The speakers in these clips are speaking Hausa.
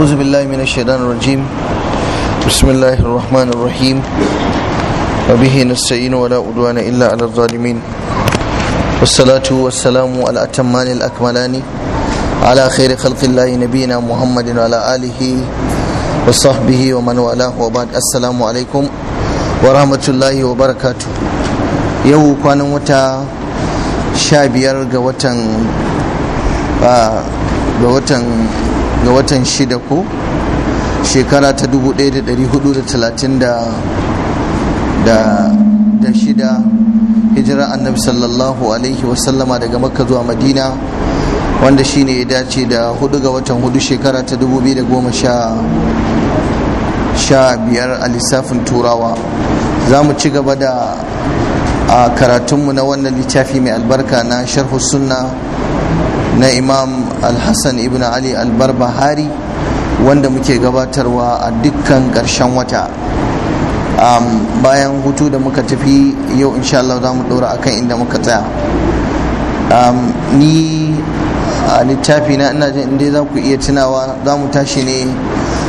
أعوذ بالله من الشيطان الرجيم بسم الله الرحمن الرحيم وبه نستعين ولا عدوان إلا على الظالمين والصلاة والسلام على الأتمان الأكملان على خير خلق الله نبينا محمد وعلى آله وصحبه ومن والاه وبعد السلام عليكم ورحمة الله وبركاته يو كان متى شابير وتن آه ga watan shida ko shekara ta 1436 hijira annabi sallallahu alaihi wasallama daga makka zuwa madina wanda shine ya dace da hudu ga watan hudu shekara ta 2015 a lissafin turawa za mu ci gaba da a karatunmu na wannan littafi mai albarka na sharhu sunna na imam alhassan ibn ali albarbahari wanda muke gabatarwa a dukkan ƙarshen wata bayan hutu da muka tafi yau Allah za mu ɗora akan inda muka tsaya ni a littafi na ina jin inda za ku iya tunawa za mu tashi ne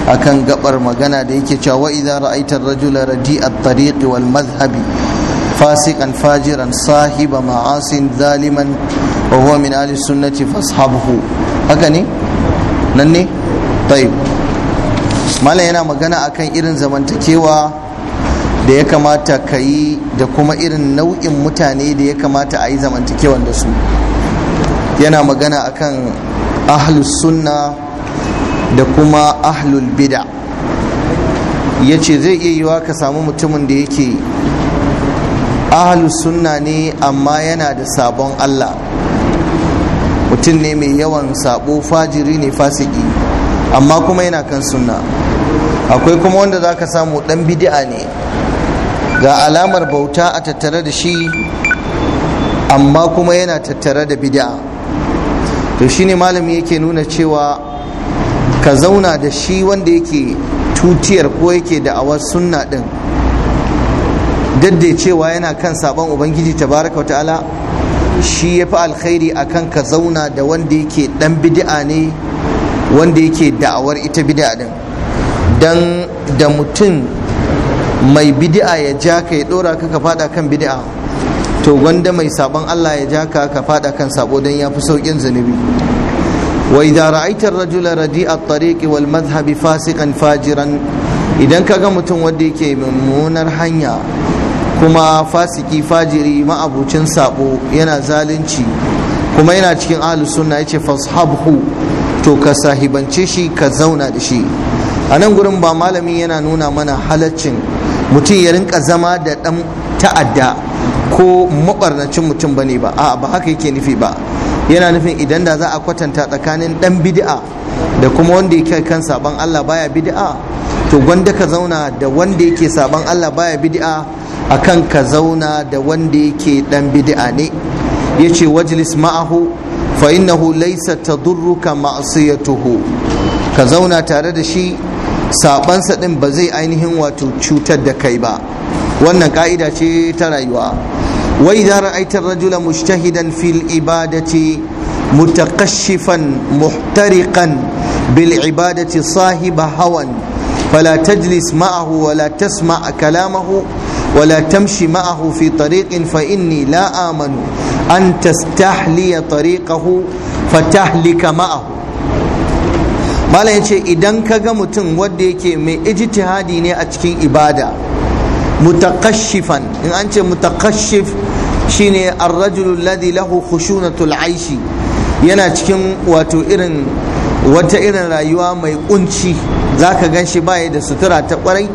akan gabar magana da yake cewa wa idza ra'aita ar-rajula radi'a at-tariq wal madhhabi fasiqan fajiran sahiba ma'asin zaliman wa huwa min ahli sunnati fashabhu haka ne nan ne tayyib malam yana magana akan irin zamantakewa da ya kamata ka yi da kuma irin nau'in mutane da ya kamata a yi zamantakewan da su yana magana akan ahlus sunna da kuma ahlul bida ya ce zai iya yiwa ka samu mutumin da yake ahlus sunna ne amma yana da sabon allah mutum ne mai yawan sabo fajiri ne fasiki amma kuma yana kan sunna akwai kuma wanda za ka samu dan bid'a ne ga alamar bauta a tattare da shi amma kuma yana tattare da bid'a to shi ne malami yake nuna cewa ka zauna da shi wanda yake tutiyar ko yake da'awar sunna din daddai cewa yana kan saban ubangiji tabaraka wa ta'ala shi ya fi alkhairi akan ka zauna da wanda yake dan bid'a ne wanda yake da'awar ita bid'a din dan da mutum mai bid'a ya ja ka ya dora ka ka fada kan bid'a to gwanda mai sabon Allah ya ja ka ka fada kan sabo dan ya fi saukin zunubi wa idza ra'aita ar-rajula radi'a at-tariqi wal madhhabi fasiqan fajiran idan kaga mutum wanda yake mummunar hanya kuma fasiki fajiri ma'abucin sabo yana zalunci kuma yana cikin ahlus sunna yace fashabhu to ka sahibance shi ka zauna da shi a nan gurin ba malami yana nuna mana halaccin mutum ya rinka zama da dan ta'adda ko makwarnacin mutum bane ba a ba haka yake nufi ba yana nufin idan da za a kwatanta tsakanin dan bid'a da kuma wanda yake kan saban Allah baya bid'a to gwanda ka zauna da wanda yake sabon Allah baya bid'a akan ka zauna da wanda yake dan bid'a ne yace wajlis ma'ahu fa innahu laysa tadurruka ma'siyatuhu ka zauna tare da shi sabansa din ba zai ainihin wato cutar da kai ba wannan ka'ida ce ta rayuwa wa idza ra'aita ar-rajula mujtahidan fil ibadati mutaqashifan muhtariqan bil ibadati sahiba hawan فلا تجلس معه ولا تسمع كلامه ولا تمشي معه في طريق فإني لا آمن أن تستحلي طريقه فتهلك معه malam yace idan ka ga mutum wanda yake mai ijtihadi ne a cikin ibada mutakashifan in an ce mutakashif shine arrajulu alladhi lahu khushunatul aishi yana cikin wato irin wata irin rayuwa mai kunci zaka ganshi baya da sutura ta kwarai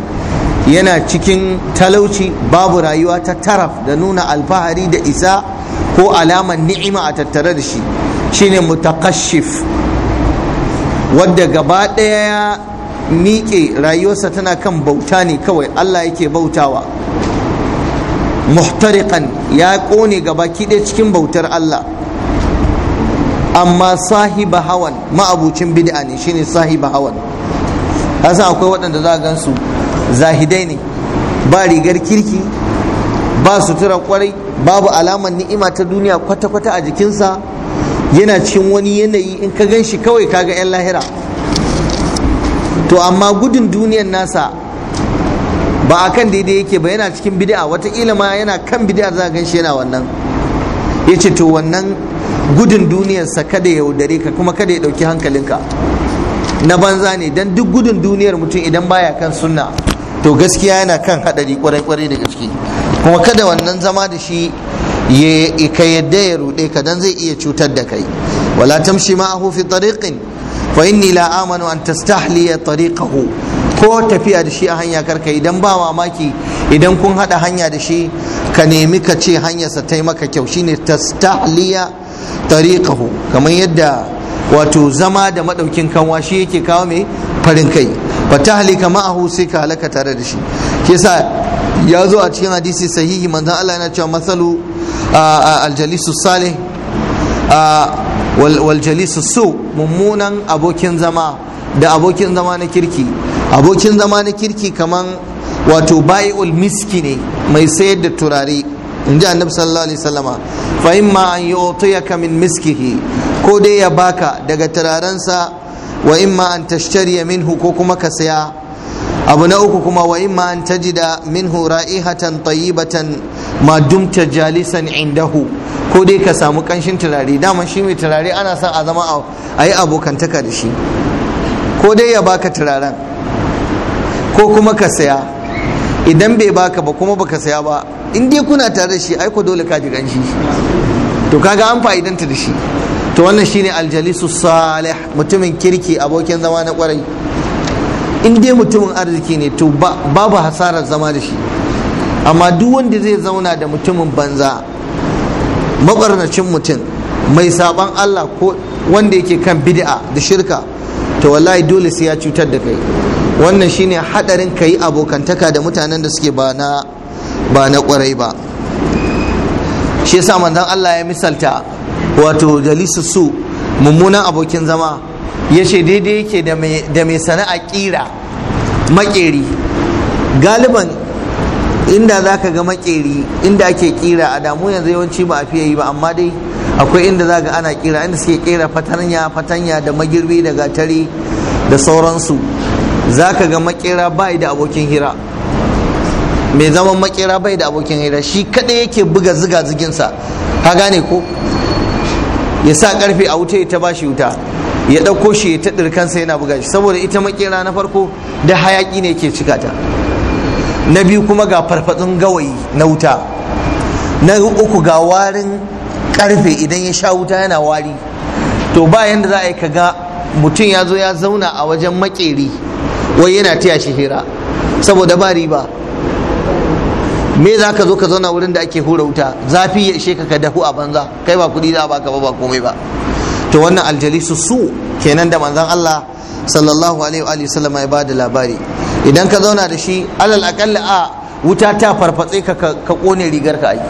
yana cikin talauci babu rayuwa ta taraf da nuna alfahari da isa ko alamar ni'ima a tattare da shi shine mutakashif wadda gaba ɗaya ya miƙe rayuwarsa tana kan bauta ne kawai Allah yake bautawa muhtariqan ya ƙone gaba ɗaya cikin bautar Allah amma sahiba hawan ma'abucin bid'a ne shine sahiba hawan san akwai waɗanda za a gansu zahidai ne ba rigar kirki ba sutura kwarai babu alamar ni'ima ta duniya kwata-kwata a jikinsa yana cikin wani yanayi in ka gan shi kawai kaga 'yan lahira to amma gudun duniyan nasa ba a kan daidai yake ba yana cikin bid'a wataƙila ma yana kan bid'a za a gan shi yana wannan ya ce to wannan gudun duniyarsa kada ya yaudare ka kuma kada ya ɗauki hankalinka na banza ne don duk gudun duniyar mutum idan baya kan sunna to gaskiya yana kan hadari kwarai kwarai da gaske kuma kada wannan zama da shi ya ka yadda ya rude ka dan zai iya cutar da kai wala tamshi ma'ahu fi tariqin fa inni la amanu an tastahliya tariqahu ko tafiya da shi a hanya karka idan ba mamaki idan kun hada hanya da shi ka nemi ka ce hanyarsa ta yi maka kyau shine tastahliya tariqahu kamar yadda wato zama da maɗaukin kanwa shi yake kawo mai farin kai ta halika ma'ahu sai ka halaka tare da shi sa ya zo a cikin hadisi sahihi manzan Allah yana cewa a aljalisu salih A su mummunan abokin zama da abokin zama na kirki abokin zama na kirki kaman wato bai'ul miski ne mai sayar da turare in ji annabi sallallahu alaihi wasallama fa imma an ya min miskihi ko dai ya baka daga turarensa wa imma an tashtariya minhu ko kuma ka saya abu na uku kuma wa imma an tajida minhu ra'ihatan tayyibatan ma dumta jalisan indahu ko dai ka samu kanshin turare dama shi mai turare ana son a zama a yi abokantaka da shi ko dai ya baka turaren ko kuma ka saya idan bai baka ba kuma baka saya ba in dai kuna tare da shi ai dole ka ji ganshi to kaga an fa'idanta da shi to wannan shine aljalisu salih mutumin kirki abokin zama na kwarai in dai mutumin arziki ne to babu hasarar zama da shi amma duk wanda zai zauna da mutumin banza mabarnacin mutum mai saban Allah ko wanda yake kan bid'a da shirka to wallahi dole sai ya cutar da kai wannan shine hadarin kai abokantaka da mutanen da suke ba na ba na kwarai ba shi yasa manzon Allah ya misalta wato jalisu su mummunan abokin zama ya ce daidai yake da mai sana'a kira makeri galiban inda za ka ga makeri inda ake kira a damu yanzu yawanci ba a fiye yi ba amma dai akwai inda za ga ana kira inda suke kera fatanya fatanya da magirbi da gatari da sauransu za ka ga makera bai da abokin hira mai zaman makera bai da abokin hira shi kadai yake buga ziga ziginsa ka gane ko ya sa karfe a wuta ya ta bashi wuta ya ɗauko shi ya taɗir kansa yana buga shi saboda ita makera na farko da hayaƙi ne ke cika ta na biyu kuma ga farfadun gawayi na wuta na uku ga warin karfe idan ya sha wuta yana wari to ba da za a yi ga mutum ya zo ya zauna a wajen makeri wai yana taya shi hira saboda ba riba me za ka zo ka zauna wurin da ake hura wuta zafi ya ishe ka ka dahu a banza kai ba kudi za ba ka ba ba komai ba to wannan aljalisu su kenan da manzan Allah sallallahu alaihi wa sallama ya bada labari idan ka zauna da shi alal akalla a wuta ta farfatse ka ka kone rigar ka ai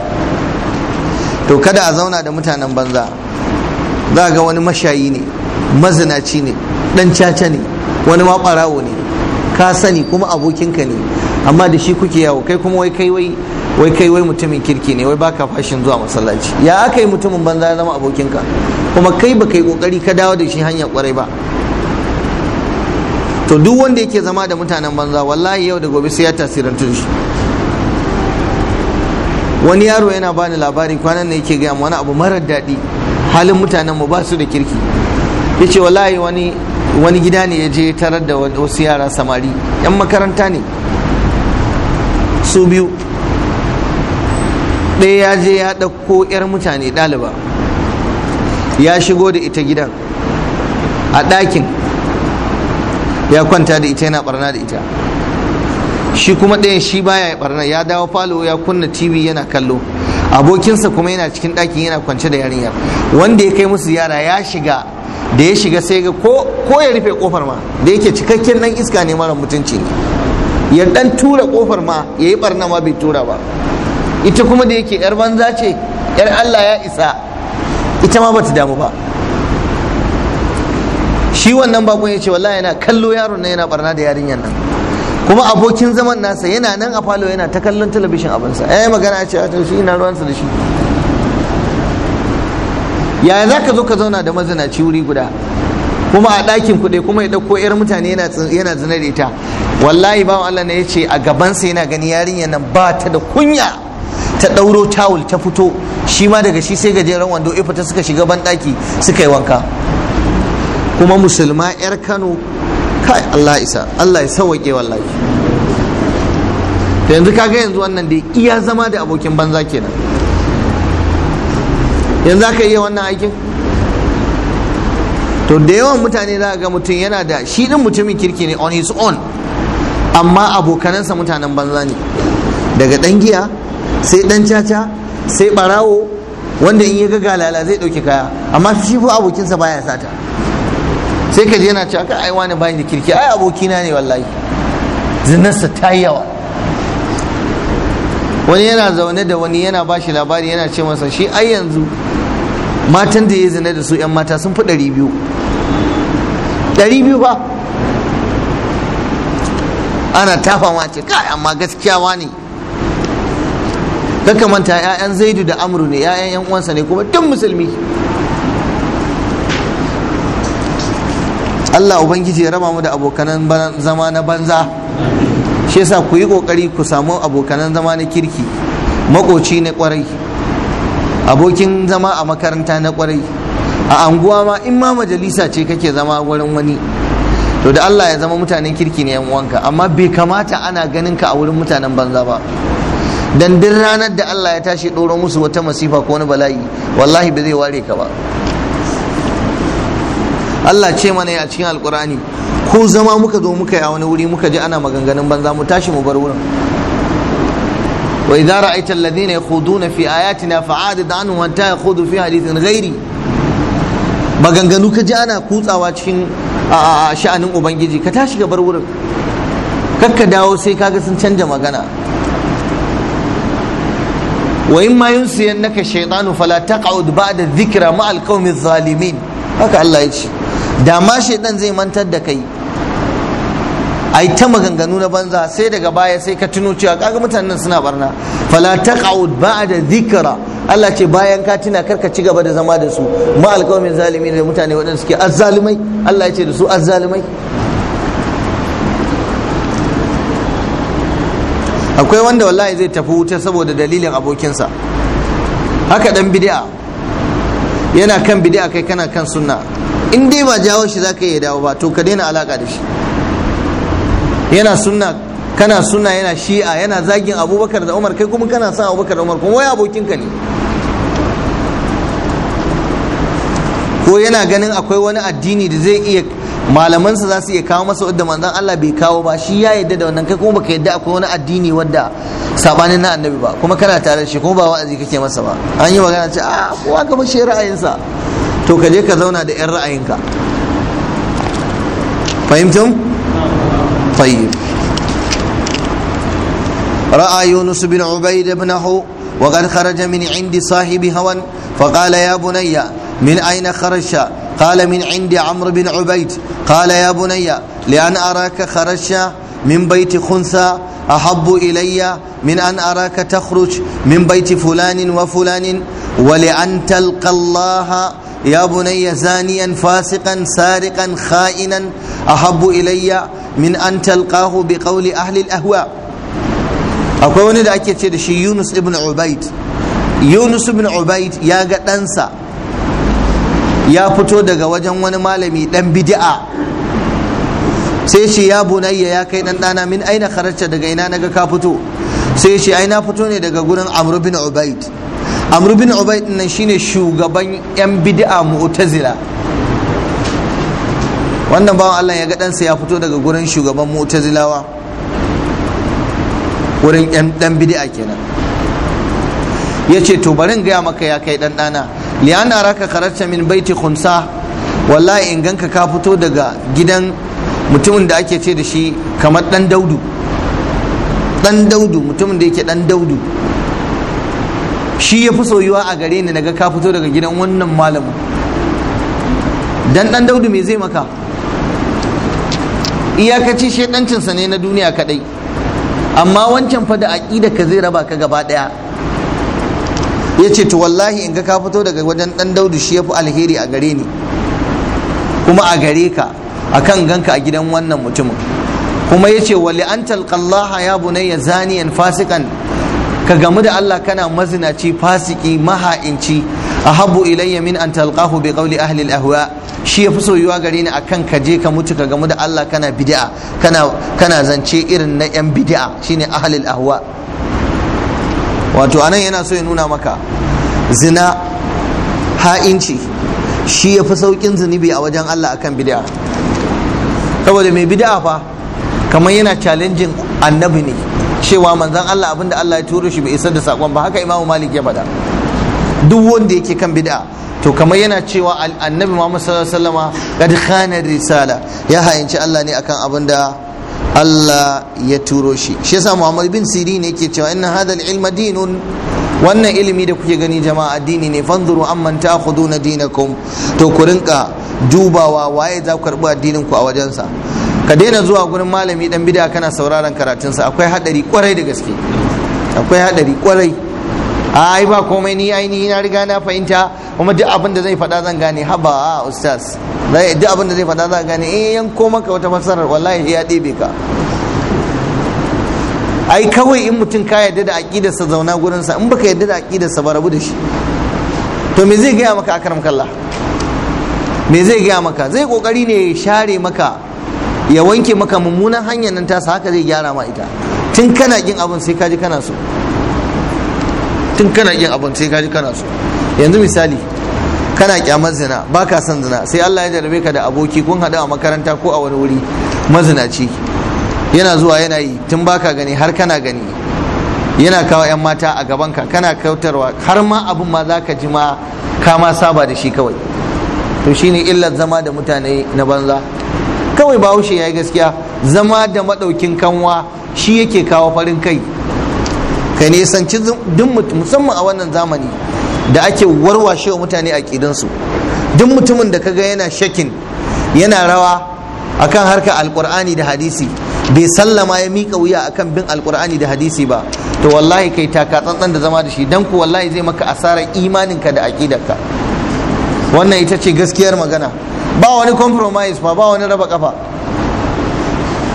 to kada a zauna da mutanen banza za ga wani mashayi ne mazinaci ne dan caca ne wani ma barawo ne ka sani kuma abokinka ne amma da shi kuke yawo kai kuma wai kai wai wai kai wai mutumin kirki ne wai baka fashin zuwa masallaci ya aka yi mutumin banza ya zama abokinka kuma kai ba kai kokari ka dawo da shi hanya kwarai ba to duk wanda yake zama da mutanen banza wallahi yau da gobe sai ya tasirantu da shi wani yaro yana bani labari kwanan ne yake gaya wani abu mara daɗi halin mutanen mu ba su da kirki ya ce wallahi wani wani gida ne ya je tarar da wasu yara samari yan makaranta ne su biyu ɗaya ya je ya ɗauko 'yar mutane ɗaliba ya shigo da ita gidan a ɗakin ya kwanta da ita yana barna da ita shi kuma ɗayan shi baya barna ya dawo falo ya kunna tv yana kallo abokinsa kuma yana cikin ɗakin yana kwance da yarinyar wanda ya kai musu yara ya shiga da ya shiga sai ga ko ya rufe kofar ma da yake cikakken ɗan iska ne mara mutunci ne ya dan tura kofar ma ya yi barna ma bai tura ba ita kuma da yake yar banza ce yar Allah ya isa ita ma bata damu ba shi wannan bakon ya ce wallahi yana kallo yaron nan yana barna da yarinyar nan kuma abokin zaman nasa yana nan a falo yana ta kallon talabishin abinsa eh magana ce a ah, shi ina ruwansa da shi yaya za ka zo ka zauna da mazinaci wuri guda kuma a ɗakin kuɗe kuma ya ɗauko 'yar mutane yana zina da ita wallahi bawan Allah ne ya ce a gabansa yana gani yarinyar nan ba ta da kunya ta ɗauro tawul ta fito shi ma daga shi sai gajeren wando ya ta suka shiga banɗaki suka yi wanka kuma musulma 'yar kano kai Allah isa Allah ya sauwaƙe wallahi yanzu kaga yanzu wannan da iya zama da abokin banza kenan yanzu aka iya wannan aikin to da yawan mutane za ga mutum yana da shi din mutumin kirki ne on his own amma abokanansa mutanen banza ne daga dan giya sai dan caca sai barawo wanda in ya ga galala zai dauki kaya amma shi fa abokinsa baya sata sai ka je yana cewa ka ai wani bayan da kirki ai abokina ne wallahi zinarsa ta yi yawa wani yana zaune da wani yana ba shi labari yana ce masa shi ai yanzu matan da ya zina da su 'yan mata sun fi ɗari biyu biyu ba ana tafawa ce kai amma gaskiyawa ne kaka manta 'ya'yan zaidu da amru ne 'ya'yan 'yan uwansa ne kuma tun musulmi Allah Ubangiji ya raba mu da abokanan zama na banza shi yasa ku yi kokari ku samu abokanan zama na kirki makoci na kwarai abokin zama a makaranta na kwarai a anguwa ma in ma majalisa ce kake zama wurin wani to da Allah ya zama mutanen kirki ne yan wanka, amma bai kamata ana ganin ka a wurin mutanen banza ba dan duk ranar da Allah ya tashi doro musu wata masifa ko wani bala'i wallahi ba zai ware ka ba Allah ce mana a cikin alkurani ko zama muka zo muka yi a wani wuri muka ji ana maganganun banza mu tashi mu bar wurin وإذا رأيت الذين يخوضون في آياتنا فعادد عنهم حتى يخوضوا في حديث غيري maganganu ka ji ana kutsawa cikin sha'anin ubangiji ka tashi gabar wurin kakka dawo sai kaga sun canja magana wa in ma yunsiyannaka shaytanu fala taq'ud ba'da dhikra ma al zalimin haka Allah ya ce da ma shaytan zai mantar da kai ai ta maganganu na banza sai daga baya sai ka tuno cewa kaga mutanen suna barna fala taqaud ba'da dhikra Allah ce bayan ka tuna karka ci gaba da zama da su ma alqaumin zalimin da mutane waɗanda suke azzalimai Allah ya ce da su azzalimai akwai wanda wallahi zai tafi wuta saboda dalilin abokinsa haka dan bid'a yana kan bid'a kai kana kan sunna in dai ba jawo shi zaka iya dawo ba to ka daina alaka da shi yana sunna kana sunna yana shi'a yana zagin abubakar da umar kai kuma kana sa abubakar da umar kuma wai ka ne ko yana ganin akwai wani addini da zai iya malamansa za su iya kawo masa wadda manzon Allah bai kawo ba shi ya yadda da wannan kai kuma baka yadda akwai wani addini wadda sabanin na annabi ba kuma kana tare da shi kuma ba wa'azi kake masa ba an yi magana ce ah kowa ka bashi ra'ayinsa to ka je ka zauna da yan ra'ayinka fahimtum طيب رأى يونس بن عبيد ابنه وقد خرج من عند صاحب هوى فقال يا بني من أين خرجت قال من عند عمرو بن عبيد قال يا بني لأن أراك خرجت من بيت خنثى أحب إلي من أن أراك تخرج من بيت فلان وفلان ولأن تلقى الله يا بني زانيا فاسقا سارقا خائنا أحب إلي min an talqahu bi qawli ahli al-ahwa akwai wani da ake ce da shi Yunus ibn Ubaid Yunus ibn Ubaid ya ga ɗansa ya fito daga wajen wani malami ɗan bid'a sai shi ya bunayya ya kai ɗan ɗana min aina kharajta daga ina naga ka fito sai shi ai fito ne daga gurin Amr bin Ubaid Amr bin Ubaid nan shine shugaban yan bid'a Mu'tazila wannan bawan Allah ya ga ɗansa ya fito daga gurin shugaban mu'tazilawa wurin ɗan bidi'a kenan ya ce to barin gaya maka ya kai ɗan ɗana liyan raka karatta min baiti khunsa wallahi in ganka ka fito daga gidan mutumin da ake ce da shi kamar ɗan daudu ɗan daudu mutumin da yake ɗan daudu shi ya fi soyuwa a gare ni naga ka fito daga gidan wannan malamin dan ɗan daudu me zai maka iyakaci shaidancinsa ne na duniya kadai amma wancan fa da aqida ka zai raba ka gaba daya Yace to wallahi in ga ka fito daga wajen dan daudu shi yafi alheri a gare ni kuma a gare ka akan ganka a gidan wannan mutumin kuma yace wali antal qallaha ya bunayya zaniyan fasikan ka gamu da Allah kana mazinaci fasiki maha'inci ahabbu ilayya min an talqahu bi qawli ahli al-ahwa shi yafi soyuwa gare ni akan ka je ka mutu ka gamu da Allah kana bid'a kana kana zance irin na yan bid'a shine ahli al-ahwa wato anan yana so ya nuna maka zina ha'inci shi yafi saukin zunubi a wajen Allah akan bid'a saboda mai bid'a fa kamar yana challenging annabi ne cewa manzon Allah abinda Allah ya turo shi bai isar da sakon ba haka imamu Malik ya faɗa duk wanda yake kan bid'a to kamar yana cewa annabi Muhammad sallallahu alaihi wasallama qad khana risala ya hayanci Allah ne akan abin da Allah ya turo shi shi yasa Muhammad bin ne yake cewa inna hadha al-ilma dinun wannan ilimi da kuke gani jama'a addini ne fanzuru amman ta'khuduna dinakum to ku rinka dubawa waye za ku karbi addinin ku a wajensa ka daina zuwa gurin malami dan bid'a kana sauraron karatunsa akwai hadari kwarai da gaske akwai hadari kwarai ai ba komai ni ainihi na riga na fahimta kuma duk abin da zai faɗa zan gane haba ustaz duk abin da zai faɗa zan gane eh yanko maka wata fasarar wallahi ya ɗebe ka ai kawai in mutum ka yarda da aƙidarsa zauna gurinsa in baka yarda da aƙidarsa ba rabu da shi to me zai gaya maka akaram kalla me zai gaya maka zai kokari ne ya share maka ya wanke maka mummunan hanyar nan tasa haka zai gyara ma ita tun kana kin abin sai ka ji kana so tun kana yin abin sai kaji kana so yanzu misali kana kyamar zina ba ka son zina sai Allah ya jarabe ka da aboki kun haɗu a makaranta ko a wani wuri mazinaci yana zuwa yana yi tun baka gani har kana gani yana kawo 'yan mata a gaban ka. kana kautarwa har ma abin ma za ka ji ma ka ma saba da shi kawai to shine illar zama da mutane na banza kawai bahaushe ya yi gaskiya zama da maɗaukin kanwa shi yake kawo farin kai ka nisanci duk musamman a wannan zamani da ake warwashe wa mutane a ƙidansu duk mutumin da kaga yana shakin yana rawa akan harkar alkur'ani da hadisi bai sallama ya mika wuya akan bin alkur'ani da hadisi ba to wallahi kai taka tsantsan da zama da shi dan ku wallahi zai maka asarar imaninka da aqidarka wannan ita ce gaskiyar magana ba wani compromise ba, ba wani raba kafa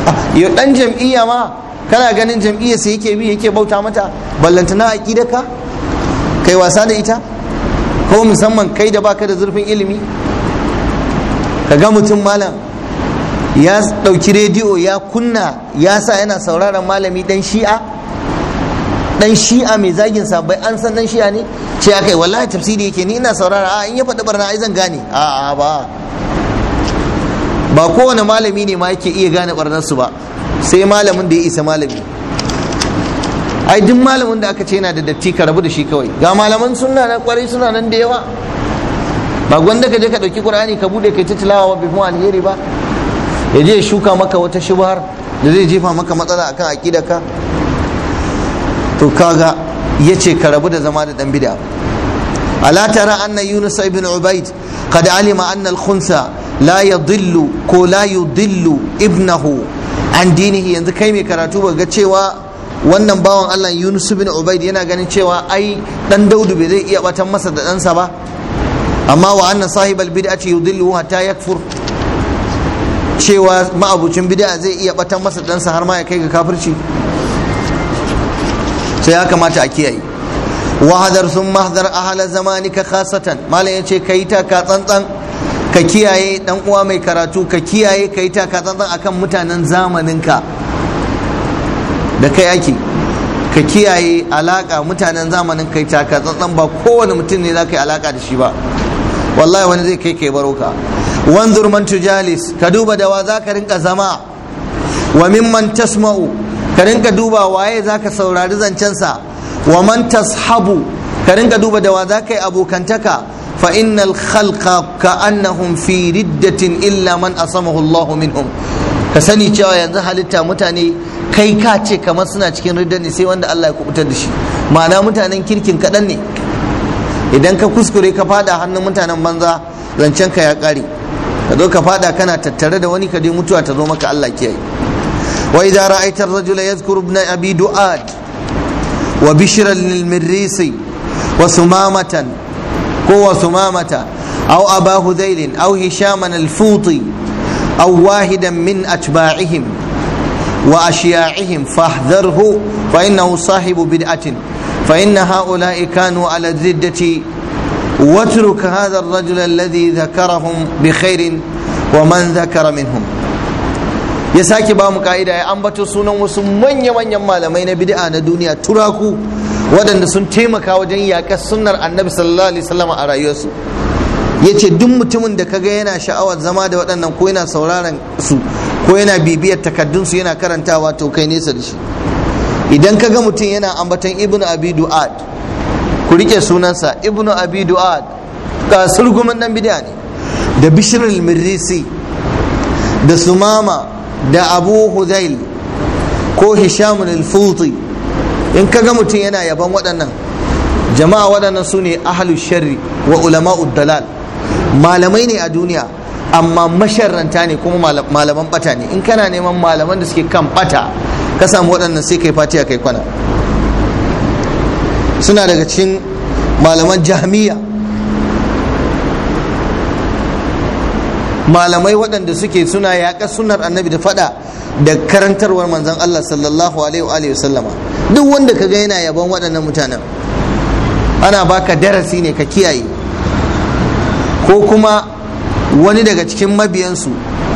ah, ya dan jam'iyya ma kana ganin jam'iyyar yake bi yake bauta mata ballantana aqida ka kai wasa da ita ko musamman kai da baka da zurfin ilimi ka ga mutum malam ya dauki rediyo ya kunna ya sa yana sauraron malami dan shi'a dan shi'a mai zagin Bai an san dan shi'a ne ce akai wallahi tafsiri yake ni ina saurara a in ya faɗi barna ai zan gane a a ba ba kowane malami ne ma yake iya gane barnar su ba sai malamin da ya isa malami ai duk malamin da aka ce yana da datti ka rabu da shi kawai ga malaman sunna na kwarai suna nan da yawa ba gwanda ka je ka dauki qur'ani ka bude kai ta tilawa wa kuma alheri ba ya je shuka maka wata shubhar da zai jefa maka matsala akan ka? to kaga yace ka rabu da zama da dan bid'a tara anna Yunus ibn ubayd qad alima anna kunsa khunsa la yadhillu ko la yudhillu ibnahu an dinihi yanzu kai mai karatu ba ga cewa wannan bawan Allah Yunus bin Ubaid yana ganin cewa ai dan Daudu bai zai iya batan masa da ɗansa ba amma wa anna sahibal bid'ati yudillu hatta yakfur cewa ma'abucin bid'a zai iya batan masa ɗansa har ma ya kai ga kafirci sai ya kamata a kiyaye wahadar sun mahadar ahala zamanika khasatan malam yace kai ta ka tsantsan ka kiyaye dan uwa mai karatu ka kiyaye ka yi takatsantsan akan mutanen zamaninka da kai ake ka kiyaye alaka mutanen zamanin kai takatsantsan ba kowane mutum ne za ka yi alaka da shi ba wallahi wani zai kai kai baro ka wanzur man jalis, ka duba da wa za ka rinka zama wa mimman tasma'u ka rinka duba waye za ka saurari zancensa wa man tashabu ka rinka duba da wa za ka yi abokantaka فإن الخلق كأنهم في ردة إلا من أصمه الله منهم كسني cewa yanzu halitta mutane kai ka ce kamar suna cikin ridda ne sai wanda Allah ya kubutar da shi ma'ana mutanen kirkin kaɗan ne idan ka kuskure ka fada hannun mutanen banza zancen ka ya ƙare ka kana tattare da wani ka mutuwa ta zo maka Allah kiyaye wa idza ra'aita ar-rajula yadhkuru ibn abi wa bishran lil mirrisi wa sumamatan ko sumamata aw aba hudayl aw hishaman al-futi wahidan min atba'ihim wa ashiya'ihim fahdharhu fa innahu sahibu bid'atin fa inna ha'ula'i kanu ala ziddati واترك هذا الرجل الذي ذكرهم بخير ومن ذكر منهم ya sake ba mu ka'ida ya ambato sunan wasu manya-manyan malamai na bid'a na duniya turaku waɗanda sun taimaka wajen yaƙar sunnar annabi sallallahu alaihi wasallam a rayuwarsu ya ce duk mutumin da kaga yana sha'awar zama da waɗannan ko yana sauraron su ko yana bibiyar takaddunsu yana karantawa to kai nesa da shi idan kaga mutum yana ambatan ibnu abi du'ad ku rike sunansa ibnu abi du'ad kasar surgumin dan bidiya ne da bishrul mirrisi da sumama da abu hudail ko hishamun al in ka ga mutum yana yaban waɗannan jama'a waɗannan su ne ahalu sharri wa ulama dalal malamai ne a duniya amma masharranta ne kuma malaman bata ne in kana neman malaman da suke kan bata ka samu waɗannan sai kai fatiya kai kwana suna daga cikin malaman jahmiya malamai waɗanda suke suna yaƙa sunar annabi da faɗa da karantarwar manzon Allah sallallahu alaihi wa sallama duk wanda ka ga yana yaban waɗannan mutanen ana baka darasi ne ka kiyaye ko kuma wani daga cikin mabiyansu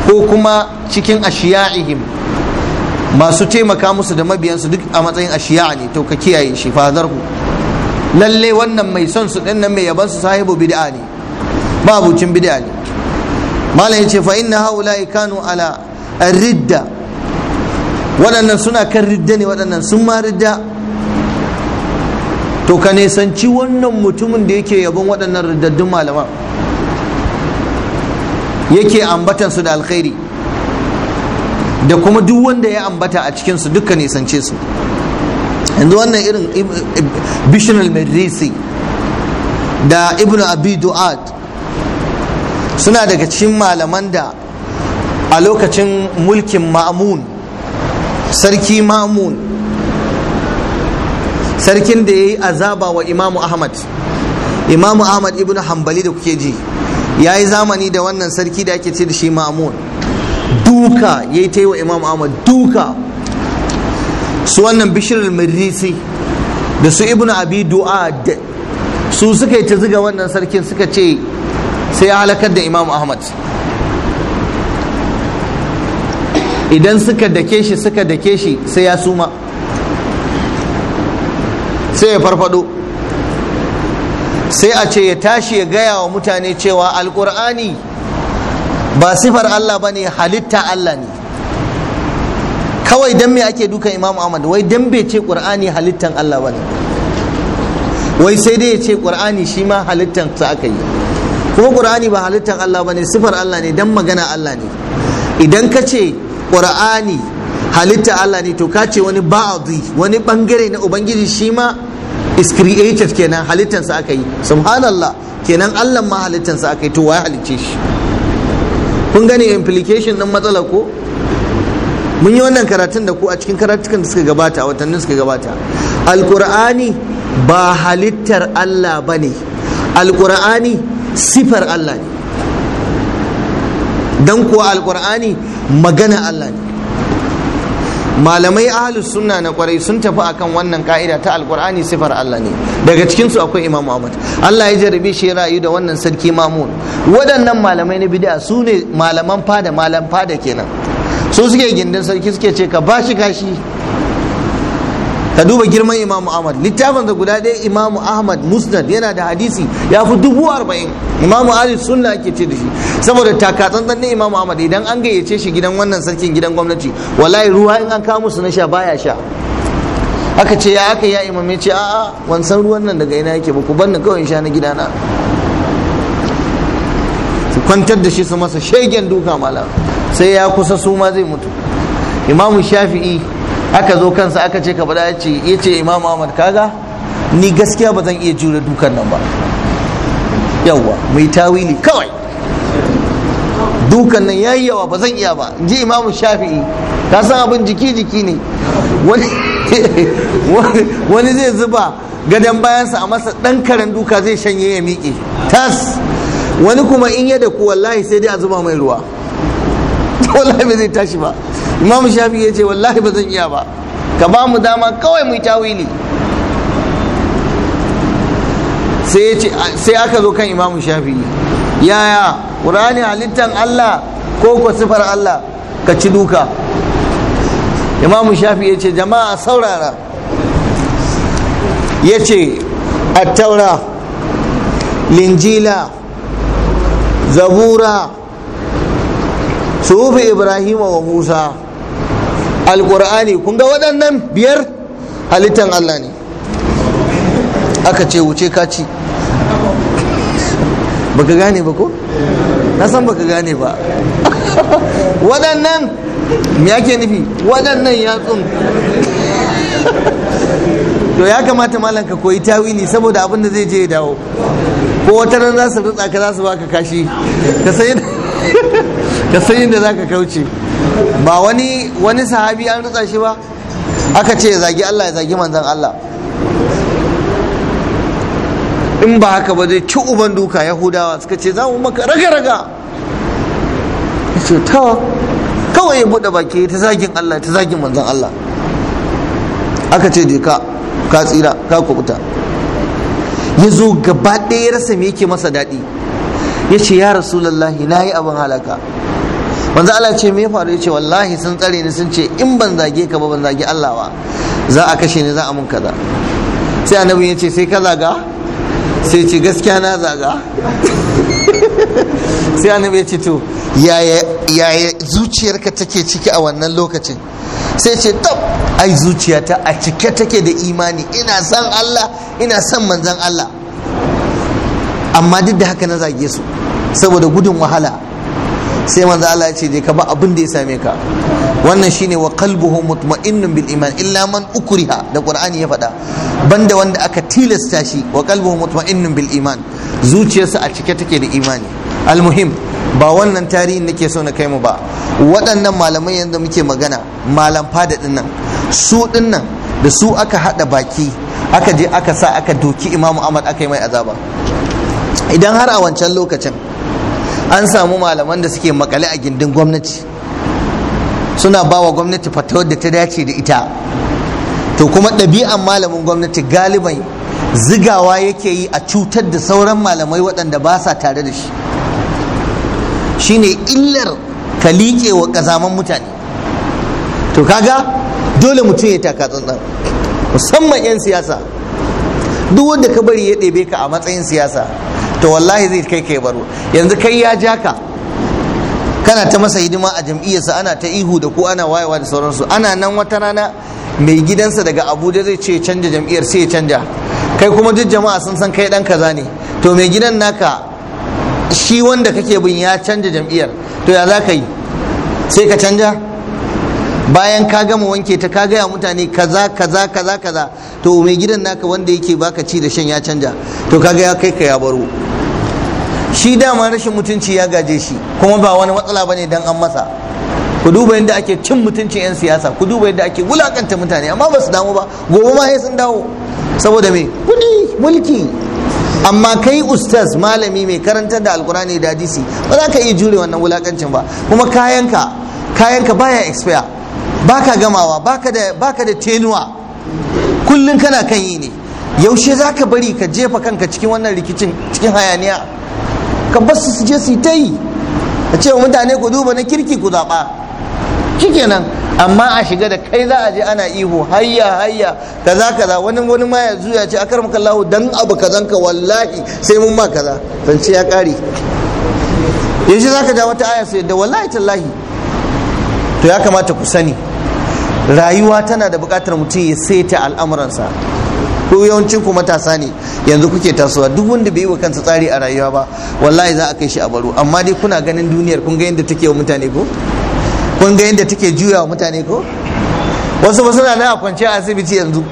ko kuma cikin ashiya'ihim masu taimaka musu da mabiyansu duk a matsayin Ashiya'a ne to ka kiyaye shi fadarhu lalle wannan mai son su dinnan mai yaban su sahibu bid'a ne babucin bid'a ne malam yace fa inna haula'i Kano ala ridda waɗannan suna kan ridda ne waɗannan sun ma ridda to ka nesanci wannan mutumin da yake yabon waɗannan riddaddun malaman yake ambatan su da alkhairi da kuma duk wanda ya ambata a cikinsu duka nesance su yanzu wannan irin bishinal al da ibn abi du'ad suna daga cikin malaman da a lokacin mulkin ma'amun sarki mamun sarkin da ya yi azaba wa imamu ahmad imamu ahmad ibn hambali da kuke ji ya yi zamani da wannan sarki da ake ce da shi mamun duka ya yi ta yi wa imamu ahmad duka su wannan bishirar mirisi da su ibn abi du'ad su suka yi ta ziga wannan sarkin suka ce sai ya halakar da imamu ahmad idan suka dake shi suka dake shi sai ya suma sai ya farfado sai a ce ya tashi ya gaya wa mutane cewa alkur'ani ba sifar Allah ba ne halitta Allah ne kawai don me ake dukan imam ahmad wai don bai ce ƙur'ani halittan allah bane wai sai dai ya ce ƙur'ani shi ma halittan ta aka yi kuma ƙur'ani ba halittan allah bane sifar allah ne don magana allah ne idan ka ce ƙura'ani halitta Allah ne to kace wani ba'dhi wani bangare na ubangiji shi ma is created kenan halittansa aka yi subhanallah kenan Allah ma halittansa aka yi to wai halicce shi kun gane implication din matsala ko mun yi wannan karatun da ku a cikin karatukan da suka gabata a watannin suka gabata alkur'ani ba halittar Allah bane ne alkur'ani sifar Allah ne dan kuwa alkur'ani magana Allah ne malamai ahalus sunna na kwarai sun tafi akan wannan ka'ida ta alkur'ani sifar Allah ne daga cikin su akwai Imam Ahmad Allah ya jarabe shi rayu da wannan sarki Mamun waɗannan malamai na bid'a su ne malaman fada malam fada kenan su suke gindin sarki suke ce ka bashi kashi ka duba girman imamu ahmad littafin da guda ɗaya Imam ahmad musnad yana da hadisi ya fi dubu arba'in imamu ali sunna ake ce da shi saboda takatsantsan na Imam ahmad idan an gayyace shi gidan wannan sarkin gidan gwamnati wallahi ruwa in an kawo musu na sha baya sha aka ce ya aka ya imam ya ce a wancan ruwan nan daga ina yake ba ku banna kawai in sha na gidana su kwantar da shi su masa shegen duka malam sai ya kusa suma zai mutu imamu shafi'i aka zo kansa aka ce ka faɗa ya ce imam ahmad kaga ni gaskiya ba zan iya jure dukan nan ba yawwa mai tawili kawai dukan nan yayi yawa ba zan iya ba in ji imamu shafi'i ka san abin jiki jiki ne wani zai zuba gadon bayansa a masa dan karen duka zai shanye ya miƙe tas wani kuma in yada da ku wallahi sai dai a zuba mai ruwa wallahi bai zai tashi ba imam shafi ya ce wallahi ba zan iya ba ka ba mu dama kawai mu tawili sai aka zo kan imam shafi yaya ƙur'ani halittar allah ko ko sifar allah ka ci duka imam shafi ya ce jama'a saurara ya ce a taura linjila zabura sufi ibrahim wa musa Alƙur'ani kun ga waɗannan biyar halittan Allah ne aka ce wuce ka ci baka gane ba ko na san baka gane ba waɗannan me ake nufi waɗannan yatsun to ya kamata malam ka koyi tawi ne saboda abin da zai je ya dawo ko wata ran za su rutsa ka za su baka kashi ka san yadda za ka kauce ba wani wani sahabi an rutsa shi ba aka ce ya zagi Allah ya zagi manzon Allah in ba haka ba zai ci uban duka yahudawa suka ce za mu maka raga raga ce ta kawai ya buɗe baki ta zagin Allah ta zagin manzon Allah aka ce je ka ka tsira ka kubuta ya zo gaba ɗaya ya rasa me yake masa daɗi ya ce ya rasulallahi na yi abin halaka manzo Allah ce me faru ce wallahi sun tsare ni sun ce in ban zage ka ba ban zage Allah ba za a kashe ni za a mun kaza sai annabi ya ce sai ka zaga sai ce gaskiya na zaga sai annabi ya ce to yaya zuciyarka take ciki a wannan lokacin sai ce tab ai zuciyata a cike take da imani ina san Allah ina san manzan Allah amma duk da haka na zage su saboda gudun wahala sai manzo Allah ya ce je ka ba abin da ya same ka wannan shine wa qalbuhu mutma'innun bil iman illa man ukriha da qur'ani ya faɗa banda wanda aka tilasta shi wa qalbuhu mutma'innun bil iman zuciyarsa a cike take da imani almuhim ba wannan tarihin nake so na kai mu ba waɗannan malamai yanzu muke magana malam fada ɗinnan. su dinnan da su aka hada baki aka je aka sa aka doki imamu ahmad aka yi mai azaba idan har a wancan lokacin an samu malaman da suke makale a gindin gwamnati suna ba wa gwamnati fatawar da ta dace da ita to kuma ɗabi'an malamin gwamnati galibai zigawa yake yi a cutar da sauran malamai waɗanda ba sa tare da shi shine illar ka liƙe wa ƙazaman mutane to kaga dole mutum ya taka tsantsan musamman 'yan siyasa duk wanda ka bari ya ɗebe ka a matsayin siyasa to wallahi zai kai kai baro yanzu kai ya ja ka kana ta masa hidima a jam'iyyarsa ana ta ihu da ku ana wayewa da sauransu ana nan wata rana mai gidansa daga abuja zai ce canja jam'iyyar sai ya canja kai kuma duk jama'a sun san kai dan kaza ne to mai gidan naka shi wanda kake bin ya canja jam'iyyar to ya za ka yi sai ka canja bayan ka gama wanke ta ka gaya mutane kaza kaza kaza kaza to mai gidan naka wanda yake baka ci da shan ya canja to kaga gaya kai ka ya baro shi dama rashin mutunci ya gaje shi kuma ba wani matsala bane dan an masa ku duba yadda ake cin mutuncin 'yan siyasa ku duba yadda ake wulakanta mutane amma ba su damu ba gobe ma sai sun dawo saboda me kudi mulki amma kai ustaz malami mai karantar da alkurani da hadisi ba za ka iya jure wannan wulakancin ba kuma kayanka kayanka baya expire baka gamawa baka da baka da tenuwa kullun kana kan yi ne yaushe zaka bari ka jefa kanka cikin wannan rikicin cikin hayaniya ka bar su je su ta yi a ce mutane ku duba na kirki ku zaɓa shikenan amma a shiga da kai za a je ana ihu hayya hayya kaza kaza wani wani ma ya zuya ce akar maka dan abu kazan ka wallahi sai mun ma kaza ce ya kare yaushe zaka ja wata aya sai da wallahi tallahi to ya kamata ku sani rayuwa tana da buƙatar mutum ya saita al'amuransa ko yawancin ku matasa ne yanzu kuke tasowa duk wanda bai yi wa kansa tsari a rayuwa ba wallahi za a kai shi a baro amma dai kuna ganin duniyar kun ga yadda take wa mutane ko kun ga yadda take juya wa mutane ko wasu ba suna nan a kwance a asibiti yanzu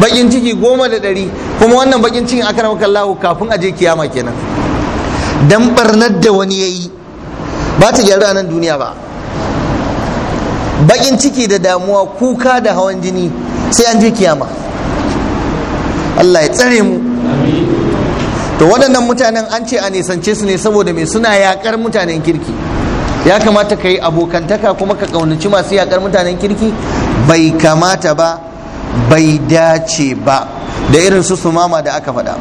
bakin ciki goma da ɗari kuma wannan bakin cikin aka akara kallahu kafin a je kiyama kenan dan barnar da wani yayi ba ta gyaru a nan duniya ba bakin ciki da damuwa kuka da hawan jini sai an je kiyama Allah ya tsare mu to waɗannan mutanen an ce a nisance su ne saboda mai suna yaƙar mutanen kirki ya kamata ka yi abokantaka kuma ka ƙaunaci masu yakar mutanen kirki bai kamata ba bai dace ba da irin su sumama da aka faɗa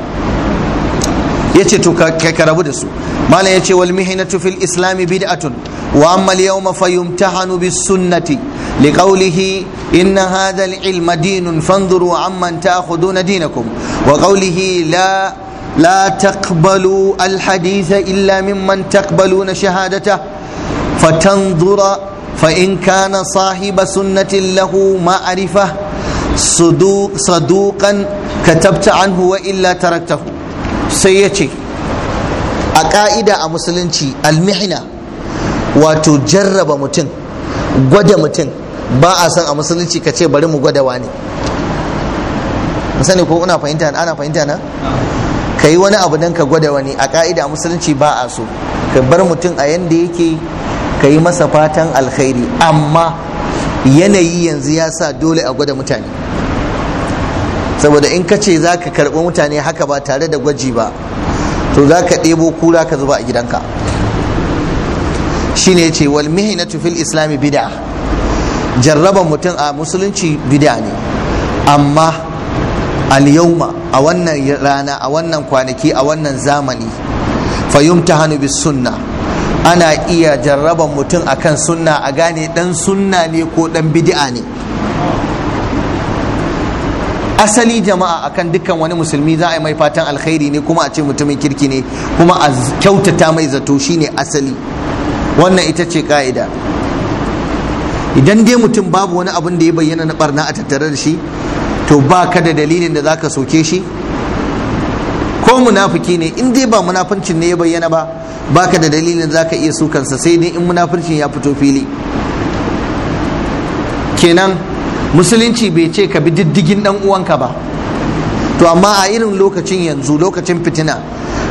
yace to kai ka rabu da su malam ya ce wal mihnatu fil islami bid'atun wa amma al yawma fayumtahanu bis sunnati liqawlihi inna hadha al ilma dinun fanzuru amman ta'khuduna dinakum wa qawlihi la لا تقبلوا الحديث إلا ممن تقبلون شهادته فتنظر فإن كان صاحب سنة له معرفة صدوقا كتبت عنه وإلا تركته sai ya ce a ƙa'ida a musulunci almihina wato jarraba mutum gwada mutum ba a san a musulunci ka ce bari mu gwada wani sani ko una fahimta ana fahimta na ka yi wani abu don ka gwada wani a ƙa'ida a musulunci ba a so ka bar mutum a yanda yake ka yi masa fatan alkhairi amma yanayi yanzu ya sa dole a gwada mutane saboda in ka ce za ka karɓi mutane haka ba tare da gwaji ba to za ka ɗebo kura ka zuba a gidanka shine ne ce wal mihinatu fil islami bid'a jarraba mutum a musulunci bid'a ne amma al-yawma a wannan rana a wannan kwanaki a wannan zamani fa yumtahanu bis sunna ana iya jarraba mutum akan sunna a gane dan sunna ne ko dan bid'a ne asali jama'a akan dukkan wani musulmi za a yi mai fatan alkhairi ne kuma a ce mutumin kirki ne kuma a kyautata mai zato shi ne asali wannan ita ce ka'ida idan dai mutum babu wani abin da ya bayyana na barna a tattare da shi to ba ka da dalilin da zaka soke shi ko munafiki ne in dai ba munafincin ne ya bayyana ba ba ka da dalilin za ka iya sukansa sai ne in munafincin ya fito fili kenan musulunci bai ce ka bi diddigin dan uwanka ba to amma a irin lokacin yanzu lokacin fitina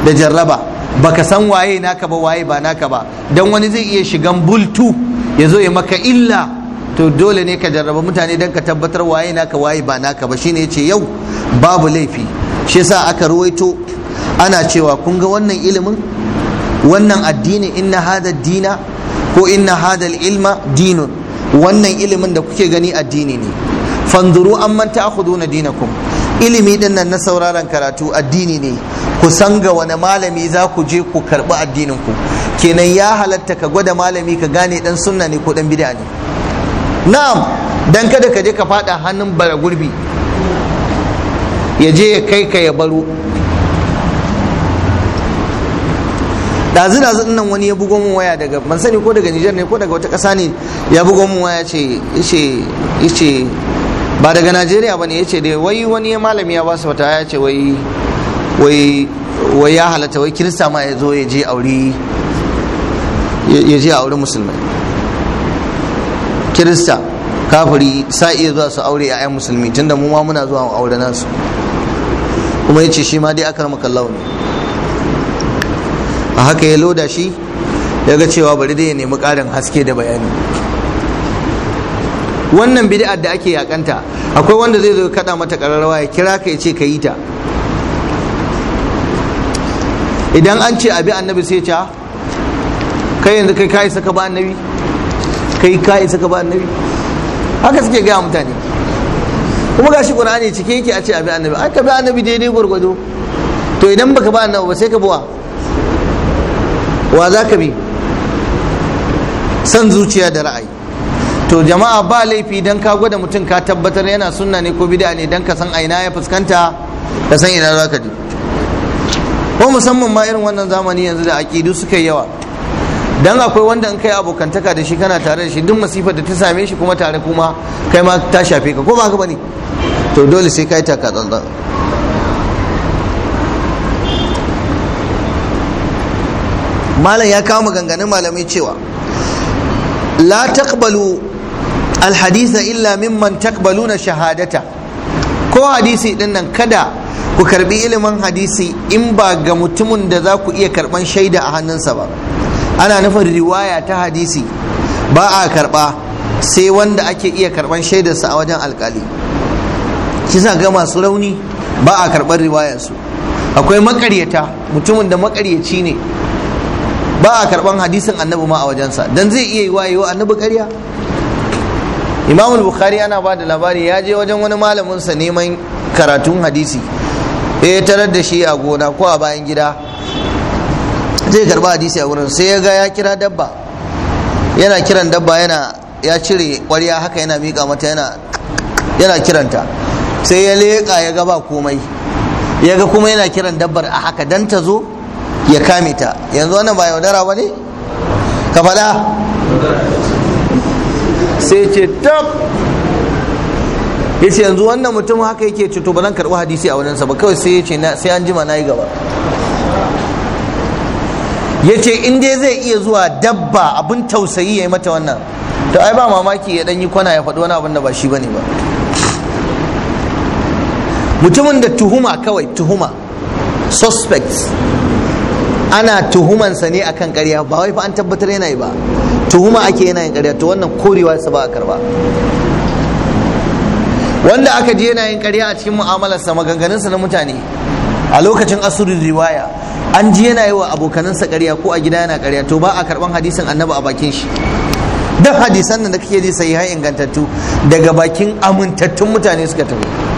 da jarraba baka san waye naka ba waye ba naka ba dan wani zai iya shigan bultu ya zo ya maka illa to dole ne ka jarraba mutane don ka tabbatar waye naka waye ba naka ba shine ce yau babu laifi shi yasa aka ruwaito ana cewa kun ga wannan ilimin wannan addini inna hada dina ko inna hada ilma dinun wannan ilimin da kuke gani addini ne fanzuru an manta a na dinakum ilimi din nan na sauraron karatu addini ne ku san ga wani malami za ku je ku karɓi addinin ku kenan ya halatta ka gwada malami ka gane dan sunna ne ko dan bid'a ne na'am dan kada ka je ka fada hannun bara gurbi ya je ya kai ka ya baro dazu dazu nan wani ya bugo mun waya daga ban sani ko daga Nijar ne ko daga wata ƙasa ne ya bugo mun waya ce yace yace ba daga Najeriya bane yace dai wai wani ya malami ya basu wata ya ce wai wai wai ya halatta wai kirista ma ya zo ya je aure ya je aure musulmai kirista kafiri sa iya zuwa su aure 'ya'yan musulmi tunda mu ma muna zuwa aure su kuma yace shi ma dai aka makallau ne a haka ya loda shi ya ga cewa bari dai ya nemi ƙarin haske da bayani wannan bid'ar da ake yakanta akwai wanda zai zo kada mata kararrawa ya kira ka ya ce ka yi ta idan an ce abi annabi sai ta kai yanzu kai ka isa ka ba annabi kai ka isa ka ba annabi haka suke gaya mutane kuma gashi qur'ani cike yake a ce abi annabi ai ka bi annabi daidai gwargwado to idan baka ba annabi ba sai ka buwa wa za ka bi san zuciya da ra'ayi to jama'a ba laifi dan ka gwada mutum ka tabbatar yana sunna ne ko bid'a ne dan ka san aina ya fuskanta ka san ina za ka je ko musamman ma irin wannan zamani yanzu da aƙidu suka yi yawa dan akwai wanda in kai abokantaka da shi kana tare da shi duk masifar da ta same shi kuma tare kuma kai ma ta shafe ka ko ba ka bane to dole sai kai taka tsantsan malam ya kawo maganganun malamai cewa la taqbalu alhadisa illa mimman taqbaluna shahadata ko hadisi din nan kada ku karbi ilimin hadisi in ba ga mutumin da za ku iya karban shaida a hannunsa ba ana nufin riwaya ta hadisi ba a karba sai wanda ake iya karban shaidarsa a wajen alkali kisa ga masu rauni ba a karban riwayarsu akwai makaryata mutumin da makaryaci ne ba a karban hadisin annabi ma a wajensa dan zai iya yiwa yiwa annabi ƙarya imam bukhari ana ba da labari ya je wajen wani malamin sa neman karatun hadisi eh tarar da shi a gona ko a bayan gida zai karba hadisi a gurin sai ya ga ya kira dabba yana kiran dabba yana ya cire ƙwarya haka yana miƙa mata yana yana kiranta sai ya leƙa ya ga ba komai ya ga kuma yana kiran dabbar a haka dan ta zo ya kame yanzu wannan ba yaudara ba ne ka sai ce tab yace yanzu wannan mutum haka yake ce ba zan karɓi hadisi a wadansa ba kawai sai yace sai an jima nayi gaba yace in dai zai iya zuwa dabba abin tausayi ya yi mata wannan to ai ba mamaki ya ɗan yi kwana ya faɗi wani abin da ba shi bane ba mutumin da tuhuma kawai tuhuma suspects ana tuhumansa ne akan ƙarya ba wai fa an tabbatar yana yi ba tuhuma ake yana yin ƙarya to wannan korewa sa ba a karba wanda aka je yana yin ƙarya a cikin mu'amalarsa maganganunsa na mutane a lokacin asirin riwaya an ji yana yi wa abokanansa ƙarya ko a gida yana ƙarya to ba a karban hadisin annabi a bakin shi duk hadisan nan da kake ji sai ingantattu daga bakin amintattun mutane suka tafi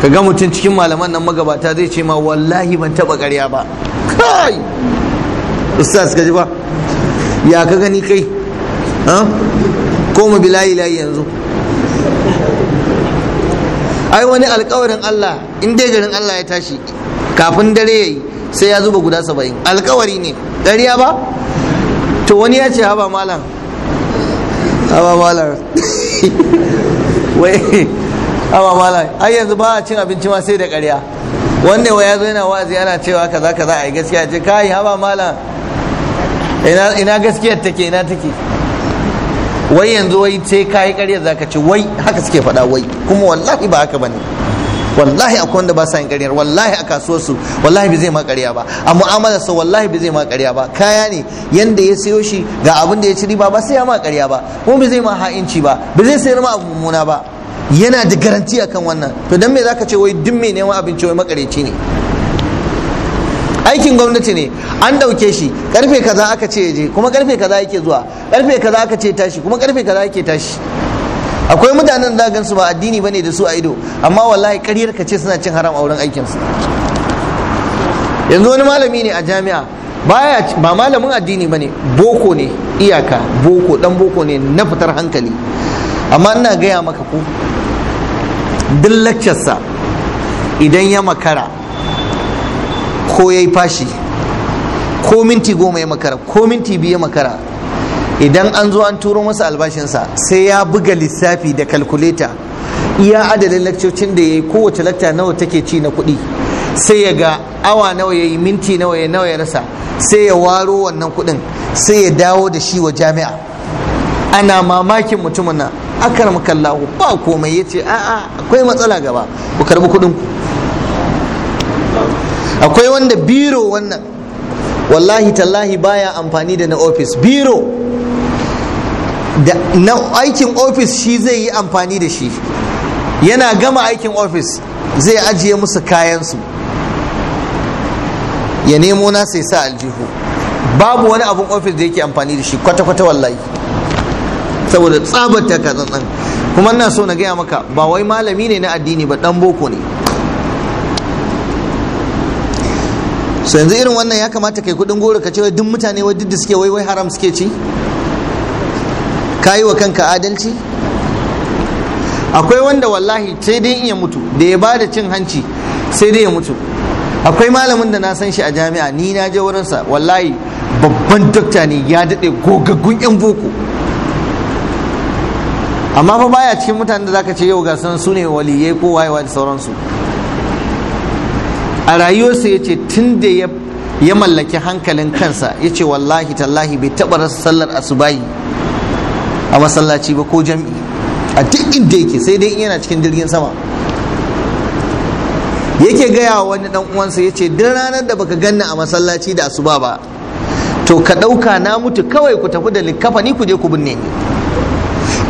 ka ga mutum cikin malaman nan magabata zai ce ma wallahi ban taba karya ba kai ustaz ka ji ba ya ka gani kai ko mu bilayi layi yanzu ai wani alkawarin Allah in dai garin Allah ya tashi kafin dare yayi sai ya zuba guda saba'in alkawari ne ƙarya ba to wani ya ce haba malam haba malam wai amma malam ai yanzu ba a cin abinci ma sai da ƙarya wanda wa ya zo yana wa'azi ana cewa kaza kaza ai gaskiya ce kai haba malam ina ina gaskiya take ina take wai yanzu wai sai kai ƙarya zaka ci wai haka suke faɗa wai kuma wallahi ba haka bane wallahi akwai wanda ba sa yin ƙaryar wallahi a kasuwar su, wallahi bai zai ma ƙarya ba a su wallahi bai zai ma ƙarya ba kaya ne yanda ya sayo shi ga abin da ya ci riba ba sai ya ma ƙarya ba kuma bai zai ma ha'inci ba bai zai sayar ma abu mummuna ba yana da garanti akan wannan to dan me ka ce wai duk mai neman abinci wai makareci ne aikin gwamnati ne an dauke shi karfe kaza aka ce je kuma karfe kaza yake zuwa karfe kaza aka ce tashi kuma karfe kaza yake tashi akwai mutanen da gansu ba addini bane da su a ido amma wallahi karyar ka ce suna cin haram a wurin aikin su yanzu wani malami ne a jami'a baya ba malamin addini bane boko ne iyaka boko dan boko ne na fitar hankali amma ina gaya maka ko duk lakcarsa idan ya makara ko ya yi fashi ko minti goma ya makara ko minti biyu ya makara idan an zo an turo masa albashinsa sai ya buga lissafi da kalkuleta iya adadin lakcocin da ya yi kowace lakta nawa take ci na kuɗi sai ya ga awa nawa ya yi minti nawa ya nawa ya rasa sai ya waro wannan kuɗin sai ya dawo da shi wa jami'a ana mamakin mutumin nan akar kallahu ba komai ya ce a'a akwai matsala gaba ku karbi kudin ku akwai wanda biro wannan wallahi tallahi baya amfani da na ofis biro da na aikin ofis shi zai yi amfani da shi yana gama aikin ofis zai ajiye musu kayansu ya nemo na sai sa aljihu babu wani abun ofis da yake amfani da shi kwata-kwata wallahi saboda tsabar ta ka tsantsan kuma ina so na gaya maka ba wai malami ne na addini ba dan boko ne so yanzu irin wannan ya kamata kai kudin gora ka ce wai duk mutane wai duk suke wai wai haram suke ci ka wa kanka adalci akwai wanda wallahi sai dai in ya mutu da ya bada cin hanci sai dai ya mutu akwai malamin da na san shi a jami'a ni na je wurinsa wallahi babban dokta ne ya daɗe gogaggun yan boko amma fa baya cikin mutanen da zaka ce yau ga san su ne waliyai ko wayewa da sauransu a rayuwarsa ya ce tun da ya mallaki hankalin kansa ya ce wallahi tallahi bai taɓa rasa sallar asubahi a masallaci ba ko jam'i a duk inda yake sai dai yana cikin jirgin sama yake gaya wa wani dan uwansa ya ce duk ranar da baka ganna a masallaci da asuba ba to ka ɗauka na mutu kawai ku tafi da likkafa ni ku je ku binne ni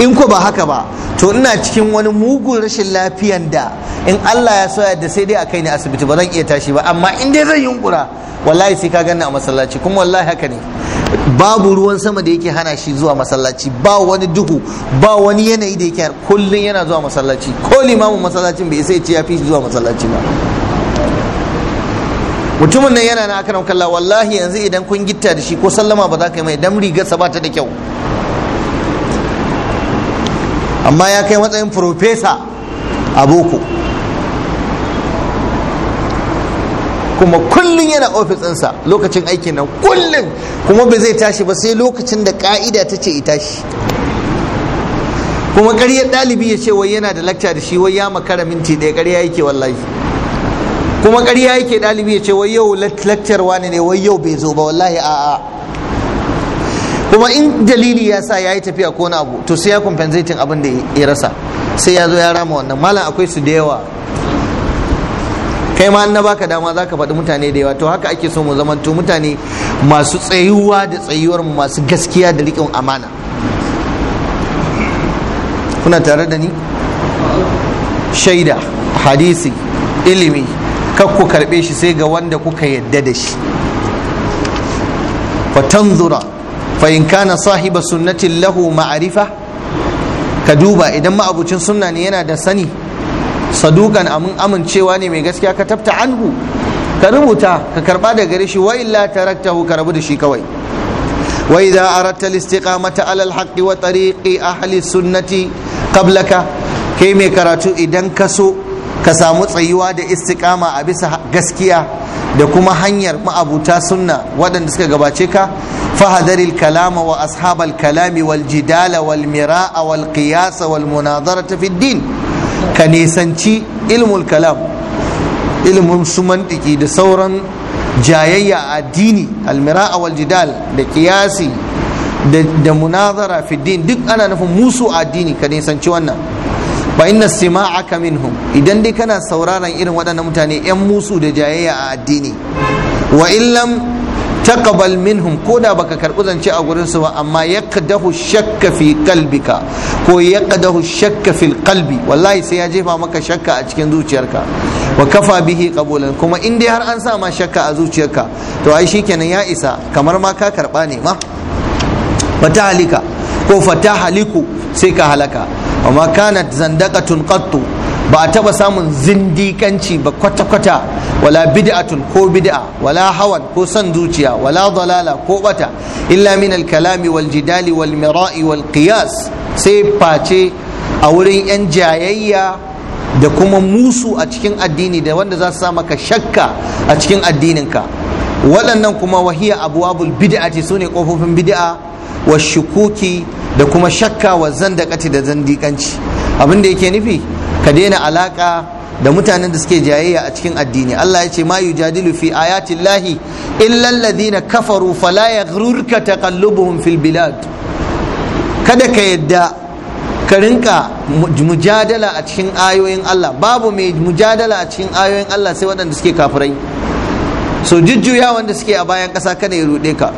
in ko ba haka ba to ina cikin wani mugun rashin lafiyan da in Allah ya so da sai dai a kai ni asibiti ba zan iya tashi ba amma in dai zan yunkura wallahi sai ka ganna a masallaci kuma wallahi haka ne babu ruwan sama da yake hana shi zuwa masallaci ba wani duhu ba wani yanayi da yake kullun yana zuwa masallaci ko limamin masallacin bai sai ce ya fi zuwa masallaci ba mutumin nan yana na aka wallahi yanzu idan kun gitta da shi ko sallama ba za ka yi mai dan rigarsa ba ta da kyau amma ya kai matsayin profesa a boko kuma kullum yana ofisinsa lokacin aikin nan kullum kuma bai zai tashi ba sai lokacin da ka'ida ta ce tashi kuma ƙaryar ɗalibi ya ce wai yana da lakca da shi wai ya makara minti ɗaya ƙarya yake wallahi kuma ƙarya yake ɗalibi ya ce wai yau lakcarwa ne ne wai yau bai zo ba wallahi a'a kuma in dalili ya sa ya yi tafiya ko na abu to sai ya compensating abin da ya rasa sai ya zo ya rama wannan malam akwai su da yawa kai ma na baka dama za ka faɗi mutane da yawa to haka ake so mu to mutane masu tsayuwa da tsayuwar mu masu gaskiya da riƙon amana kuna tare da ni shaida hadisi ilimi kak ku karɓe shi sai ga wanda kuka yadda da shi fatanzura fa kana sahiba sunnatin lahu ma'arifa ka duba idan ma'abucin sunna ne yana da sani sadukan amin amincewa ne mai gaskiya ka tafta anhu ka rubuta ka karba da gare shi wa illa taraktahu ka rabu da shi kawai wa idza aradta al-istiqamata ala al wa tariqi ahli sunnati qablaka kai mai karatu idan ka so ka samu tsayuwa da istiqama a bisa gaskiya da kuma hanyar ma'abuta sunna waɗanda suka gabace ka fahadaril kalama wa ashabal kalami wal jidala wal mira'a wal qiyasa wal din ka nisanci ilmul kalam ilmun su da sauran jayayya addini al mira'a wal jidal da qiyasi da munazara fiddin din duk ana nufin musu addini ka nisanci wannan wa inna sima'aka minhum idan dai kana sauraron irin waɗannan mutane yan musu da jayayya a addini wa illam taqbal minhum ko da baka karɓi zance a gurin su ba amma yaqdahu shakka fi qalbika ko yaqdahu shakka fil qalbi wallahi sai ya jefa maka shakka a cikin zuciyarka wa kafa bihi qabulan kuma in dai har an sa ma shakka a zuciyarka to ai shi kenan ya isa kamar ma ka karɓa ne ma fata halika ko fata haliku sai ka halaka Makanat kanat zandaqatun qattu ba a taba samun zindikanci ba kwata-kwata wala bid'atun ko bid'a wala hawan ko son zuciya wala dalala ko bata illa min al-kalami wal jidali wal mira'i wal qiyas sai face a wurin yan jayayya da kuma musu a cikin addini da wanda za su sa maka shakka a cikin addininka waɗannan kuma wahiya abuwabul bid'ati sune kofofin bid'a wa shukuki da kuma shakka wa zandakaci da zandikanci abin da yake nufi ka daina alaka da mutanen da suke jayayya a cikin addini Allah ya ce ma yujadilu fi ayati na illa alladhina kafaru fala yaghrurka taqallubuhum fil bilad kada ka yadda ka rinka mujadala a cikin ayoyin Allah babu mai mujadala a cikin ayoyin Allah sai waɗanda suke kafirai so jujjuya wanda suke a bayan ƙasa kada ya ruɗe ka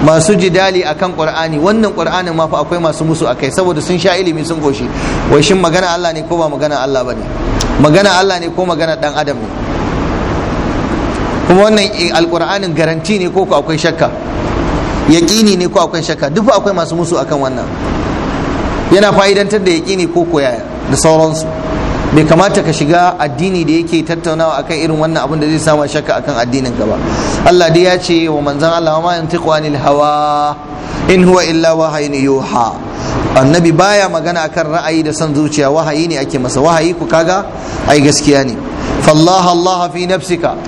masu jidali akan qur'ani wannan qur'anin ma fa akwai masu musu akai saboda sun sha ilimi sun goshi wai shin magana Allah ne ko ba magana Allah bane magana Allah ne ko magana dan adam ne kuma wannan eh, alqur'anin garanti ne ko ko akwai shakka yaqini ne ko akwai shakka duk akwai masu musu akan wannan yana fa'idantar da yaqini ko ko yaya da sauransu bai kamata ka shiga addini da yake tattaunawa akan irin wannan abin da zai samu shakka akan addinin ka ba Allah dai ya ce wa manzon Allah ma yantiqu hawa in huwa illa wahayin yuha annabi baya magana akan ra'ayi da son zuciya wahayi ne ake masa wahayi ku kaga ai gaskiya ne fallah Allah fi nafsika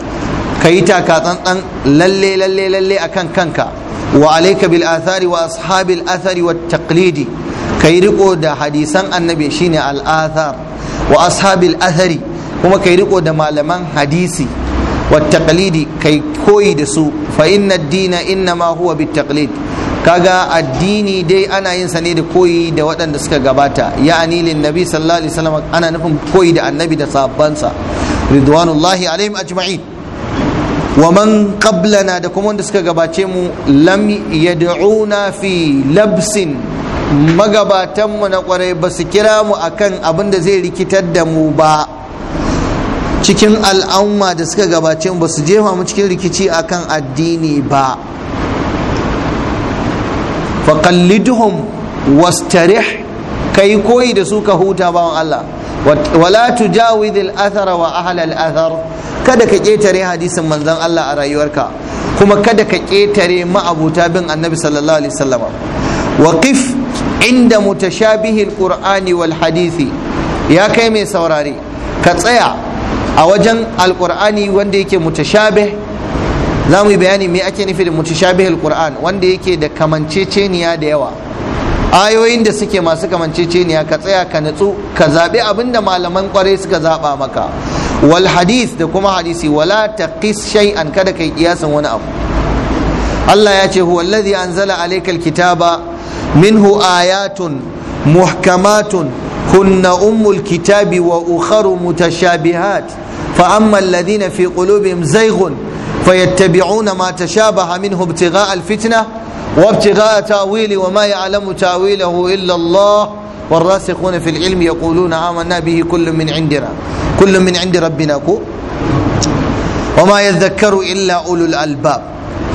kayi taka tsantsan lalle lalle lalle akan kanka wa alayka bil athari wa ashabil athari wat taqlidi kai riko da hadisan annabi shine al athar wa ashabil athari kuma kai riko da malaman hadisi wa taqlidi kai koyi da su fa inna ad-dina innama huwa bit taqlid kaga addini dai ana yin sa ne da koyi da waɗanda suka gabata ya'ani lin nabi sallallahu alaihi wasallam ana nufin koyi da annabi da sahabbansa ridwanullahi alaihim ajma'in wa man qablana da kuma wanda suka gabace mu lam yad'una fi labsin magabatanmu na kwarai ba su kira mu akan abin da zai rikitar da mu ba cikin al'amma da suka gabace ba su jefa mu cikin rikici akan addini ba faƙalliduhum wastarih ka yi koyi da su ka huta ba Allah wala tujawid al-athar wa ahla athar kada ka ketare hadisin manzon Allah a rayuwarka kuma kada ka ketare ma'abuta bin annabi sallallahu alaihi wasallam waqif inda mutashabihil qur'ani wal hadisi ya kai mai saurare ka tsaya a wajen alqur'ani wanda yake mutashabih za mu yi bayani me ake nufi da mutashabihin qur'an wanda yake da kamanceceniya da yawa ayoyin da suke masu kamanceceniya ka tsaya ka natsu ka zaɓi abinda malaman kwarai suka zaɓa maka wal hadith da kuma hadisi wala taqis shay'an kada kai kiyasin wani abu Allah ya ce huwallazi anzala alaykal kitaba minhu ayatun muhkamatun هن أم الكتاب وأخر متشابهات فأما الذين في قلوبهم زيغ فيتبعون ما تشابه منه ابتغاء الفتنة وابتغاء تأويل وما يعلم تأويله إلا الله والراسخون في العلم يقولون آمنا به كل من عندنا كل من عند ربنا كو وما يذكر إلا أولو الألباب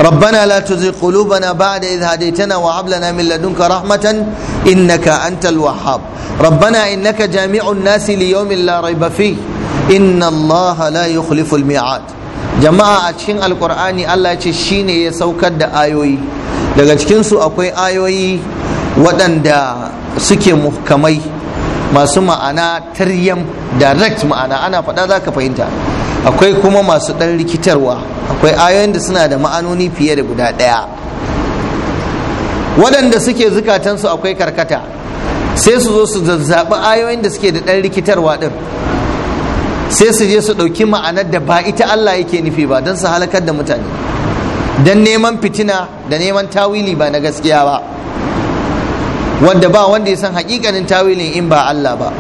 ربنا لا تزغ قلوبنا بعد إذ هديتنا وهب لنا من لدنك رحمة إنك أنت الوهاب ربنا إنك جامع الناس ليوم لا ريب فيه إن الله لا يخلف الميعاد jama'a a cikin alkur'ani Allah ce shine ya saukar da ayoyi daga cikinsu akwai ayoyi waɗanda suke muhkamai masu ma'ana taryam direct ma'ana ana faɗa za ka fahimta akwai kuma masu ɗan rikitarwa akwai ayoyin da suna da ma'anoni fiye da guda ɗaya waɗanda suke zukatansu akwai karkata sai su zo su zazzaɓi ayoyin da suke da ɗan rikitarwa ɗin sai su je su ɗauki ma'anar da ba ita Allah yake nufi ba don su halakar da mutane don neman fitina da neman tawili ba na gaskiya ba wanda ba wanda ya san hakikanin tawilin in ba Allah ba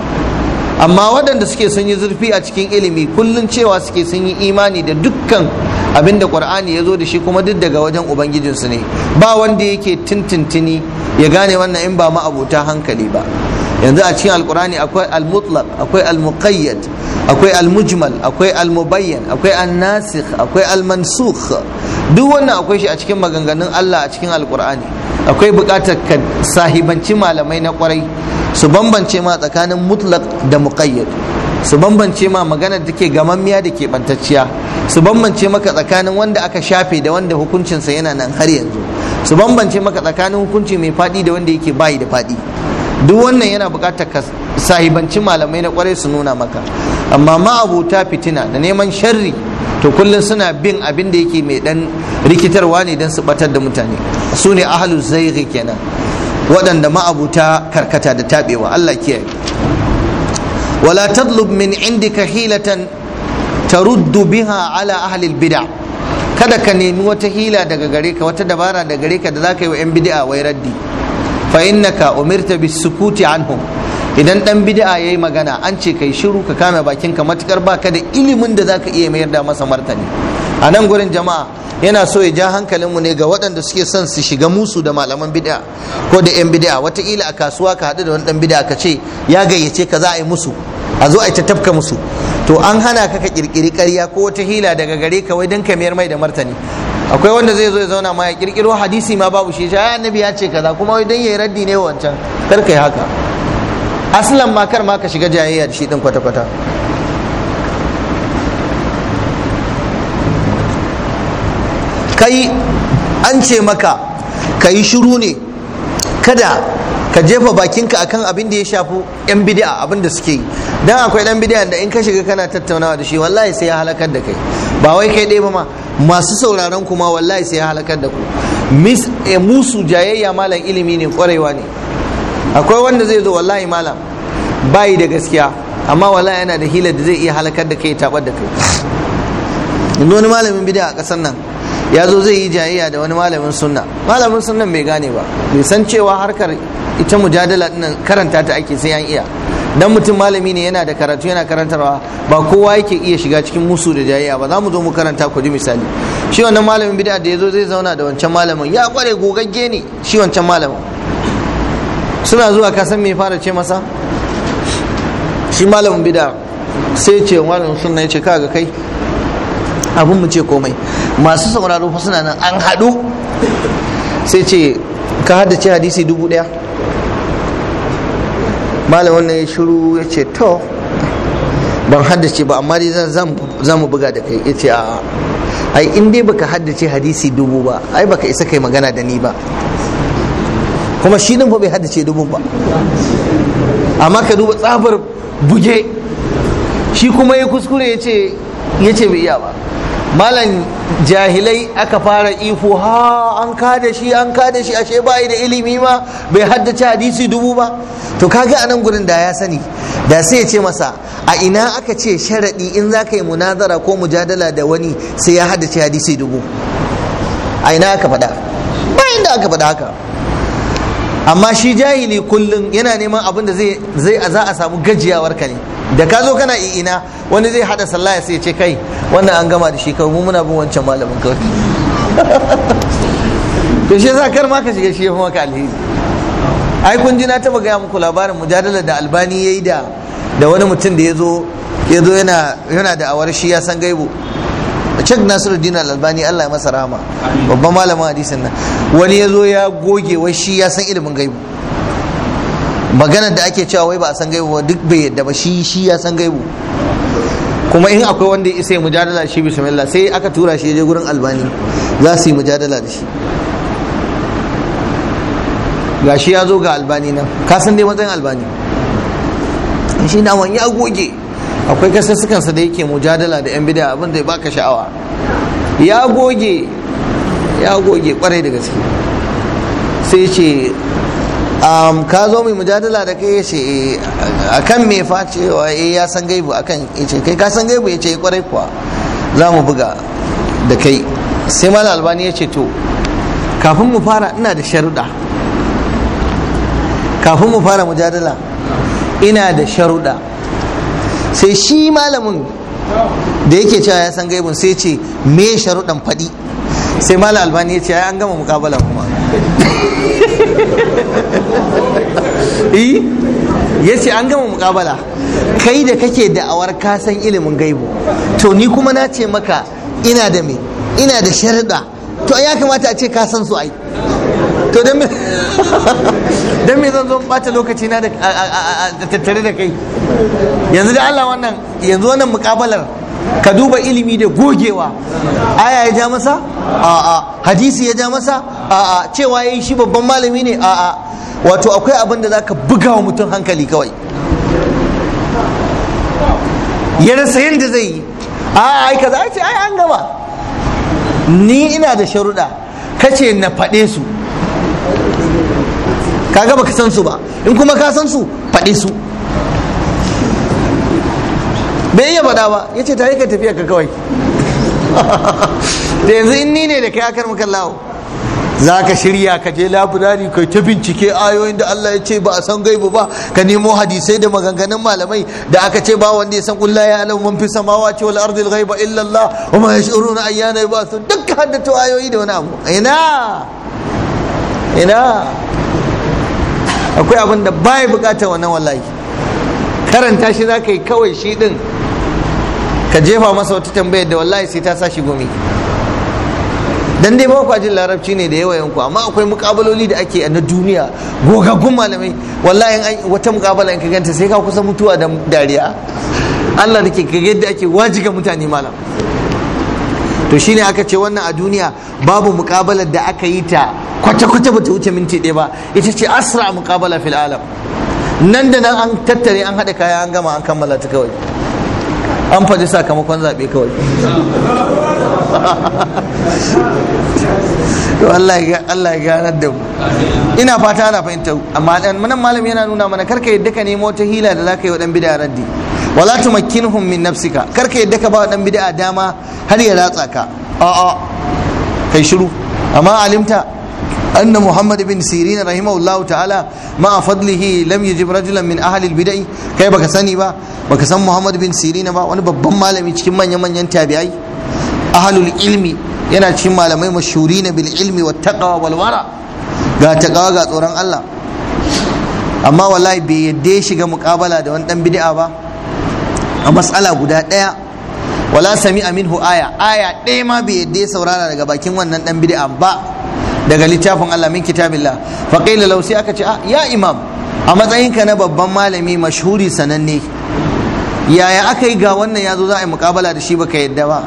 amma waɗanda suke sun yi zurfi a cikin ilimi kullum cewa suke sun yi imani da dukkan abin da ƙwar'ani ya zo da shi kuma duk daga wajen ubangijinsu ne ba wanda yake tintintini ya gane wannan in ba ma'abuta hankali ba yanzu a cikin alƙur'ani akwai al-mutlaq akwai al-muqayyad akwai almujmal akwai al-mubayyan akwai an akwai al duk wannan akwai shi a cikin maganganun Allah a cikin alƙur'ani akwai buƙatar ka sahibanci malamai na kwarai su bambance ma tsakanin mutlak da muƙayyad su bambance ma maganar da ke gamammiya da ke bantacciya su bambance maka tsakanin wanda aka shafe da wanda hukuncinsa yana nan har yanzu su bambance maka tsakanin hukunci mai faɗi da wanda yake bayi da faɗi duk wannan yana buƙatar ka sahibanci malamai na kwarai su nuna maka amma ma'abuta fitina da neman sharri to kullum suna bin abin da yake mai dan rikitarwa ne don su batar da mutane su ne ahalu kenan waɗanda abuta karkata da taɓewa Allah kiyaye wala tadlub min indika hilatan taruddu biha ala ahlil bid'a kada ka nemi wata hila daga gare ka wata dabara daga gare ka da zaka yi wa yan bid'a wai raddi fa innaka umirta bisukuti sukuti idan dan bid'a yayi magana an ce kai shiru ka kame bakinka matukar baka da ilimin da zaka iya mayar da masa martani a nan gurin jama'a yana so ya ja hankalinmu ne ga waɗanda suke son su shiga musu da malaman bid'a ko da yan bid'a wataƙila a kasuwa ka haɗu da wani ɗan bid'a ka ce ya gayyace ka za a yi musu a zo a yi ta tafka musu to an hana ka ka ƙirƙiri ƙarya ko wata hila daga gare ka wai don ka mayar mai da martani akwai wanda zai zo ya zauna ma ya kirkiro hadisi ma babu shi ya annabi ya ce kaza kuma wai dan yayi raddi ne wancan kar kai haka aslan ma kar ma ka shiga jayayya da shi din kwata kwata kai an ce maka ka shiru ne kada ka jefa bakinka akan abin da ya shafi yan bidi'a abin da suke yi dan akwai dan bidi'a da in ka shiga kana tattaunawa da shi wallahi sai ya halakar da kai ba wai kai ɗaya ba ma masu sauraron kuma wallahi sai halakar da ku eh, musu jayayya malam ilimi ne kwarewa ne akwai wanda zai zo wallahi malam bayi da gaskiya amma wallahi yana da hilar da zai iya halakar da kai tabar da kai in wani malamin bida a kasar nan ya zo zai yi jayayya da wani malamin sunna malamin sunnan bai gane ba bai san cewa harkar ita mujadala dinnan karanta ta ake sai an iya dan mutum malami ne yana da karatu yana karantarwa ba kowa yake iya shiga cikin musu da jayayya ba za mu zo mu karanta ku ji misali shi wannan malamin bid'a da yazo zai zauna da wancan malamin ya kware gogagge ne shi wancan malamin suna zuwa ka san me fara ce masa shi malamin bid'a sai ce wannan sunna yace ka ga kai abin mu ce komai masu sauraro fa suna nan an haɗu sai ce ka haddace hadisi dubu ɗaya malam wannan ya shiru ya ce to ban haddace ba amma dai zan mu buga da kai ya ce a ai in dai baka haddace hadisi dubu ba ai baka isa kai magana da ni ba kuma shi din fa bai haddace dubu ba amma ka duba tsabar buge shi kuma ya kuskure ya ce bai iya ba malan jahilai aka fara ifo ha an kada shi an kada shi ashe bai da ilimi ma bai haddace hadisi dubu ba to ga anan gurin da ya sani da sai ya ce masa a ina aka ce sharadi in za ka yi munazara ko mujadala da wani sai ya haddace hadisi dubu a ina aka faɗa ba inda aka faɗa haka amma shi jahili kullum yana neman abin da zai za a samu gajiyawar ka ne da ka zo kana ina wani zai hada sallah ya sai ce kai wannan an gama da shi kawai mu muna bin wancan malamin kawai to shi yasa kar ma ka shiga shi ya fi alheri ai kun ji na taba gaya muku labarin mujadala da albani ya yi da da wani mutum da ya zo ya zo yana yana da awar shi ya san gaibo cik Nasiruddin Al-Albani Allah ya masa rahama babban malamin hadisin nan wani ya zo ya goge wai shi ya san ilimin gaibo maganar da ake cewa wai ba a san gaibu ba duk bai yadda ba shi shi ya san gaibu kuma in akwai wanda ya isa yi mujadala shi bismillah sai aka tura shi je gurin albani za su yi mujadala da shi ga shi ya zo ga albani nan ka san dai matsayin albani shi na wani goge akwai kasassukansa da yake mujadala da yan bida abin da ya baka sha'awa ya goge ya goge kwarai da gaske sai ce ka zo mai mujadala da kai yace a kan me fa cewa eh, ya san gaibu a kan yace kai ka san gaibu yace ya eh, kwarai kuwa za mu buga da kai sai malam albani ya ce to kafin mu fara ina da sharuɗa kafin mu fara mujadala ina da sharuɗa sai shi malamin da yake cewa ya san gaibun sai ce me sharuɗan faɗi sai malam albani ya ce an gama mukabala kuma ya eh, yace an gama mukabala kai da kake da'awar ka san ilimin gaibu to ni kuma na ce maka ina da me ina da sharda to ya kamata a ce ka san su ai to dan mai me zan zo bata lokaci na da tattare da kai yanzu da Allah wannan yanzu wannan mukabalar ka duba ilimi da gogewa aya ya ja masa a'a hadisi ya ja masa a'a cewa yayi shi babban malami ne a'a wato akwai abin da zaka buga wa mutum hankali kawai ya rasa yadda zai yi a ai kaza ai ce ai an gama ni ina da sharuɗa kace na faɗe su Ka gaba ka san su ba in kuma ka san su faɗe su bai iya faɗa ba ya ce ta yi ka tafiya ka kawai da yanzu in ni ne da kai akar muka lawo za ka shirya ka je labirari kai ta bincike ayoyin da Allah ya ce ba a san gaibu ba ka nemo hadisai da maganganun malamai da aka ce ba wanda ya san kullu ya alam man fi ce wal ardi al ghaiba illa Allah wa ma yash'uruna ayyana yub'athun duk haddatu ayoyi da wani abu ina ina akwai abin da bai bukatar wannan wallahi karanta shi za ka yi kawai shi din ka jefa masa wata tambayar da wallahi sai ta sa shi gumi dan dai ba kwajin larabci ne da yawa yanku amma akwai mukabaloli da ake na duniya gogaggun malamai wallahi wata mukabala in ka ganta sai ka kusa mutuwa da dariya Allah da ke yadda ake wajiga mutane malam to shine aka ce wannan a duniya babu mukabalar da aka yi ta kwata-kwata bata wuce minti ɗaya ba ita ce asra mukabala fil alam nan da nan an tattare an haɗa kaya an gama an kammala ta kawai an faɗi sakamakon zaɓe kawai to Allah ya Allah ya ganar da mu ina fata ana fahimta amma dan nan malami yana nuna mana karka yadda ka nemo ta hila da zaka yi wa dan bid'a raddi wala tumakkinhum min nafsika karka yadda ka ba wa dan bid'a dama har ya ratsa ka a'a kai shiru amma alimta أن محمد بن سيرين رحمه الله تعالى مع فضله لم يجب رجلا من أهل البدع كيف بكسني با بكسن محمد بن سيرين با wani babban مالمي cikin manyan manyan tabi'ai ahlul ilmi yana cikin malamai mashuri na bil ilmi wa taqwa wal wara ga taqwa ga tsoron Allah amma wallahi bai yadda ya shiga muƙabala da wani dan bid'a ba a matsala guda ɗaya wala sami aminhu aya aya ɗaya ma bai yadda ya saurara daga bakin wannan dan bid'a ba daga littafin Allah min kitabillah fa qila law sai aka ce a, ah, ya imam a matsayinka na babban malami mashuri sananne yaya aka yi ga wannan ya zo za a yi muƙabala da shi baka yadda ba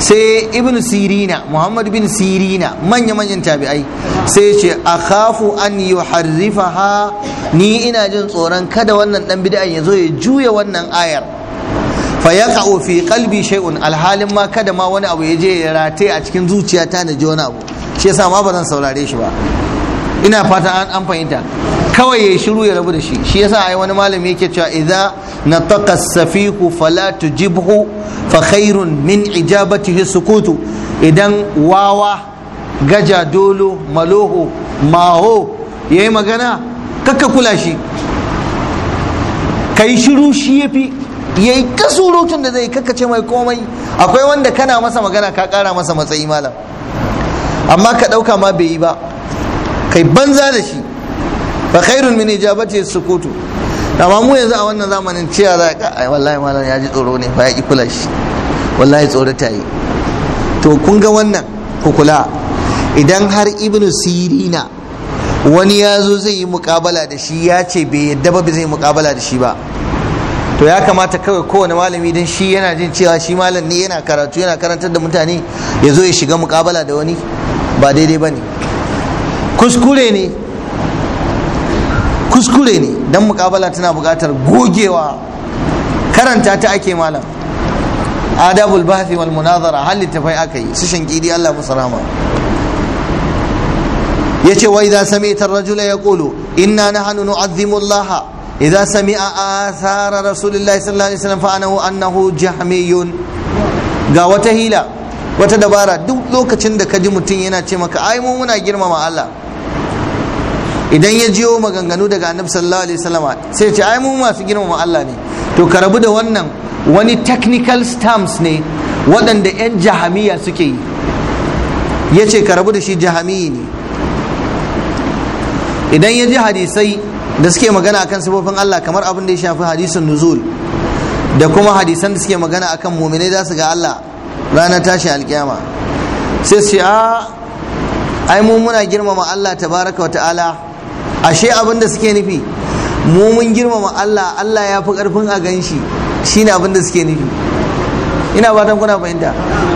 sai ibn sirina muhammad bin sirina manya manyan tabi'ai sai ce kafu an yi ha ni ina jin tsoron kada wannan dan bid'a ya zo ya juya wannan ayar fa ya ka'o fi kalbi shay'un alhalin ma kada ma wani abu ya je ya rate a cikin zuciyata na ji wani abu shi yasa ma ba zan saurare shi ba ina fata an fahimta kawai ya shiru ya rabu da shi shi yasa ai wani malami yake cewa idza nataqa safiku fala tujibhu fa khairun min ijabatihi sukutu idan wawa gaja dolo maloho maho yayi magana kakka kula shi kai shiru shi yafi yayi surutun da zai kakace mai komai akwai wanda kana masa magana ka kara masa matsayi malam amma ka dauka ma bai yi ba kai banza da shi fa khairun min ijabati sukutu amma mu yanzu a wannan zamanin cewa za ka ai wallahi malam ya ji tsoro ne fa ya ki kula shi wallahi tsoro ta yi to kun ga wannan ku kula idan har ibnu sirina wani ya zo zai yi mukabala da shi ya ce bai yadda ba zai mukabala da shi ba to ya kamata kawai kowane malami don shi yana jin cewa shi malam ne yana karatu yana karantar da mutane ya zo ya shiga mukabala da wani ba daidai ba ne kuskure ne kuskure ne don mukabala tana buƙatar gogewa karanta ta ake malam adabul bahfi wal munazara hali tafai aka yi su shankidi Allah musu ya ce wa idan sami ar-rajula yaqulu inna nahnu laha idan sami a asara rasulillahi sallallahu alaihi wasallam fa'anahu annahu jahmiyun ga wata hila wata dabara duk lokacin da ka ji mutum yana ce maka ai mu muna girmama Allah idan ya jiyo maganganu daga annabi sallallahu alaihi wasallama sai ya ce ai mu masu girmama Allah ne to ka rabu da wannan wani technical stamps ne waɗanda 'yan jahamiya suke yi ya ce ka rabu da shi jahamiyi ne idan ya ji hadisai da suke magana akan sabofin Allah kamar abin da ya shafi hadisin nuzul da kuma hadisan da suke magana akan muminai za su ga Allah ranar tashi alkiyama sai su a ah, ai mu muna girmama Allah tabaraka wa ta'ala ashe abin da suke nufi mu mun girmama Allah Allah ya fi karfin a gan shi shine abin da suke nufi ina fatan kuna fahimta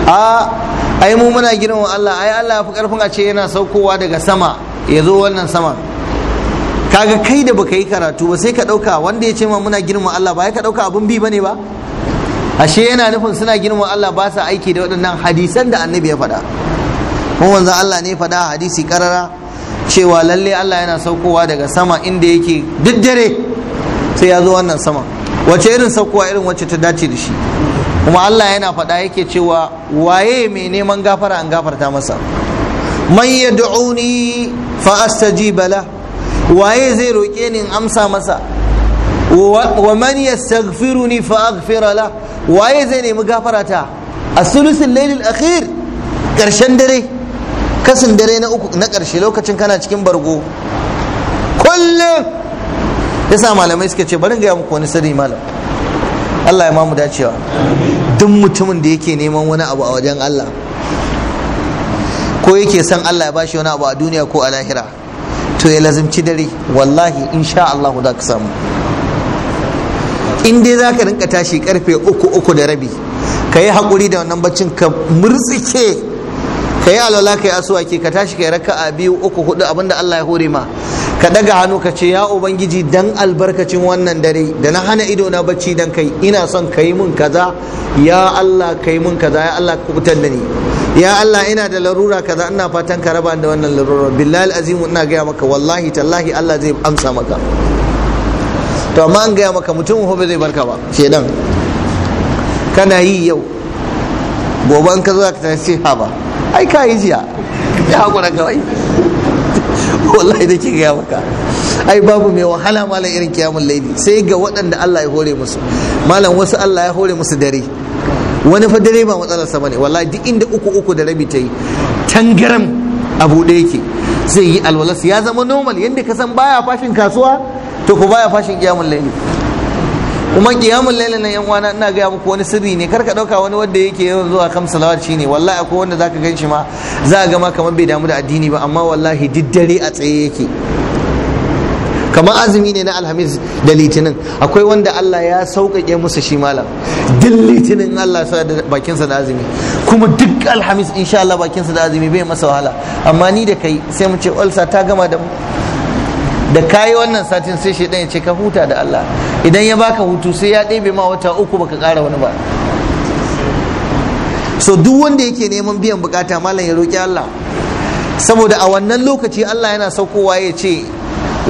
a ai mu muna girmama Allah ai Allah ya fi karfin a ce yana saukowa daga sama ya zo wannan sama kaga kai da baka yi karatu ba sai ka dauka wanda ya ce ma muna girmama Allah ba ya ka dauka abin bi bane ba ashe yana nufin suna girmama Allah ba sa aiki da waɗannan hadisan da annabi ya faɗa kuma wanzan Allah ne faɗa hadisi karara cewa lalle Allah yana saukowa daga sama inda yake duk sai ya zo wannan sama wace irin saukowa irin wacce ta dace da shi kuma Allah yana faɗa yake cewa waye mai neman gafara an gafarta masa man yad'uni fa astajiba la waye zai roƙe ni in amsa masa wa man yastaghfiruni fa aghfira la waye zai nemi gafarata a sulusin lailil akhir karshen dare kasin dare na uku na ƙarshe lokacin kana cikin bargo kullum ya sa malamai suka ce bari gaya muku wani sirri malam Allah ya mamu dacewa duk mutumin da yake neman wani abu a wajen Allah ko yake son Allah ya bashi wani abu a duniya ko a lahira to ya lazimci dare wallahi insha Allah za ka samu in dai za ka rinka tashi karfe uku uku da rabi ka yi haƙuri da wannan baccin ka murtsike ka yi alwala ka yi ke ka tashi ka yi raka'a biyu uku hudu abinda Allah ya hore ma ka daga hannu ka ce ya ubangiji dan albarkacin wannan dare da na hana ido na bacci dan kai ina son ka yi mun kaza ya Allah ka yi mun kaza ya Allah ka kubutar da ni ya Allah ina da larura kaza ina fatan ka raba da wannan larura billahi azim ina gaya maka wallahi tallahi Allah zai amsa maka to amma an gaya maka mutum hobe zai barka ba dan kana yi yau gobe an ka zo ka tashi ha ba ai ka yi jiya ya haƙura kawai wallahi da ke gaya maka ai babu mai wahala malam irin kiyamun laidi sai ga waɗanda Allah ya hore musu malam wasu Allah ya hore musu dare wani fa dare ba matsalar sa bane wallahi duk inda uku uku da rabi ta yi tangaram abu da yake zai yi alwalas ya zama normal yadda ka san baya fashin kasuwa to ku baya fashin kiyamun laidi kuma qiyamul layl na yan wana ina gaya muku wani sirri ne karka dauka wani wanda yake yawan zuwa kam salawat shine wallahi akwai wanda zaka gan shi ma za ga ma kamar bai damu da addini ba amma wallahi diddare a tsaye yake kamar azumi ne na alhamis da litinin akwai wanda Allah ya sauƙaƙe musu shi malam duk litinin Allah sa da bakinsa da azumi kuma duk alhamis insha Allah bakinsa da azumi bai masa wahala amma ni da kai sai mu ce ulsa ta gama da mu da kayi wannan satin sai shi ya ce ka huta da Allah idan ya baka hutu sai ya ɗebe ma wata uku baka ƙara wani ba so duk wanda yake neman biyan bukata malam ya roƙi Allah saboda a wannan lokaci Allah yana saukowa ya ce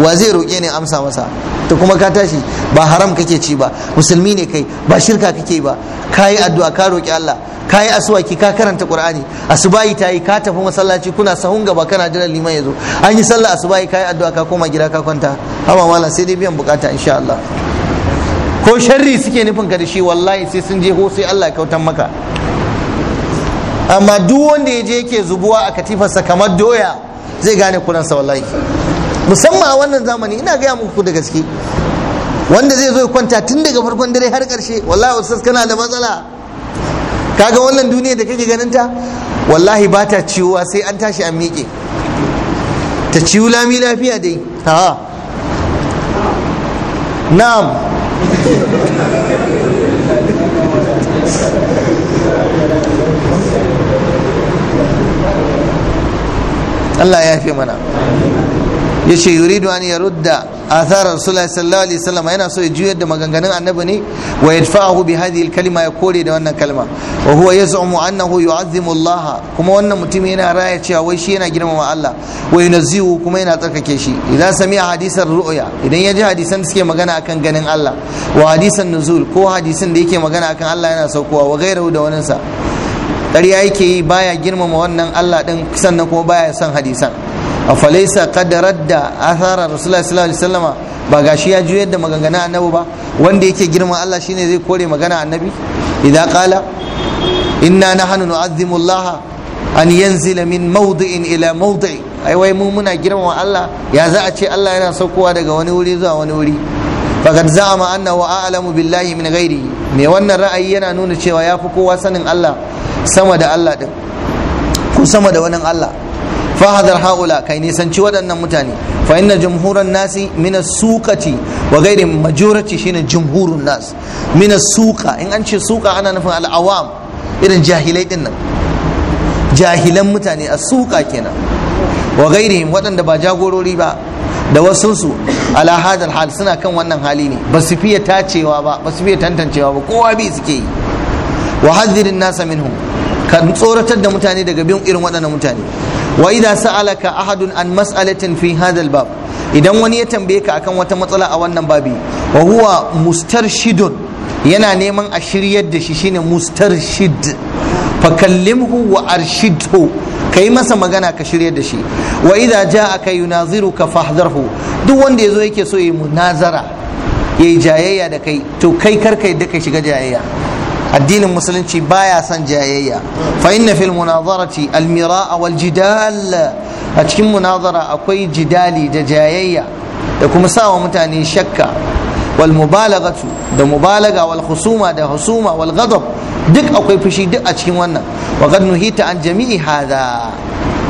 wa zai roƙe ne amsa masa Ta kuma ka tashi ba haram kake ci ba musulmi ne kai ba shirka kake ba ka yi addu'a ka roƙi Allah ka yi asuwaki ka karanta qur'ani asubahi ta yi ka tafi masallaci kuna sahun gaba kana jira liman ya zo an yi sallah asubahi ka yi addu'a ka koma gida ka kwanta amma mala sai dai biyan bukata insha Allah ko sharri suke nufin ka da shi wallahi sai sun je ho sai Allah ya kautan maka amma duk wanda ya je yake zubuwa a katifarsa kamar doya zai gane kuransa wallahi musamman a wannan zamani ina gaya muku da gaske wanda zai zo ya kwanta tun daga farkon dare har karshe wallahi ustaz kana da matsala kaga wannan duniya da kake ganin ta wallahi ba ta ciwuwa sai an tashi an miƙe ta ciwu lami lafiya dai na'am Allah ya fi mana ya ce yuridu an ya rudda athar rasulullah sallallahu alaihi wasallam yana so ya juyar da maganganun annabi ne wa yadfa'ahu bi hadhihi kalima ya kore da wannan kalma wa huwa yaz'umu annahu yu'azzimu Allah kuma wannan mutum yana raya cewa wai shi yana girmama Allah wa yunazzihu kuma yana tsarkake shi idan sami hadisan ru'ya idan ya ji hadisan da suke magana akan ganin Allah wa hadisan nuzul ko hadisan da yake magana akan Allah yana saukowa wa gairahu da waninsa ƙarya yake yi baya girmama wannan Allah din sannan kuma baya son hadisan afalaisa qad radda athara rasulullahi sallallahu alaihi wasallama ba gashi ya juyar da maganganu annabi ba wanda yake girma Allah shine zai kore magana annabi idza qala inna nahnu nu'azzimu Allah an yanzila min mawdi'in ila mawdi' ai wai mu muna girmama Allah ya za a ce Allah yana saukowa daga wani wuri zuwa wani wuri a za'ama annahu a'lamu billahi min ghairi me wannan ra'ayi yana nuna cewa yafi kowa sanin Allah sama da Allah din ko sama da wani Allah fahadar haula kai nisanci waɗannan mutane fa inna jumhuran nasi mina suqati wa gairin majority shine jumhurun nas Mina suqa in an ce suka ana nufin al'awam irin jahilai din nan jahilan mutane a suka kenan wa gairihim waɗanda ba jagorori ba da wasunsu ala hadal hal suna kan wannan hali ne ba su fiye tacewa ba ba su fiye tantancewa ba kowa bi suke yi wa hadirin nasa minhum ka tsoratar da mutane daga bin irin waɗannan mutane wa idza sa'alaka ahadun an mas'alatin fi hadal bab idan wani ya tambaye ka akan wata matsala a wannan babi wa huwa mustarshidun yana neman a shiryar da shi shine mustarshid fa kallimhu wa arshidhu kai masa magana ka shiryar da shi wa idza ja'aka yunaziruka fahdharhu duk wanda yazo yake so yi munazara yayi jayayya da kai to kai karka da ka shiga jayayya addinin musulunci baya son jayayya fa inna fil munazarati al mira'a wal jidal a cikin munazara akwai jidali da jayayya da kuma sawa mutane shakka wal mubalaghatu da mubalaga wal husuma da husuma wal ghadab duk akwai fushi duk a cikin wannan wa qad nuhita an jami'i hadha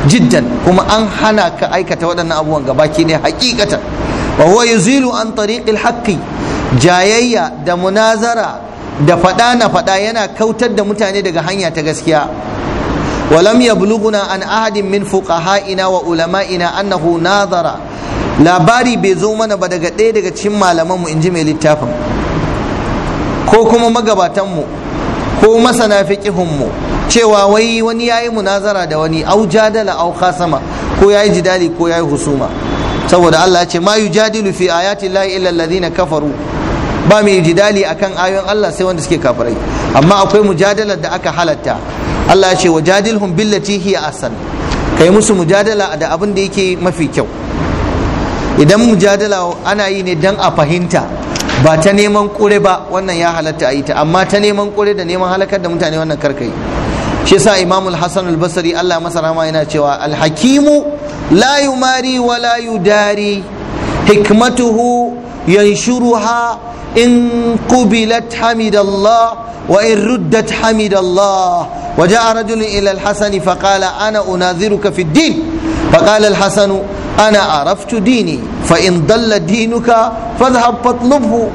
jiddan kuma an hana ka aikata waɗannan abubuwan gabaki ne hakikatan wa huwa yuzilu an tariqil haqqi jayayya da munazara da faɗa na faɗa yana kautar da mutane daga hanya ta gaskiya walam ya ولم يبلغنا عن أحد wa فقهائنا وعلمائنا na nazara labari bai zo mana ba daga ɗaya daga cikin malamanmu in ji mai littafin ko kuma magabatanmu ko masana fiƙihunmu cewa wai wani yayi munazara da wani au jadala au ko yayi jidali ko yayi husuma saboda Allah ya ce ma yujadilu fi ayati llahi illa alladhina kafaru ba mai jidali akan ayoyin Allah sai wanda suke kafirai amma akwai mujadalar da aka halatta Allah ya ce wajadilhum billati hiya asan. kai musu mujadala da abin da yake mafi kyau idan mujadala ana yi ne dan a fahimta ba ta neman kure ba wannan ya halatta a yi ta amma ta neman kure da neman halakar da mutane wannan karkai shi sa imamul hasan al-basri Allah masa rahama yana cewa al-hakimu la yumari wa la yudari hikmatuhu ينشرها إن قبلت حمد الله وإن ردت حمد الله وجاء رجل إلى الحسن فقال أنا أناذرك في الدين فقال الحسن أنا عرفت ديني فإن ضل دينك فاذهب فاطلبه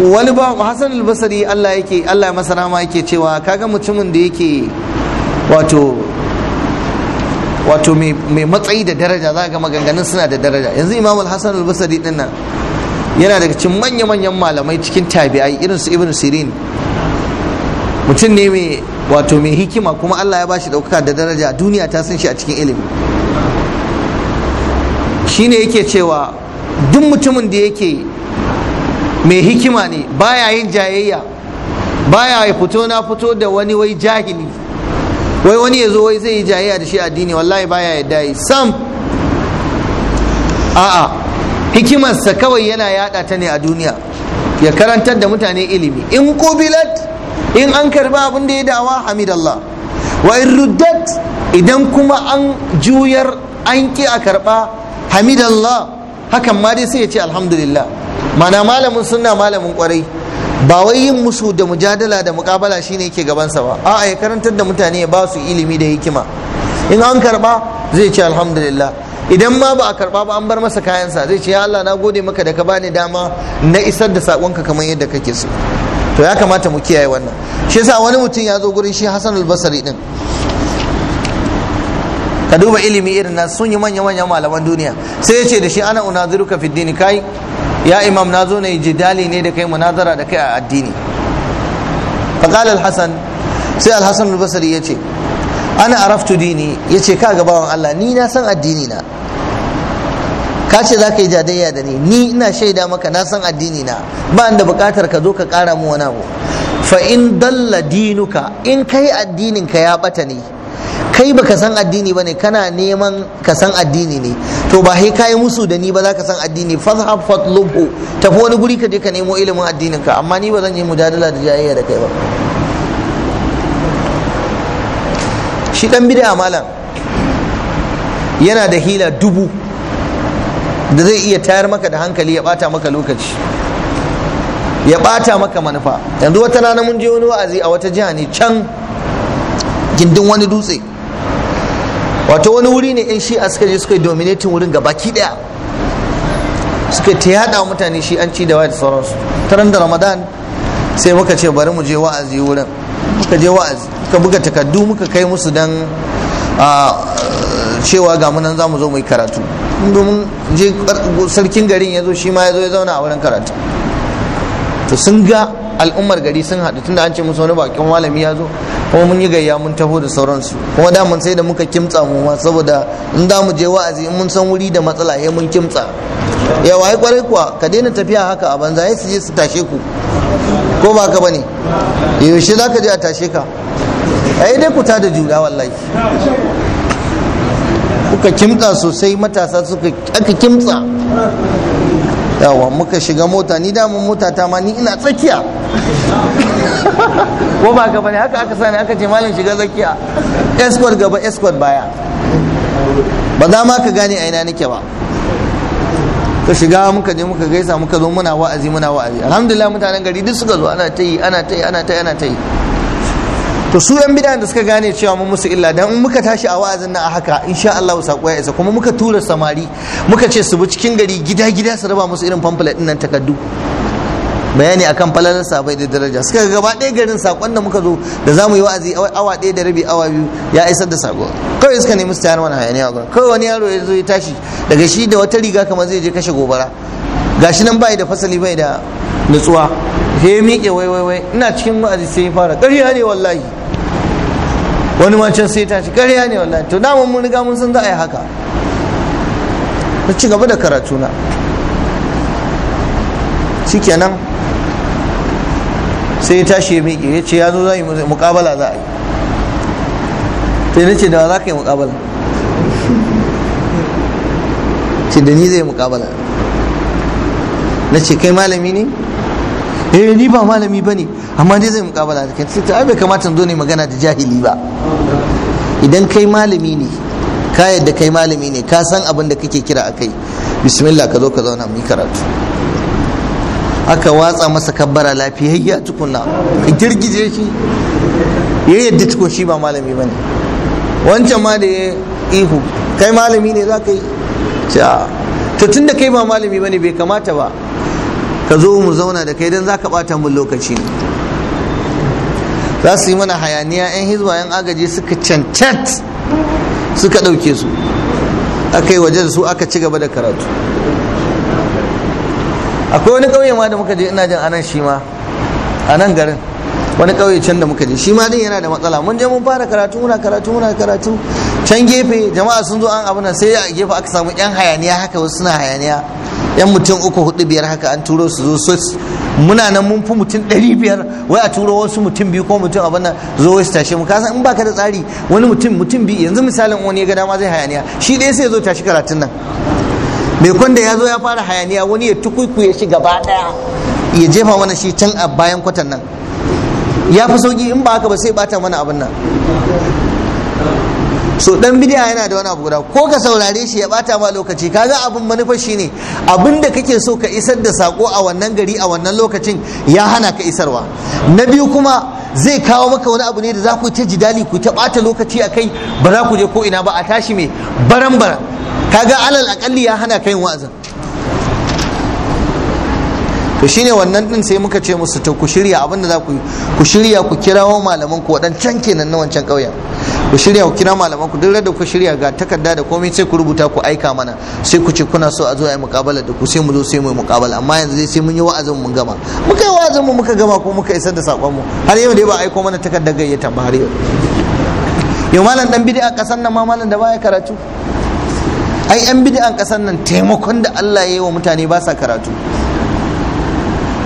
wani ba Hassan al-Basri Allah yake Allah ya masa rahama yake cewa kaga mutumin da yake wato wato mai matsayi da daraja za ga maganganun suna da daraja yanzu imam al-hasan al-basri din nan yana daga cikin manya-manyan malamai cikin tabi'ai irin su ibn sirin mutum ne mai wato mai hikima kuma Allah ya bashi dauka da daraja duniya ta san shi a cikin ilimi shine yake cewa duk mutumin da yake mai hikima ne baya yin jayayya baya ya fito na fito da wani wai jahili wai wani ya zo wai zai yi jayayya da shi addini wallahi baya yadda yi sam a'a hikimarsa kawai yana yada ta ne a duniya ya karantar da mutane ilimi in kubilat in an karba abin da ya dawa hamidallah wa in ruddat idan kuma an juyar an ki a karba hamidallah hakan ma dai sai ya ce alhamdulillah mana malamin sunna malamin kwarai ba wai yin musu da mujadala da mukabala shine yake gabansa ba a'a ya karantar da mutane ya ba su ilimi da hikima in an karba zai ce alhamdulillah idan ma ba a karba ba an bar masa kayansa zai ce ya Allah na gode maka da ka bani dama na isar da sakonka kamar yadda kake so to ya kamata mu kiyaye wannan shi yasa wani mutum ya zo gurin shi Hassan al-Basri din ka duba ilimi irin na sun yi manya manya malaman duniya sai ya ce da shi ana unaziruka fi dini kai ya imam na zo na yi jidali ne da kai munazara da kai a addini faƙal alhassan sai Alhassan albasari al ya ce ana araftu dini ya ce ka bawan Allah ni na san addini na ka ce za ka yi jadayya da ni ni ina shaida maka na san addini na ba da buƙatar ka zo ka ƙara mu wani abu fa in dalla dinuka in kai addinin ka ya bata ne kai baka san addini bane kana neman ka san addini ne to ba sai kai musu da ni ba za ka san addini fazhab fatlubu tafi wani guri ka je ka nemo ilimin addinin ka amma ni ba zan yi mujadala da jayayya da kai ba shi dan bid'a malam yana da hila dubu da zai iya tayar maka da hankali ya bata maka lokaci ya bata maka manufa yanzu wata rana mun je wani wa'azi a wata jiha ne can gindin wani dutse wato wani wuri ne yan shi'a suka je suka yi dominating wurin ga baki daya suka ta yada mutane shi an ci da wayar sauransu taron da ramadan sai muka ce bari mu je wa'azi wurin muka je wa'azi muka buga takardu muka kai musu dan cewa ga munan za mu zo mu yi karatu domin je sarkin garin ya zo shi ma ya zo ya zauna a wurin karatu to sun ga al'ummar gari sun haɗu tunda an ce musu wani bakin malami ya zo kuma mun yi gayya mun taho da sauransu kuma da mun sai da muka kimtsa mu ma saboda in da mu je wa'azi in mun san wuri da matsala ya mun kimtsa ya wai kwarai kuwa ka daina tafiya haka a banza ya su je su tashe ku ko ba ka bane yaushe za ka je a tashe ka ai dai ku ta da juna wallahi kuka kimtsa sosai matasa suka aka kimtsa yawa muka shiga mota ni damun mota ta ma ni ina tsakiya ko ba gaba ne haka aka sani aka ce malam shiga zakiya escort gaba escort baya ba za ma ka gane a ina nake ba ka shiga muka je muka gaisa muka zo muna wa'azi muna wa'azi alhamdulillah mutanen gari duk suka zo ana ta yi ana ta yi ana ta yi ana ta yi to su yan bidan da suka gane cewa mun musu illa dan in muka tashi a wa'azin nan a haka insha Allah sako ya isa kuma muka tura samari muka ce su bi cikin gari gida gida su raba musu irin pamphlet din nan takaddu bayani akan falalar sabai da daraja suka gaba ɗaya garin sakon da muka zo da za mu yi wa'azi awa ɗaya da rabi awa biyu ya isar da sako kawai suka nemi su tayar wani hayaniya ga kawai wani yaro ya zo ya tashi daga shi da wata riga kamar zai je kashe gobara gashi nan bai da fasali bai da nutsuwa sai ya miƙe wai wai wai ina cikin wa'azi sai ya fara ƙarya ne wallahi wani ma can sai ya tashi ƙarya ne wallahi to da mun riga mun san za a yi haka ci gaba da karatu na shikenan sai ya tashi ya miƙe ya ce ya zo za yi muƙabala za a yi sai na ce da za ka yi muƙabala ce da ni zai muƙabala na ce kai malami ne eh ni ba malami ba ne amma dai zai muƙabala da kai ta bai kamata zo ne magana da jahili ba idan kai malami ne ka yadda kai malami ne ka san abin da kake kira a kai bismillah ka zo ka zauna mu yi karatu aka watsa masa kabbara lafiyayya tukunna ka girgije shi ya yadda tukun shi ba malami bane wancan ma da ya ihu kai malami ne za ka yi to tun da kai ba malami bane bai kamata ba ka zo mu zauna da kai don za ka bata mun lokaci za su yi mana hayaniya 'yan hizba 'yan agaji suka cancat suka ɗauke su aka yi waje da su aka ci gaba da karatu akwai wani ƙauye ma da muka je ina jin anan shi ma a nan garin wani ƙauye can da muka je shi ma din yana da matsala mun je mun fara karatu muna karatu muna karatu can gefe jama'a sun zo an abu nan sai a gefe aka samu yan hayaniya haka wasu suna hayaniya yan mutum uku hudu biyar haka an turo su zo su muna nan mun fi mutum ɗari biyar wai a turo wasu mutum biyu ko mutum abin nan zo wasu tashe mu kasan in baka da tsari wani mutum mutum biyu yanzu misalin wani ya ga dama zai hayaniya shi ɗaya sai ya zo tashi karatun nan mai kwanda ya zo ya fara hayaniya wani ya tukuku ya shi gaba daya ya jefa mana shi can a bayan kwatan nan ya fi sauki in ba haka ba sai bata mana abin nan so dan bidiya yana da wani abu guda ko ka saurare shi ya bata ma lokaci kaga abin manufa ne abin da kake so ka isar da sako a wannan gari a wannan lokacin ya hana ka isarwa na biyu kuma zai kawo maka wani abu ne da za ku ta jidali ku ta bata lokaci a kai ba za ku je ko ina ba a tashi mai baran baran kaga alal akalli ya hana kai wa'azin to shine wannan din sai muka ce musu to ku shirya abinda za ku yi ku shirya ku kirawo malaman ku wadancan kenan na wancan ƙauyen ku shirya ku kira malaman ku duk da ku shirya ga takarda da komai sai ku rubuta ku aika mana sai ku ce kuna so a zo a yi muƙabala da ku sai mu zo sai mu yi muƙabala amma yanzu dai sai mun yi wa'azin mun gama muka yi wa'azin mu muka gama ko muka isar da sakon mu har yau dai ba aiko mana takardar gayyata ba har yau yau malam dan bid'a kasan nan ma malam da baya karatu ai yan bid'an kasar nan taimakon da Allah ya yi wa mutane ba sa karatu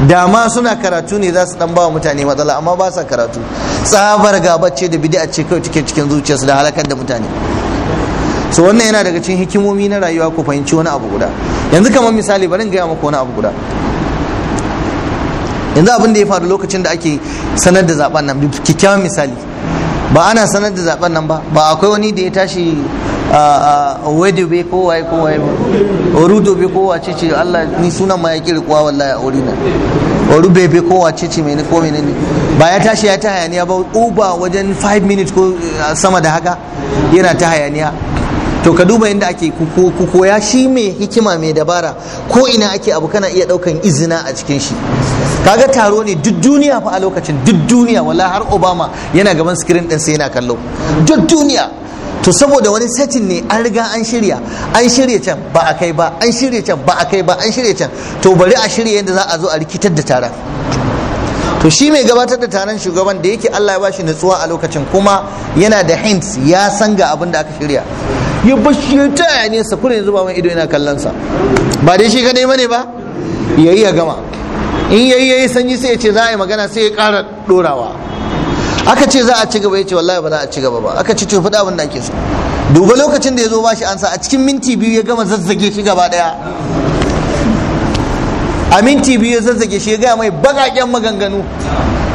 da ma suna karatu ne za su dan ba wa mutane matsala amma ba sa karatu tsabar gabace da bid'a ce kawai cikin cikin zuciyarsu da halakar da mutane so wannan yana daga cikin hikimomi na rayuwa ku fahimci wani abu guda yanzu kamar misali bari in gaya maka wani abu guda yanzu abin da ya faru lokacin da ake sanar da zaben nan kikkiawan misali ba ana sanar da zaben nan ba ba akwai wani da ya tashi wadube kowaye kowaye rudube kowa ce ce Allah ni sunan ma ya kiri kuwa wallahi a wurina rubebe kowa ce mai ni ko mene ba ya tashi ya ta hayaniya ba uba wajen 5 minutes ko sama da haka yana ta hayaniya to ka duba inda ake ku koya shi mai hikima mai dabara ko ina ake abu kana iya daukan izina a cikin shi kaga taro ne duk duniya fa a lokacin duk duniya wala har obama yana gaban screen din sai yana kallo duk duniya to saboda wani setting ne an riga an shirya an shirya can ba a kai ba an shirya can ba a kai ba an shirya can to bari a shirya yadda za a zo a rikitar da taron to shi mai gabatar da taron shugaban da yake Allah ya bashi nutsuwa a lokacin kuma yana da hints ya san ga abin da aka shirya ya bashi ya taya ne safura yanzu ba mai ido yana kallon sa ba dai shi ka nema ne ba yayi ya gama in yayi yayi sanyi sai ya ce za a yi magana sai ya kara ɗorawa aka ce za a ci gaba ya ce wallahi ba za a ci gaba ba aka ce to faɗa abin da ake so duba lokacin da ya zo ba shi ansa a cikin minti biyu ya gama zazzage shi gaba daya a minti biyu ya zazzage shi ya gaya mai bakaken maganganu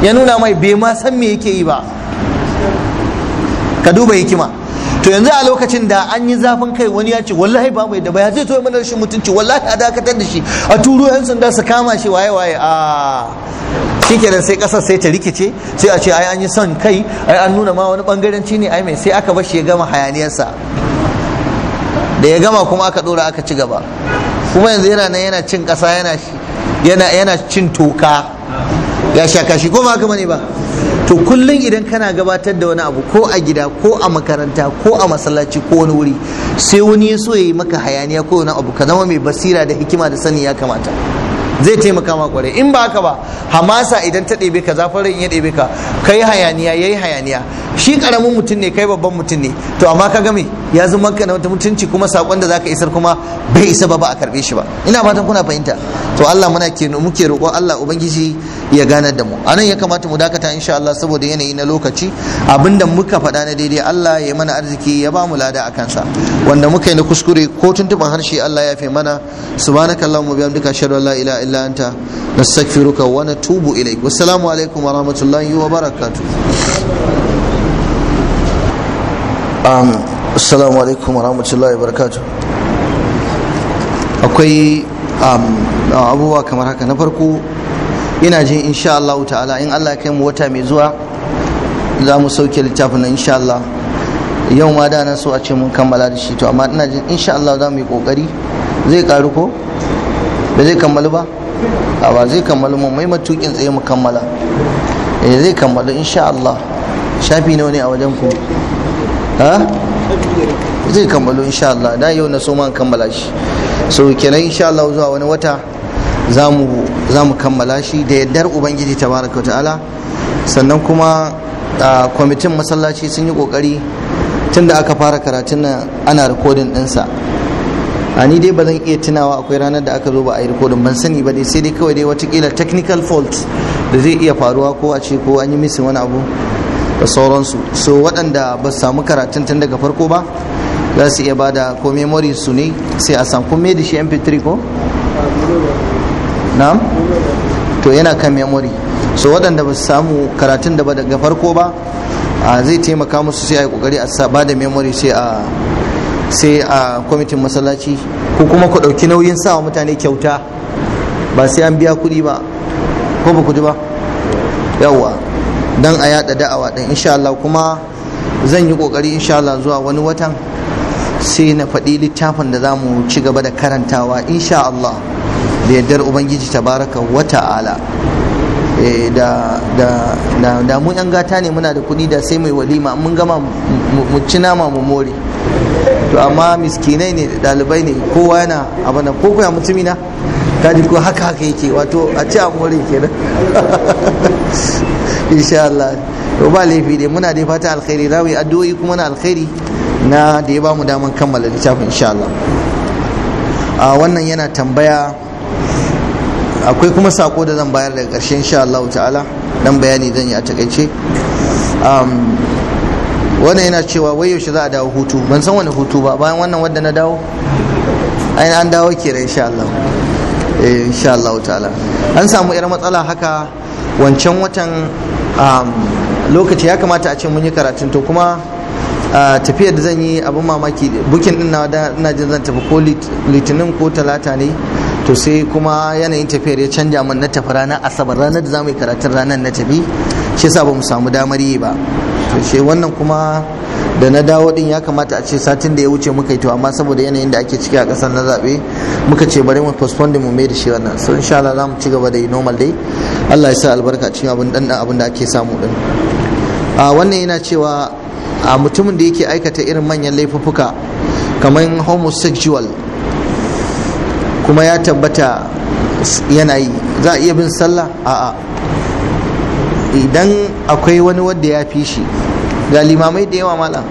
ya nuna mai bai ma san me yake yi ba ka duba hikima to yanzu a lokacin da an yi zafin kai wani ya ce wallahi ba mai da ba ya zai toye mana rashin mutunci wallahi a dakatar da shi a turo yan sanda su kama shi waye waye a shikenan sai kasar sai ta rikice sai a ce ai an yi son kai ai an nuna ma wani bangaranci ne ai mai sai aka bar shi ya gama hayaniyarsa da ya gama kuma aka dora aka ci gaba kuma yanzu yana nan yana cin kasa yana yana yana cin toka ya sha kashi ko ba haka ba to kullum idan kana gabatar da wani abu ko a gida ko a makaranta ko a masallaci ko wani wuri sai wani ya so ya yi maka hayaniya ko wani abu ka zama mai basira da hikima da sani ya kamata zai taimaka ma kwarai in ba haka ba hamasa idan ta ɗebe ka zafin rai in ya ɗebe ka kai hayaniya yayi hayaniya shi karamin mutum ne kai babban mutum ne to amma ka game ya zama ka na wata mutunci kuma sakon da zaka isar kuma bai isa ba ba a karbe shi ba ina fatan kuna fahimta to Allah muna ke muke roƙo Allah ubangiji ya gane da mu anan ya kamata mu dakata insha Allah saboda yanayi na lokaci abinda muka faɗa na daidai Allah ya mana arziki ya ba mu lada a kansa wanda muka yi na kuskure ko tuntuɓa harshe Allah ya fi mana subhanakallahumma bihamdika ashhadu an la ilaha إلا أنت نستغفرك ونتوب إليك والسلام عليكم ورحمة الله وبركاته um, السلام عليكم ورحمة الله وبركاته akwai abubuwa kamar haka na farko ina jin insha Allah ta'ala in Allah kai mu wata mai zuwa za mu sauke littafin nan insha Allah yau ma da na so a ce mun kammala da shi to amma ina jin insha Allah za mu yi kokari zai karu ko ba zai kammalu ba a ba zai kammalu mu mai matukin tsaye mu kammala eh zai kammalu insha Allah shafi nawa ne a wajen ku ha zai kammalu insha Allah da yau na so man kammala shi so kenan insha Allah zuwa wani wata za mu kammala shi da yaddar ubangiji tabaraka ta'ala sannan kuma kwamitin masallaci sun yi kokari tun da aka fara karatun nan ana rikodin sa. a ni dai ba zan iya tunawa akwai ranar da aka zo ba a yi rikodin ban sani ba dai sai dai kawai dai watakila technical fault da zai iya faruwa ko a ce ko an yi misin wani abu da sauransu so waɗanda ba su samu karatun tun daga farko ba za su iya bada ko memory su ne sai a samu kun da shi mp3 ko na'am to yana kan memory so waɗanda ba su samu karatun da ba daga farko ba zai taimaka musu sai a yi kokari a ba da memory sai a sai a kwamitin masallaci ko kuma ku ɗauki nauyin sa wa mutane kyauta ba sai an biya kuɗi ba ko ba kuɗi ba yawwa don a yaɗa da'awa ɗin insha Allah kuma zan yi ƙoƙari insha Allah zuwa wani watan sai na faɗi littafin da za mu ci gaba da karantawa insha Allah da yardar Ubangiji tabaraka wa ta'ala eh, da da da mu yan gata ne muna da kuɗi da sai mai walima mun gama mu ci nama mu more to amma miskinai ne dalibai ne kowa yana abin ko kuma mutumi na kaji ko haka haka yake wato a ci amore nan insha Allah to ba laifi dai muna dai fata alkhairi za mu yi addu'o'i kuma na alkhairi na da ya bamu daman kammala littafin insha Allah a wannan yana tambaya akwai kuma sako da zan bayar daga ƙarshe insha Allah ta'ala dan bayani zan yi a takaice wannan yana cewa wai yaushe za a dawo hutu ban san wani hutu ba bayan wannan wadda na dawo ai an dawo kenan eh, insha Allah ta'ala an samu yar matsala haka wancan watan um, lokaci ya kamata a ce mun yi karatun to kuma tafiyar da zan yi abin mamaki bukin din na ina jin zan tafi ko litinin ko talata ne to sai kuma yanayin tafiyar ya canja min na tafi ranar asabar ranar da za mu yi karatun ranar na tafi shi yasa ba mu samu damar yi ba to wannan kuma da na dawo din ya kamata a ce satin da ya wuce muka yi to amma saboda yanayin da ake ciki a kasar na zabe muka ce bari mu postpone din mu mai da shi wannan so insha Allah za mu ci gaba da yi normal dai Allah ya sa albarka cikin abin dan abin da ake samu din a wannan yana cewa a mutumin da yake aikata irin manyan laifuffuka kamar homosexual kuma ya tabbata yana yi za a iya bin sallah a'a idan akwai wani wanda ya fi shi ga limamai da yawa malam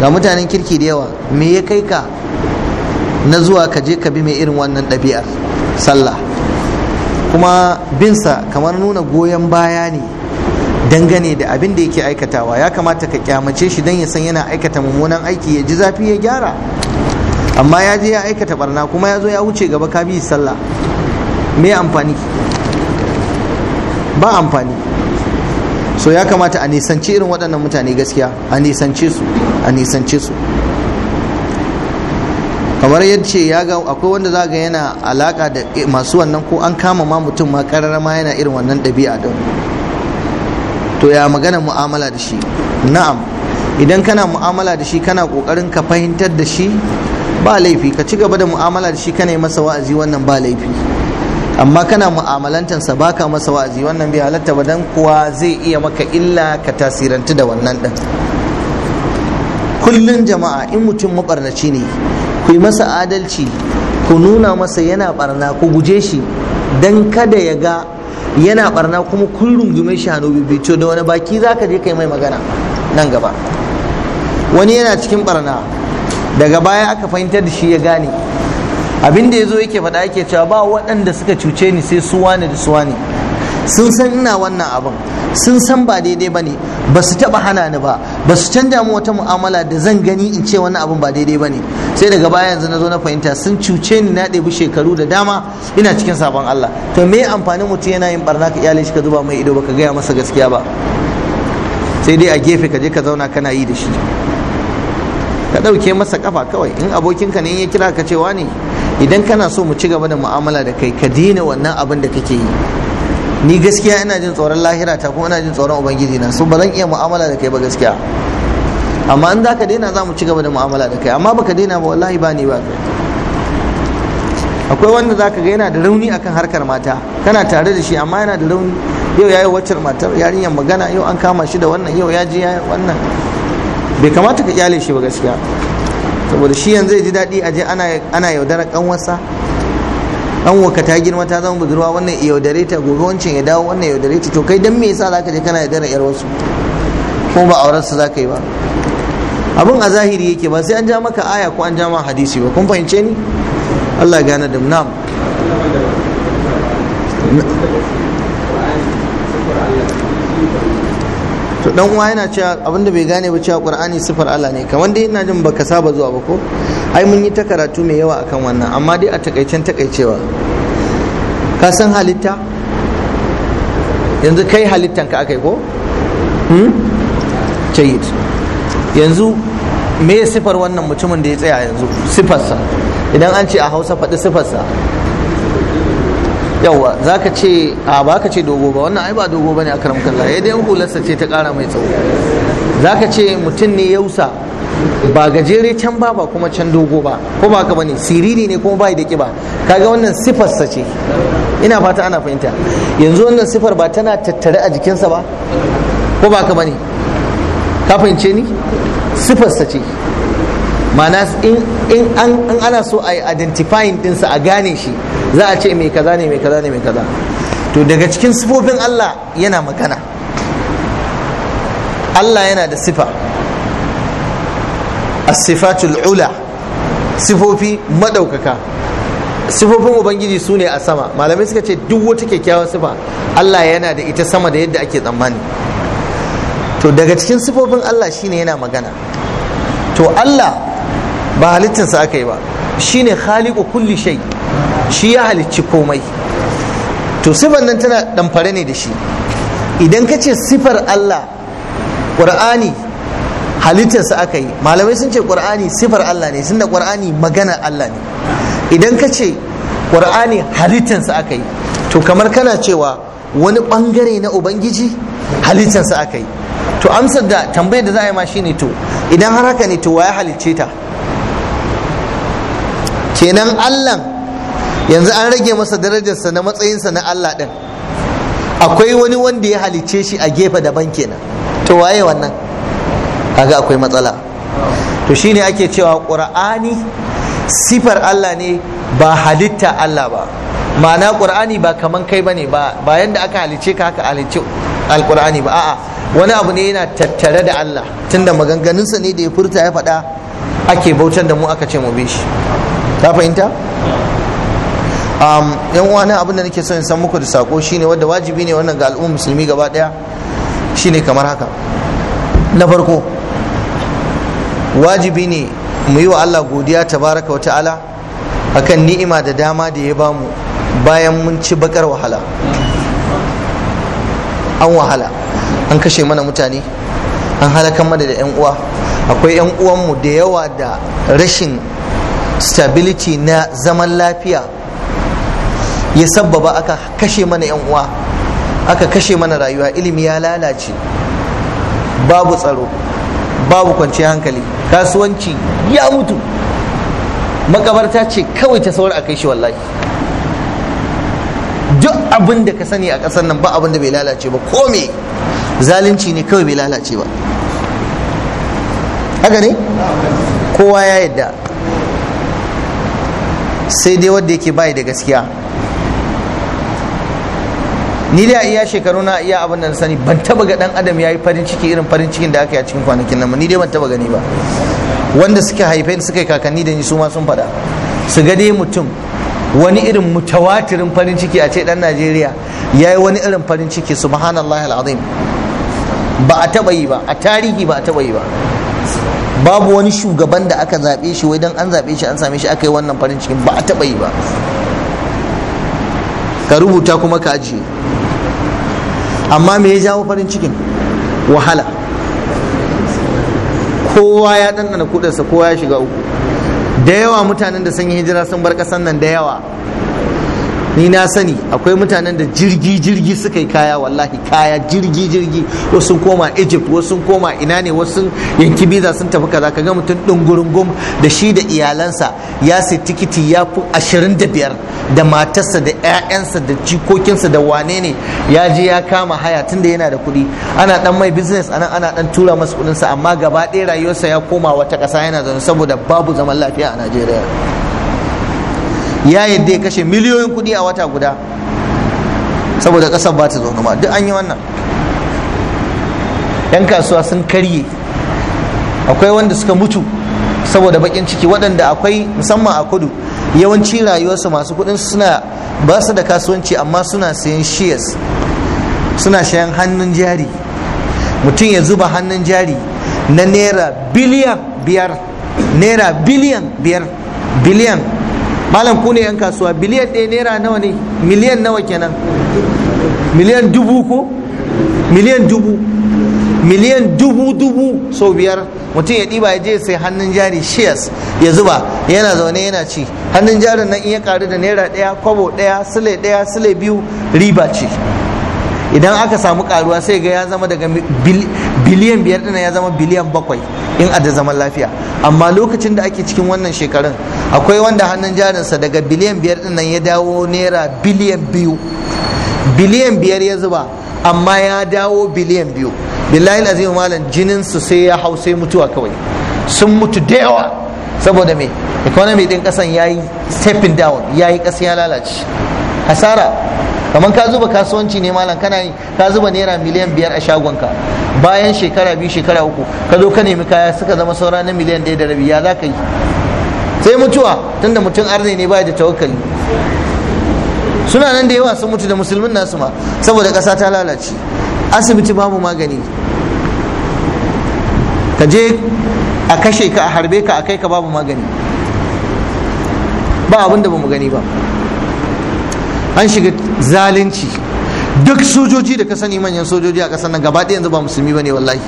ga mutanen kirki da yawa me ya kai ka na zuwa ka je ka bi mai irin wannan ɗabi'ar sallah kuma binsa kamar nuna goyon baya ne dangane da abin da yake aikatawa ya kamata ka kyamace shi don ya san yana aikata mummunan aiki ya ji zafi ya gyara amma ya je ya aikata barna kuma ya zo ya wuce gaba ka bi sallah me amfani ba amfani so ya kamata a nisanci irin waɗannan mutane gaskiya a nisanci su a nisanci su kamar yadda ya ga akwai wanda za ga yana alaka da masu wannan ko an kama ma mutum ma karara ma yana irin wannan ɗabi'a don to ya magana mu'amala da shi na'am idan kana mu'amala da shi kana kokarin ka fahimtar da shi ba laifi ka ci gaba da mu'amala da shi kana yi masa wa'azi wannan ba laifi amma kana mu'amalantansa baka masa wa'azi wannan bai halatta ba dan kuwa zai iya maka illa ka tasirantu da wannan din kullun jama'a in mutum mabarnaci ne ku yi masa adalci ku nuna masa yana barna ku guje shi dan kada ya ga yana barna kuma kun rungume shi hannu bibico da wani baki za ka je kai mai magana nan gaba wani yana cikin barna daga baya aka fahimtar da shi ya gane abin da ya zo yake faɗa yake cewa ba waɗanda suka cuce ni sai su wane da su wane sun san ina wannan abin sun san ba daidai ba ne ba su taɓa hana ni ba ba su canja mu wata mu'amala da zan gani in ce wannan abin ba daidai ba ne sai daga baya yanzu na zo na fahimta sun cuce ni na ɗebi shekaru da dama ina cikin sabon Allah to me amfanin mutum yana yin barna ka iyalin shi ka zuba mai ido baka gaya masa gaskiya ba sai dai a gefe ka je ka zauna kana yi da shi ka ɗauke masa kafa kawai in abokinka ne in ya kira ka cewa ne idan kana so mu ci gaba da mu'amala da kai ka dina wannan abin da kake yi ni gaskiya ina jin tsoron lahira ta kuma ina jin tsoron ubangiji na so ba zan iya mu'amala da kai ba gaskiya amma in za ka daina za mu ci gaba da mu'amala da kai amma baka daina ba wallahi ba ni ba akwai wanda za ka ga yana da rauni akan harkar mata kana tare da shi amma yana da rauni yau ya yi waccar matar yarinyar magana yau an kama shi da wannan yau ya ji wannan bai kamata ka kyale shi ba gaskiya saboda shi yanzu ya ji daɗi a je ana yaudara ƙanwarsa waka ta girma ta zama budurwa wannan yaudare ta gobe wancan ya dawo wannan yaudare ta to kai don me yasa za ka je kana yaudara yar wasu ko ba auren su za ka yi ba abin a zahiri yake ba sai an ja maka aya ko an ja ma hadisi ba kun fahimce ni Allah gane da na'am Thank you. to dan uwa yana cewa abinda bai gane ba cewa qur'ani sifar Allah ne kamar dai ina jin baka saba zuwa ba ko ai mun yi ta karatu mai yawa akan wannan amma dai a takaicen takaicewa ka san halitta yanzu kai halittan ka akai ko hmm jayyid yanzu me sifar wannan mutumin da ya tsaya yanzu sifarsa idan an ce a Hausa faɗi sifarsa yawa za ka ce a ba ka ce dogo ba wannan ai ba dogo ba ne a karamkan la ya eh, dai hularsa ce ta ƙara mai tsawo za ka ce mutum ne yausa ba gajere can ba ba kuma can dogo ba ko ba ka bane siriri ne kuma bai da kiba kaga wannan sa ce ina fata ana fahimta yanzu wannan sifar ba tana tattare a jikinsa ba ko ba ka bane ka fahimce ni sa ce mana in ana so a yi identifying dinsa a gane shi za a ce mai kaza ne mai kaza ne mai kaza to daga cikin sifofin Allah yana magana Allah yana da sifa as-sifatul ula sifofi madaukaka sifofin ubangiji su ne a sama malamai suka ce duk wata kyakkyawar sifa Allah yana da ita sama da yadda ake tsammani to daga cikin sifofin Allah shine yana magana to Allah ba halittarsa aka yi ba shine khaliku kulli shai shi ya halicci komai to sifar nan tana ɗamfare ne da shi idan ka ce sifar Allah ƙur'ani halittarsa aka yi malamai sun ce ƙur'ani sifar Allah ne sun da ƙur'ani magana Allah ne idan ka ce ƙur'ani halittarsa aka yi to kamar kana cewa wani ɓangare na ubangiji halittarsa aka yi to amsar da tambayar da za a yi ma shi ne to idan har haka ne to wa ya halicce ta kenan allah yanzu an rage masa darajarsa na matsayinsa na allah ɗin akwai wani wanda ya halice shi a gefe daban kenan to waye wannan kaga akwai matsala to shine ake cewa ƙur'ani sifar allah ne ba halitta allah ba ma'ana ƙur'ani ba kaman kai bane ba ba yanda aka halice ka aka halice alƙur'ani ba a'a wani abu ne yana tattare da Allah tunda maganganunsa ne da ya furta ya faɗa ake bautar da mu aka ce mu bi shi ka fahimta um, yan wani abin nake so in san muku da sako shine wanda wajibi ne wannan ga al'ummar musulmi gaba daya shine kamar haka na farko wajibi ne mu yi wa Allah godiya tabaraka wa ta'ala akan ni'ima da dama da ya bamu bayan mun ci bakar wahala an wahala an kashe mana mutane an halakan mana da 'yan uwa akwai 'yan uwanmu da yawa da rashin stability na zaman lafiya ya sabbaba aka kashe mana yan uwa aka kashe mana rayuwa ilimi ya lalace babu tsaro babu kwanci hankali kasuwanci ya mutu makabarta ce kawai ta saura a kai shi wallahi duk abin da ka sani a ƙasar nan ba abin da bai lalace ba ko me zalunci ne kawai bai lalace ba haka ne kowa ya yadda sai dai wanda yake bai da gaskiya ni da iya shekaru na iya abin da na sani ban taba ga dan adam yayi farin ciki irin farin cikin da aka yi a cikin kwanakin nan ni dai ban taba gani ba wanda suka haife ni suka yi kakanni da ni su ma sun faɗa su ga dai mutum wani irin mutawatirin farin ciki a ce dan Najeriya yayi wani irin farin ciki subhanallahi alazim ba a taba yi ba a tarihi ba a taba yi ba babu wani shugaban da aka zaɓe shi wai don an zaɓe shi an same shi aka yi wannan farin cikin ba a taɓa yi ba ka rubuta kuma ka ajiye amma me ya jawo farin cikin wahala kowa ya ɗanɗana kudarsa kowa ya shiga uku da yawa mutanen da sun yi hijira sun bar ƙasar nan da yawa ni na sani akwai mutanen da jirgi jirgi suka yi kaya wallahi kaya jirgi jirgi wasu koma egypt wasu koma ina ne wasu yanki biza sun tafi kaza Ka ga mutum ɗungurungum da shi da iyalansa ya sai tikiti ya fi ashirin da biyar da matarsa da 'ya'yansa da jikokinsa da wane ne ya je ya kama haya tunda yana da kuɗi ana ɗan mai business anan ana ɗan tura masa kuɗinsa amma gaba ɗaya rayuwarsa ya koma wata ƙasa yana zaune saboda babu zaman lafiya a najeriya ya yadda ya kashe miliyoyin kuɗi a wata guda saboda ƙasar ba ta zaune ma duk an yi wannan yan kasuwa sun karye akwai wanda suka mutu saboda bakin ciki waɗanda akwai musamman a kudu yawanci rayuwarsu masu kuɗin suna ba su da kasuwanci amma suna sayan shears suna sayan hannun jari mutum ya zuba hannun jari na naira biliyan biyar naira biliyan biyar biliyan malam ku ne 'yan kasuwa biliyan ɗaya naira nawa ne miliyan nawa kenan miliyan dubu ko miliyan dubu miliyan dubu dubu sau biyar mutum ya ɗiba ya je sai hannun jari shears ya zuba yana zaune yana ci hannun jarin nan in ya karu da naira ɗaya kwabo ɗaya sule ɗaya sule biyu riba ce idan aka samu karuwa sai ga ya zama daga biliyan biyar dina ya zama biliyan bakwai in a da zaman lafiya amma lokacin da ake cikin wannan shekarun akwai wanda hannun jarinsa daga biliyan biyar dinnan ya dawo naira biliyan biyu biliyan biyar ya zuba amma ya dawo biliyan biyu billahi azim malam jinin su sai ya hau sai mutuwa kawai sun mutu da yawa saboda me economy din kasan yayi stepping down yayi kasa ya lalace hasara kamar ka zuba kasuwanci ne malam kana yi ka zuba naira miliyan biyar a shagonka bayan shekara biyu shekara uku ka zo ka nemi kaya suka zama saura na miliyan ɗaya da rabi ya za ka yi sai mutuwa tunda mutum arne ne baya da tawakkali suna nan da yawa sun mutu da musulmin nasu ma saboda ƙasa ta lalace asibiti babu magani ka je a kashe ka a harbe ka a kai ka babu magani ba abin ba mu gani ba an shiga zalunci duk sojoji da ka sani manyan sojoji a ƙasar nan gaba ɗaya yanzu ba musulmi ba ne wallahi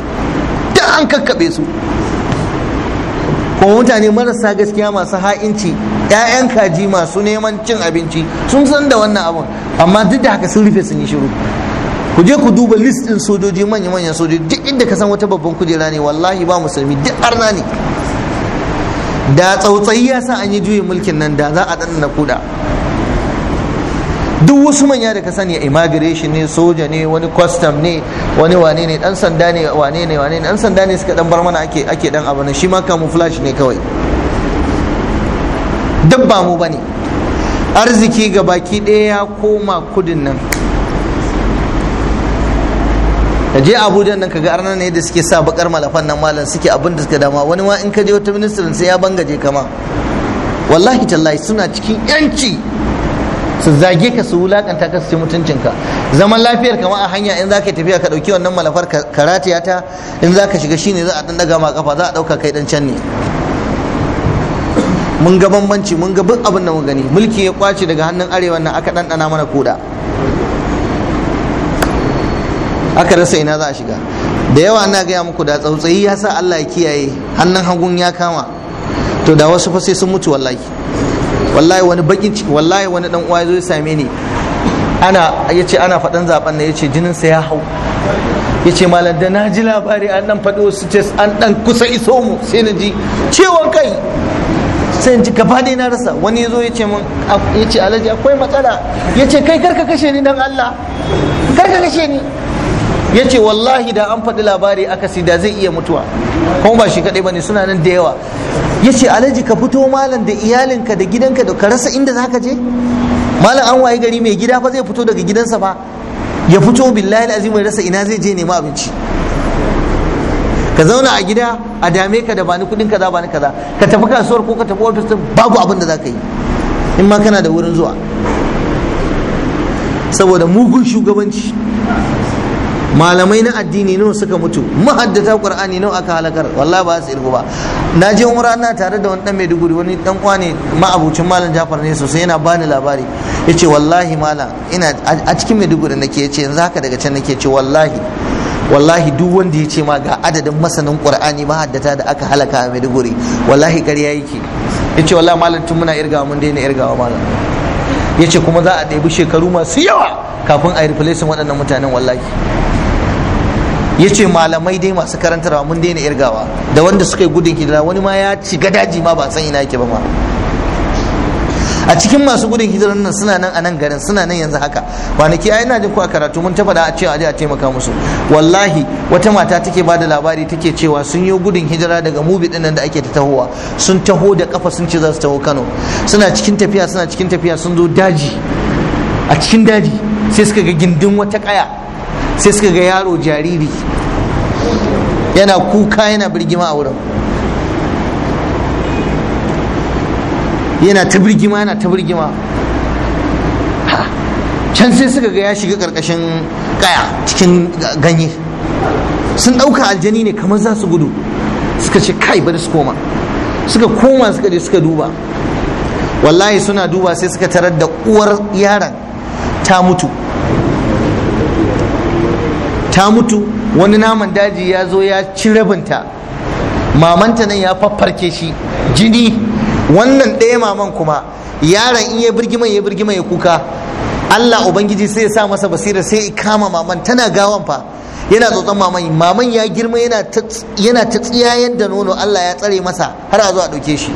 Da an kakkaɓe su kuma mutane marasa gaskiya masu ha'inci 'ya'yan kaji masu neman cin abinci sun san da wannan abun amma duk da haka sun rufe sun yi shiru ku je ku duba list ɗin sojoji manya-manyan sojoji duk inda ka san wata babban kujera ne wallahi ba musulmi duk arna ne da tsautsayi ya sa an yi juyin mulkin nan da za a ɗanɗana kuɗa duk wasu manya da ka sani immigration ne soja ne wani custom ne wani wane ne dan sanda ne wane ne wane ne dan sanda ne suka dan bar mana ake ake dan abu ne shi ma camouflage ne kawai duk ba mu bane arziki ga baki ɗaya ya koma kudin nan ka je abuja nan kaga arna ne da suke sa bakar malafan nan malam suke abin da suka dama wani ma in ka je wata ministrin sai ya bangaje kama wallahi tallahi suna cikin yanci su zage ka su wulakanta ka su ci mutuncinka zaman lafiyar kama a hanya in za zaka tafiya ka ɗauki wannan malafar karatiya ta in za ka shiga shine za a ɗan daga ma kafa za a ɗauka kai ɗan can ne mun ga bambanci mun ga bin abin da mun gani mulki ya kwace daga hannun arewa nan aka ɗanɗana mana koda aka rasa ina za a shiga da yawa ana gaya muku da tsautsayi ya sa Allah ya kiyaye hannun hagun ya kama to da wasu fa sun mutu wallahi wallahi wani bakin ciki wallahi wani dan uwa zo ya same ni ana yace ana fadan zaben ne yace jinin sa ya hau yace malam da na ji labari an dan fado su ce an dan kusa iso mu sai na ji ciwon kai sai in ji gaba na rasa wani zo yace mun yace ya alhaji akwai matsala yace kai karka kashe ni dan Allah karka kashe ni ya ce wallahi da an faɗi labari akasi da zai iya mutuwa kuma ba shi kaɗai ba ne suna nan da yawa ya ce alhaji ka fito malam da iyalinka da gidanka da ka rasa inda za ka je malam an waye gari mai gida fa zai fito daga gidansa fa ya fito billahi azim ya rasa ina zai je nema abinci ka zauna a gida a dame ka da bani kuɗin kaza bani kaza ka tafi kasuwar ko ka tafi ofis babu abin da za ka yi in ma kana da wurin zuwa saboda mugun shugabanci malamai na addini nawa suka mutu mahaddata qur'ani nawa aka halakar wallahi ba su irgu ba na je umra na tare da wani dan maiduguri wani dan kwane ma'abucin malam jafar ne sosai yana bani labari yace wallahi malam ina a cikin maiduguri nake yace yanzu haka daga can nake ce wallahi wallahi duk wanda ya ce ma ga adadin masanin qur'ani mahaddata da aka halaka a maiduguri wallahi ƙarya yake yace wallahi malam tun muna irgawa mun daina irgawa malam yace kuma za a ɗebi shekaru masu yawa kafin a yi replacing waɗannan mutanen wallahi ya ce malamai dai masu karantarwa mun daina irgawa da wanda suka yi gudun hijira wani ma ya shiga daji ma ba san ina yake ba ma a cikin masu gudun hijira nan suna nan a nan garin suna nan yanzu haka kwanaki ai ina jin ku a karatu mun a ce a cewa a taimaka musu wallahi wata mata take bada labari take cewa sun yi gudun hijira daga mubi din nan da ake ta tahowa sun taho da kafa sun ce za su taho Kano suna cikin tafiya suna cikin tafiya sun zo daji a cikin daji sai suka ga gindin wata kaya sai suka ga yaro jariri yana kuka yana birgima a wurin yana ta birgima yana ta birgima can sai suka ga ya shiga karkashin kaya cikin ganye sun ɗauka aljani ne kamar za su gudu suka ce kai bari su koma suka koma suka je suka duba wallahi suna duba sai suka tarar da uwar yaron ta mutu ta mutu wani naman daji ya zo ya ci rabinta mamanta nan ya faffarke shi jini wannan ɗaya maman kuma yaron in ya birgima ya mai ya kuka Allah Ubangiji sai ya sa masa basira sai ya kama maman tana gawan fa yana tsotson maman maman ya girma yana ta tsiyayen da nono Allah ya tsare masa har a zo a ɗauke shi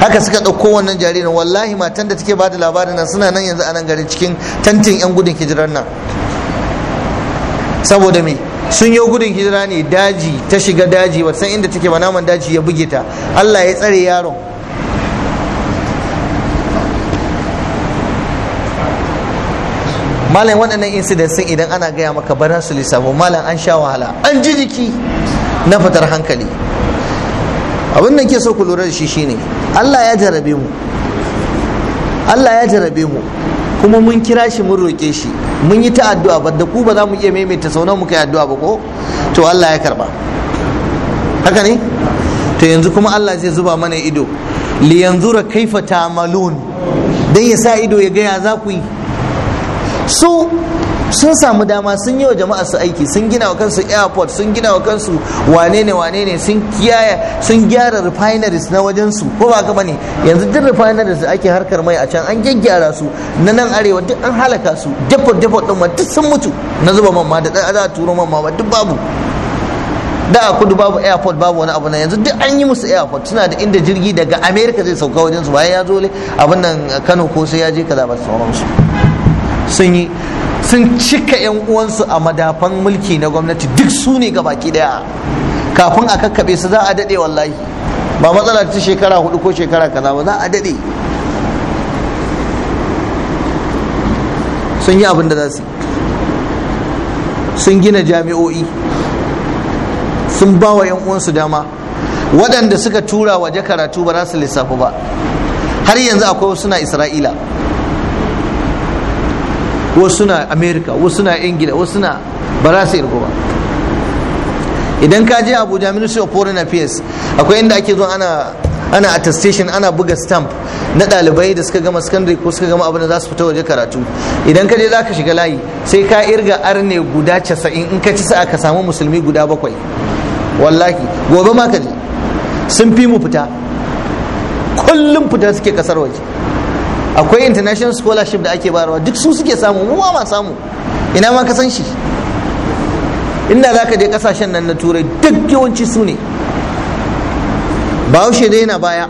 haka suka ɗauko wannan jaririn wallahi matan da take ba da labarin nan suna nan yanzu a nan garin cikin tantin 'yan gudun hijirar nan saboda me sun yi gudun hijira ne daji ta shiga daji ba san inda take ba naman daji ya buge ta Allah ya tsare yaron malam waɗannan incidents sun idan ana gaya maka baran su lissafo malam an sha wahala an ji jiki na fitar hankali abin da ke so ku lura da shi shine Allah ya jarabe mu Allah ya jarabe mu kuma mun kira shi mun roƙe shi mun yi ta addu'a ba da ku ba za mu iya maimaita sau muka yi addu'a ba ko to Allah ya karba haka ne to yanzu kuma Allah zai zuba mana ido li yanzura kaifa ta'malun dan ya sa ido ya ga ya za ku yi so sun samu dama sun yi wa jama'a su aiki sun gina wa kansu airport sun gina wa kansu wane ne wane ne sun kiyaye sun gyara refineries na wajen su ko ba ka ne yanzu duk refineries ake harkar mai a can an gyaggyara su na nan arewa duk an halaka su depot depot din ma duk sun mutu na zuba man ma da za a turo man ma ba duk babu da a kudu babu airport babu wani abu na yanzu duk an yi musu airport suna da inda jirgi daga america zai sauka wajen su bayan ya zo abin nan kano ko sai ya je kaza ba sauransu sun yi sun cika 'yan uwansu a madafan mulki na gwamnati duk su ne ga baki daya kafin a kakkaɓe su za a daɗe wallahi ba matsala ta shekara hudu ko shekara kaza ba za a daɗe sun yi abin da za su sun gina jami'o'i sun ba wa 'yan uwansu dama waɗanda suka tura waje karatu ba za su lissafi ba har yanzu akwai suna isra'ila wasu na america wasu na ingila wasu na ba za su irgo ba idan ka je abuja ministry of foreign affairs akwai inda ake zuwa ana ana attestation ana buga stamp na dalibai da suka gama secondary ko suka gama abin da za su fita waje karatu idan ka je za ka shiga layi sai ka irga arne guda casa'in in ka ci sa'a ka samu musulmi guda bakwai wallahi gobe ma ka je sun fi mu fita kullum fita suke kasar waje akwai international scholarship da ake bayarwa duk su suke samu mu ma samu ina ma ka san shi inda zaka je kasashen nan na turai duk yawanci su ne bahaushe dai yana baya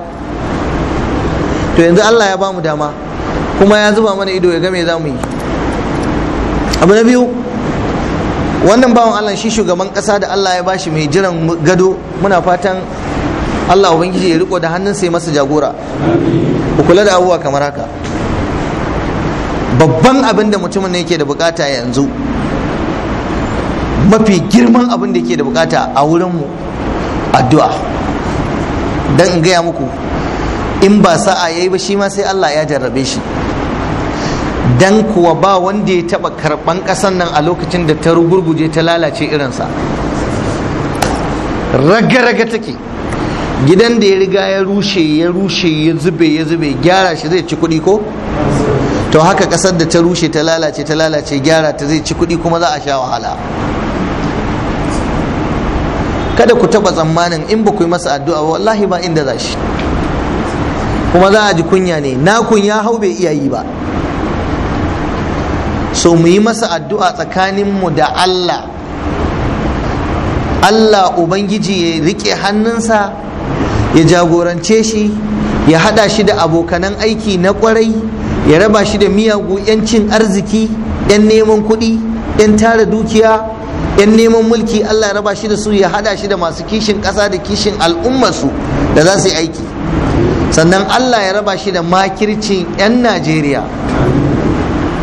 to yanzu allah ya bamu dama kuma ya zuba mana ido ya ga za mu yi abu na biyu wannan bawan allah shi shugaban kasa da allah ya bashi mai jiran gado muna fatan Allah ubangiji ya riko da hannun sai masa jagora ku kula da abubuwa kamar haka babban abin da mutumin ne yake da bukata yanzu mafi girman abin da yake da bukata a wurin wurinmu addu'a dan in gaya muku in ba sa'a yayi ba shi ma sai Allah ya jarrabe shi dan kuwa ba wanda ya taba karban kasan nan a lokacin da ta rugurguje ta lalace irinsa raga-raga take gidan da ya riga ya rushe ya rushe ya zube ya zube gyara shi zai ci kuɗi ko to haka ƙasar da ta rushe ta lalace ta lalace gyara ta zai ci kuɗi kuma za a sha wahala kada ku taɓa tsammanin in ba ku yi masa addu'a ba wallahi ba inda za shi kuma za a ji kunya ne nakun ya hau bai iya yi ba so mu yi masa addu'a tsakaninmu da Allah Allah Ubangiji ya rike hannunsa ya jagorance shi ya hada shi da abokanan aiki na kwarai ya raba shi da miyagu 'yancin arziki 'yan neman kuɗi 'yan tara dukiya 'yan neman mulki Allah raba shi da su ya hada shi da masu kishin ƙasa da kishin al'ummarsu da za su yi aiki sannan Allah ya raba shi da makircin 'yan Najeriya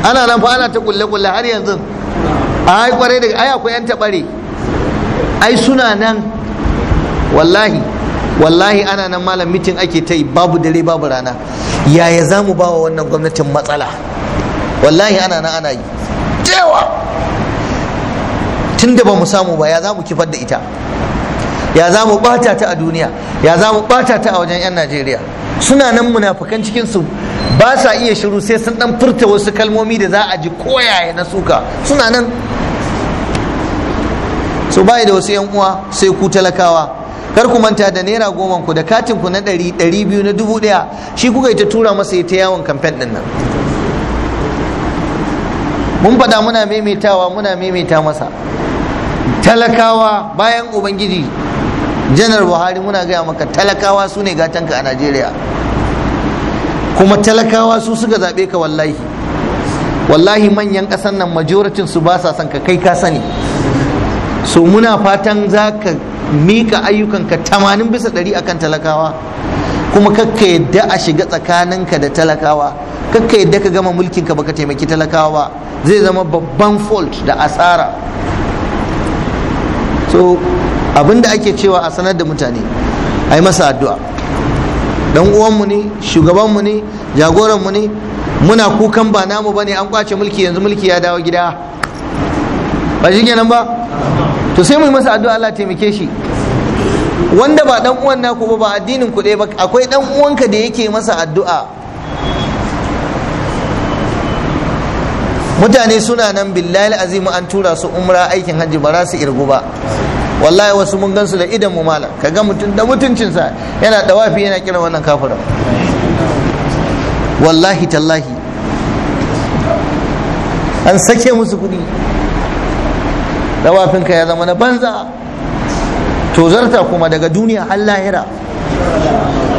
ana nan fa ana ta kulle-kulle har yanzu ai kwarai da ai akwai 'yan taɓare ai suna nan wallahi wallahi ana nan malam mitin ake ta yi babu dare babu rana yaya za mu ba wa wannan gwamnatin matsala wallahi ana nan ana yi cewa tunda ba mu samu ba ya za mu kifar da ita ya za mu bata ta a duniya ya za mu bata ta a wajen 'yan najeriya suna nan munafukan cikinsu ba sa iya shiru sai sun dan furta wasu kalmomi da za a ji koyaye na suka suna nan su bai da wasu 'yan uwa sai ku talakawa kar ku manta da naira goma ku da katin ku na ɗari ɗari biyu na dubu ɗaya shi kuka yi ta tura masa ta yawon kamfen ɗin nan mun faɗa muna maimaitawa muna maimaita masa talakawa bayan ubangiji janar buhari muna gaya maka talakawa su ne gatanka a najeriya kuma talakawa su suka zaɓe ka wallahi wallahi manyan ƙasar nan majoratin su ba sa son ka kai ka sani so muna fatan za ka mika ayyukan ka tamanin bisa ɗari akan talakawa kuma kakka yadda a shiga tsakaninka da talakawa kakka yadda ka gama mulkinka baka taimaki talakawa ba zai zama babban fault da asara so abinda ake cewa a sanar da mutane a yi masa addu'a dan uwanmu ne shugabanmu ne jagoranmu ne muna kukan ba namu bane an kwace mulki yanzu mulki ya dawo gida ba shi nan ba to sai mu yi masa addu'a Allah taimake shi wanda ba dan uwan naku ba ba addinin ku ɗaya ba akwai dan uwanka da yake masa addu'a mutane suna nan billahi azimu an tura su umra aikin hajji ba za su irgu ba wallahi wasu mun gansu da idan mu malam kaga mutum da mutuncinsa yana da wafi yana kiran wannan kafirin wallahi tallahi an sake musu kuɗi dawafinka ya zama na banza To zarta kuma daga duniya har lahira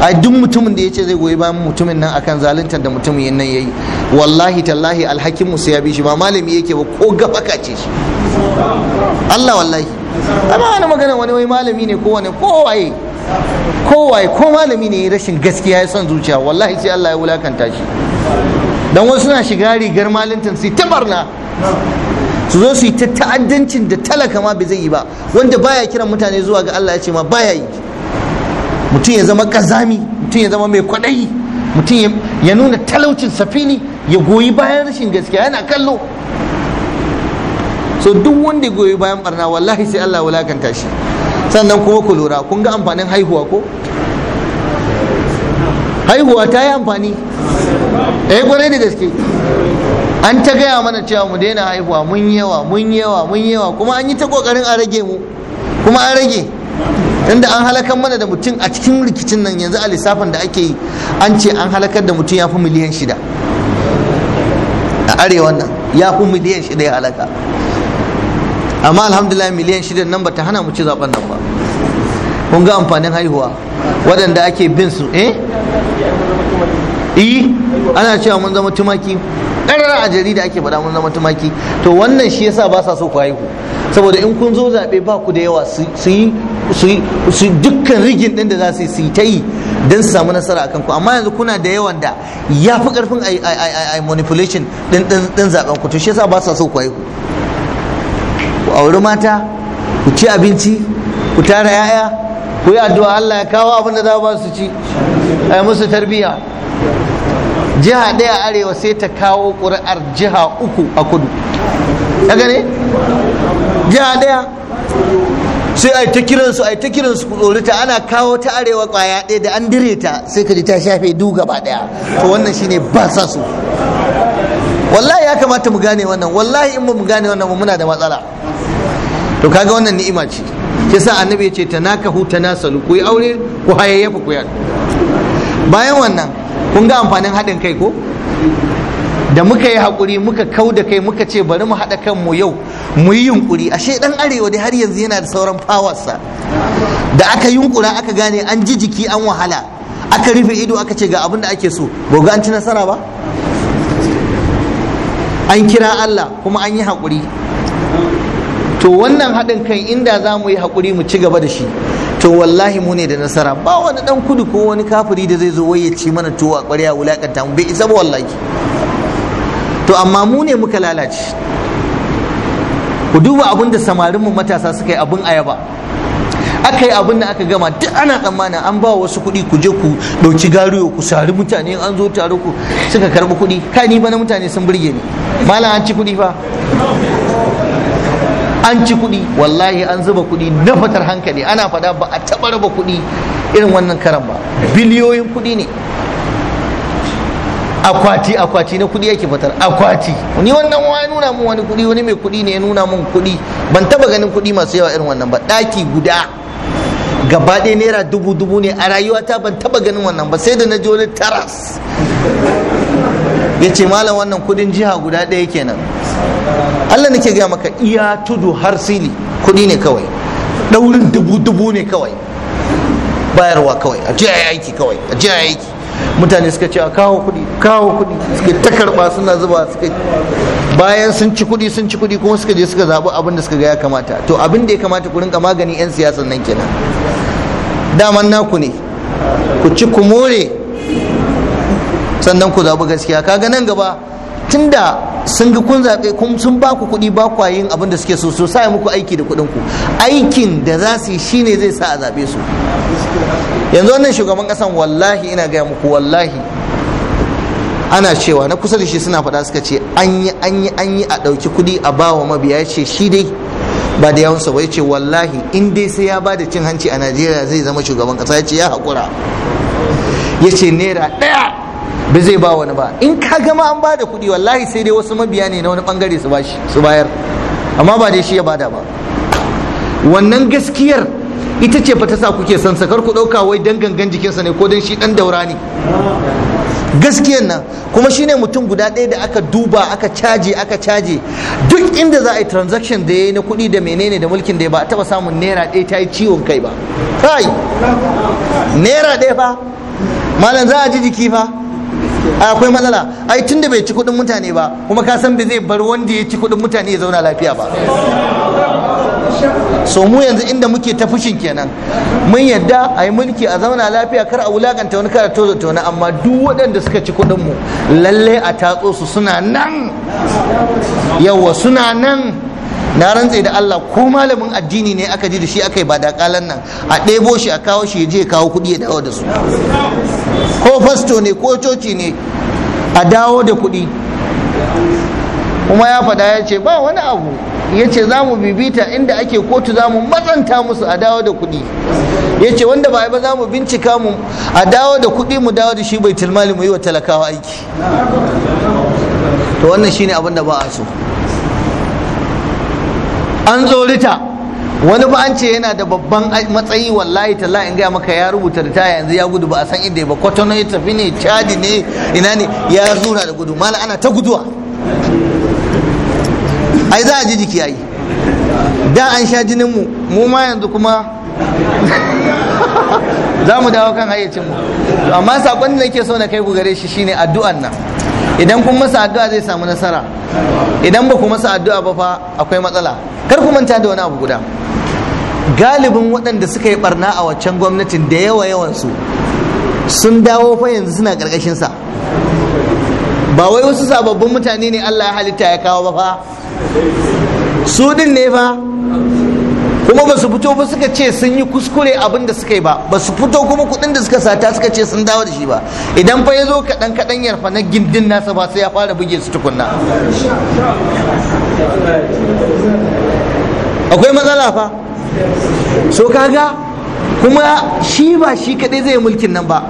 a duk mutumin da ya ce zai goyi bayan mutumin nan akan zaluntar da mutumin yin nan ya yi wallahi tallahi alhakin musu ya bi shi ba malami yake ba ko gaba ce shi Allah wallahi amma wani magana wani wai malami ne ko wani kowaye kowaye ko malami ne rashin gaskiya ya son zuciya wallahi sai Allah ya wulakanta shi dan wasu na shiga rigar malintan sai tabarna su zo su yi ta ta'addancin da talaka ma bai zai yi ba wanda baya kiran mutane zuwa ga Allah ya ce ma baya yi mutum ya zama kazami mutum ya zama mai kwaɗayi mutum ya nuna talaucin safini, ya goyi bayan rashin gaskiya yana kallo so duk wanda ya goyi bayan barna wallahi sai Allah wulakanta shi sannan kuma ku lura kun ga amfanin haihuwa ko haihuwa ta yi amfani eh kwarai da gaske an ta gaya mana cewa mu daina haihuwa mun yawa mun yawa mun yawa kuma an yi ta kokarin a rage mu kuma an rage inda an halakar mana da mutum a cikin rikicin nan yanzu a lissafin da ake yi an ce an halakar da mutum ya fi miliyan shida a arewa nan ya fi miliyan shida ya halaka amma alhamdulillah miliyan shida nan ba ta hana mu ci zaben nan ba kun ga amfanin haihuwa waɗanda ake bin su eh? ana cewa mun zama tumaki karara a jarida ake faɗa mun zama tumaki to wannan shi yasa ba sa so ku haihu saboda in kun zo zaɓe ba ku da yawa su yi su dukkan rigin ɗin da za su yi su ta yi don su samu nasara a ku. amma yanzu kuna da yawan da ya fi ƙarfin a manipulation ɗin zaɓen ku to shi yasa ba sa so ku haihu ku auri mata ku ci abinci ku tara 'ya'ya ku yi addu'a Allah ya kawo abin da za ba su ci ai musu tarbiyya jiha daya arewa sai ta kawo ƙuri'ar jiha uku a kudu ya gane jiha daya sai a yi ta kiransu a yi ta kiransu tsorita ana kawo ta arewa ƙwaya ɗaya da an dire ta sai ka ji ta shafe du gaba ɗaya to wannan shine ba sa su wallahi ya kamata mu gane wannan wallahi in ba mu gane wannan muna da matsala to kaga wannan ni'ima ce sa annabi ya ce tanakahu tanasalu ku yi aure ku hayayyafa ku bayan wannan kun ga amfanin haɗin kai ko da muka yi haƙuri muka kau da kai muka ce bari mu haɗa kanmu yau mu yi yunƙuri ashe ɗan arewa dai har yanzu yana da sauran fawarsa da aka yunƙura aka gane an ji jiki an wahala aka rufe ido aka ce ga abin da ake so gobe an ci nasara ba an kira Allah kuma an yi haƙuri to wannan haɗin kan inda za mu yi haƙuri mu ci gaba da shi to wallahi mu ne da nasara ba wani dan kudu ko wani kafiri da zai zo wai ya ci mana tuwa ƙwarya wulakanta mu bai isa ba wallahi to amma mu ne muka lalace ku duba abin da samarin mu matasa suka yi abin ayaba aka yi abin da aka gama duk ana tsammanin an ba wasu kuɗi ku je ku ɗauki gariyo ku sari mutane an zo taro ku suka karɓi kuɗi kai ni ba na mutane sun burge ni malam an ci kuɗi fa an ci kuɗi wallahi an zuba kuɗi na fatar hankali ana fada ba a taɓa raba kuɗi irin wannan karan ba biliyoyin kuɗi ne akwati akwati na kuɗi yake fitar akwati ni wannan wa ya nuna mun wani kuɗi wani mai kuɗi ne ya nuna mun kuɗi ban taɓa ganin kuɗi masu yawa irin wannan ba ɗaki guda gaba ɗaya naira dubu dubu ne a rayuwata ban taɓa ganin wannan ba sai da na je wani taras ya ce malam wannan kuɗin jiha guda ɗaya kenan Allah nake gaya maka iya tudu har sili kuɗi ne kawai ɗaurin dubu dubu ne kawai bayarwa kawai a je aiki kawai a je aiki mutane suka ce a kawo kuɗi kawo kuɗi suka ta karɓa suna zuba suka bayan sun ci kuɗi sun ci kuɗi kuma suka je suka zaɓi abin da suka ga ya kamata to abin da ya kamata ku rinka magani 'yan siyasar nan kenan daman naku ne ku ci ku more sannan ku zaɓi gaskiya kaga nan gaba tunda sun ga kun zaɓe kun sun ba ku kuɗi ba ku yin abin da suke so so sa muku aiki da kuɗin ku aikin da za su yi shine zai sa a zaɓe su yanzu wannan shugaban ƙasan wallahi ina gaya muku wallahi ana cewa na kusa da shi suna faɗa suka ce an yi an yi an yi a ɗauki kuɗi a bawa mabiya ce shi dai ba da yawansa ba ya ce wallahi in dai sai ya ba da cin hanci a najeriya zai zama shugaban ƙasa ya ce ya haƙura ya ce naira ɗaya ba zai ba wani ba in ka gama an ba da kuɗi wallahi sai dai wasu mabiya ne na wani bangare su bayar amma ba dai shi ya bada ba wannan gaskiyar ita ce fa ta sa kuke san sakar ku ɗauka wai dan gangan jikinsa ne ko dan shi dan daura ne gaskiyar nan kuma shine mutum guda ɗaya da aka duba aka caje aka caje duk inda za a yi transaction da ya na kuɗi da menene da mulkin da ya ba a taɓa samun naira ɗaya ta yi ciwon kai ba kai naira ɗaya fa malam za a ji jiki fa akwai matsala ai da bai ci kuɗin mutane ba kuma ka san bai zai bar wanda ya ci kuɗin mutane ya zauna lafiya ba so mu yanzu inda muke ta fushin kenan mun yadda a yi mulki a zauna lafiya kar a wulakanta wani kara tozo tona amma duk waɗanda suka ci kuɗin mu lallai a tatso su suna nan yawa suna nan na rantse da Allah ko malamin addini ne aka ji da shi aka yi ba da kalan nan a ɗebo shi a kawo shi je kawo kuɗi ya dawo da su ko fasto ne ko coci ne a dawo da kuɗi kuma ya faɗa ya ce ba wani abu ya ce za mu bibita inda ake kotu za mu matsanta musu a dawo da kuɗi ya ce wanda ba ba za mu bincika mu a dawo da kuɗi mu dawo da shi bai tilmali mu yi wa talakawa aiki to wannan shine abin da ba a so an tsorita wani ba an ce yana da babban matsayi wallahi talla in gaya maka ya rubuta da ta yanzu ya gudu ba a san inda ba kwatano ya tafi ne chadi ne ina ne ya zura da gudu mala ana ta guduwa ai za a ji jiki yi, da an sha jinin mu mu ma yanzu kuma za mu dawo kan hayyacin mu amma sakon da nake so na kai ku gare shi shine addu'an nan idan kun masa addu'a zai samu nasara idan ba ku masa addu'a ba fa akwai matsala kar ku manta da wani abu guda galibin waɗanda suka yi barna a waccan gwamnatin da yawa yawansu sun dawo fa yanzu suna sa ba wai wasu sababbin mutane ne Allah ya halitta ya kawo ba fa su din ne fa kuma ba su fito ba suka ce sun yi kuskure abin da suka yi ba ba su fito kuma kuɗin da suka sata suka ce sun dawo da shi ba idan fa ya zo kaɗan kaɗan yarfa na gindin nasa ba sai ya fara buge su tukunna akwai matsala fa so kaga kuma shi ba shi kadai zai mulkin nan ba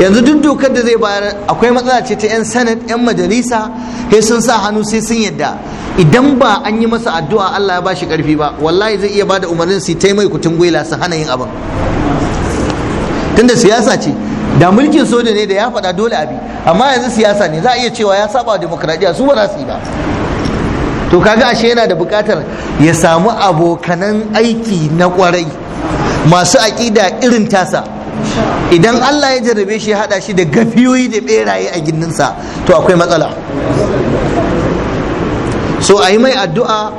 yanzu duk dokar da zai bayar akwai matsala ce ta 'yan sanat, 'yan majalisa sai sun sa hannu sai sun yadda idan ba an yi masa addu'a Allah ya ba shi karfi ba wallahi zai iya bada umarnin su ta mai kutun gwila su hana yin abin tunda siyasa ce da mulkin soja ne da ya faɗa dole abi amma yanzu siyasa ne za a iya cewa ya saba demokradiya su ba za su yi ba to kaga ashe yana da buƙatar ya samu abokanan aiki na kwarai masu aƙida irin tasa idan Allah ya jarrabe shi ya haɗa shi da gafiyoyi da ɓeraye a ginninsa, to akwai matsala so a yi mai addu'a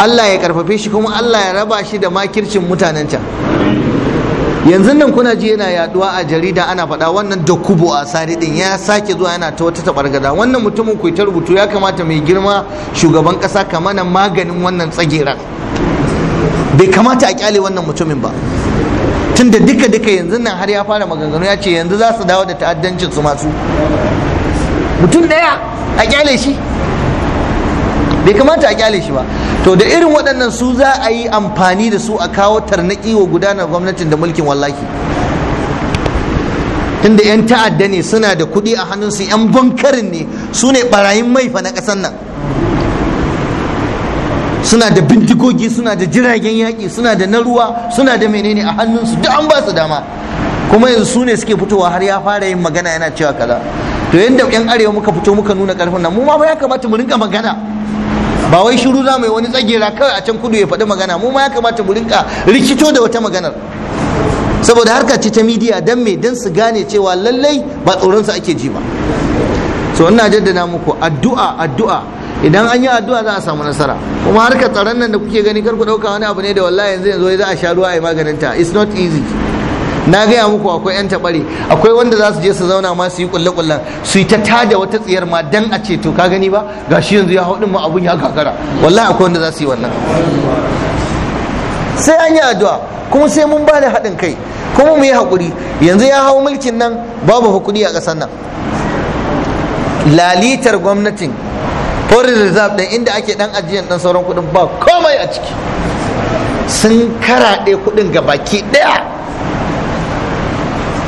Allah ya karfafe shi kuma Allah ya raba shi da makircin mutanen can yanzu nan kuna ji yana yaduwa a jarida ana faɗa wannan da kubo a sari din ya sake zuwa yana ta wata gada. wannan mutumin ku ta rubutu ya kamata mai girma shugaban ƙasa kamana maganin wannan tsageran bai kamata a kyale wannan mutumin ba tunda duka duka yanzu nan har ya fara maganganu ya ce yanzu za su dawo da ta'addancin su masu mutum ɗaya a kyale shi bai kamata a kyale shi ba to da irin waɗannan su za a yi amfani da su a kawo tarnaƙi wa gudanar gwamnatin da mulkin wallaki tunda 'yan ta'adda ne suna da kuɗi a hannunsu 'yan bankarin ne su ne ɓarayin maifa na ƙasar nan suna da bindigogi suna da jiragen yaƙi suna da na ruwa suna da menene a hannunsu duk an ba su dama kuma yanzu su ne suke fitowa har ya fara yin magana yana cewa kaza to yanda yan arewa muka fito muka nuna karfin nan mu ma ya kamata mu rinka magana ba wai shiru za mu yi wani tsagera kawai a can kudu ya faɗi magana mu ma ya kamata mu rinka rikito da wata maganar saboda harka ce ta midiya dan mai don su gane cewa lallai ba tsoronsa ake ji ba so ina jaddada muku addu'a addu'a idan an yi addu'a za a samu nasara kuma harka tsaron nan da kuke gani kar ku dauka wani abu ne da wallahi yanzu yanzu za a sha ruwa a yi maganin ta it's not easy na gaya muku akwai 'yan taɓare akwai wanda za su je su zauna ma su yi kulle-kullen su yi ta tada wata tsiyar ma dan a ce to ka gani ba gashi yanzu ya haɗin ma abun ya gagara wallahi akwai wanda za su yi wannan sai an yi addu'a kuma sai mun ba da haɗin kai kuma mu yi haƙuri yanzu ya hau mulkin nan babu kuɗi a ƙasar nan lalitar gwamnatin foreign reserve ɗin inda ake ɗan ajiyar ɗan sauran kuɗin ba komai a ciki sun karaɗe kuɗin ga baki ɗaya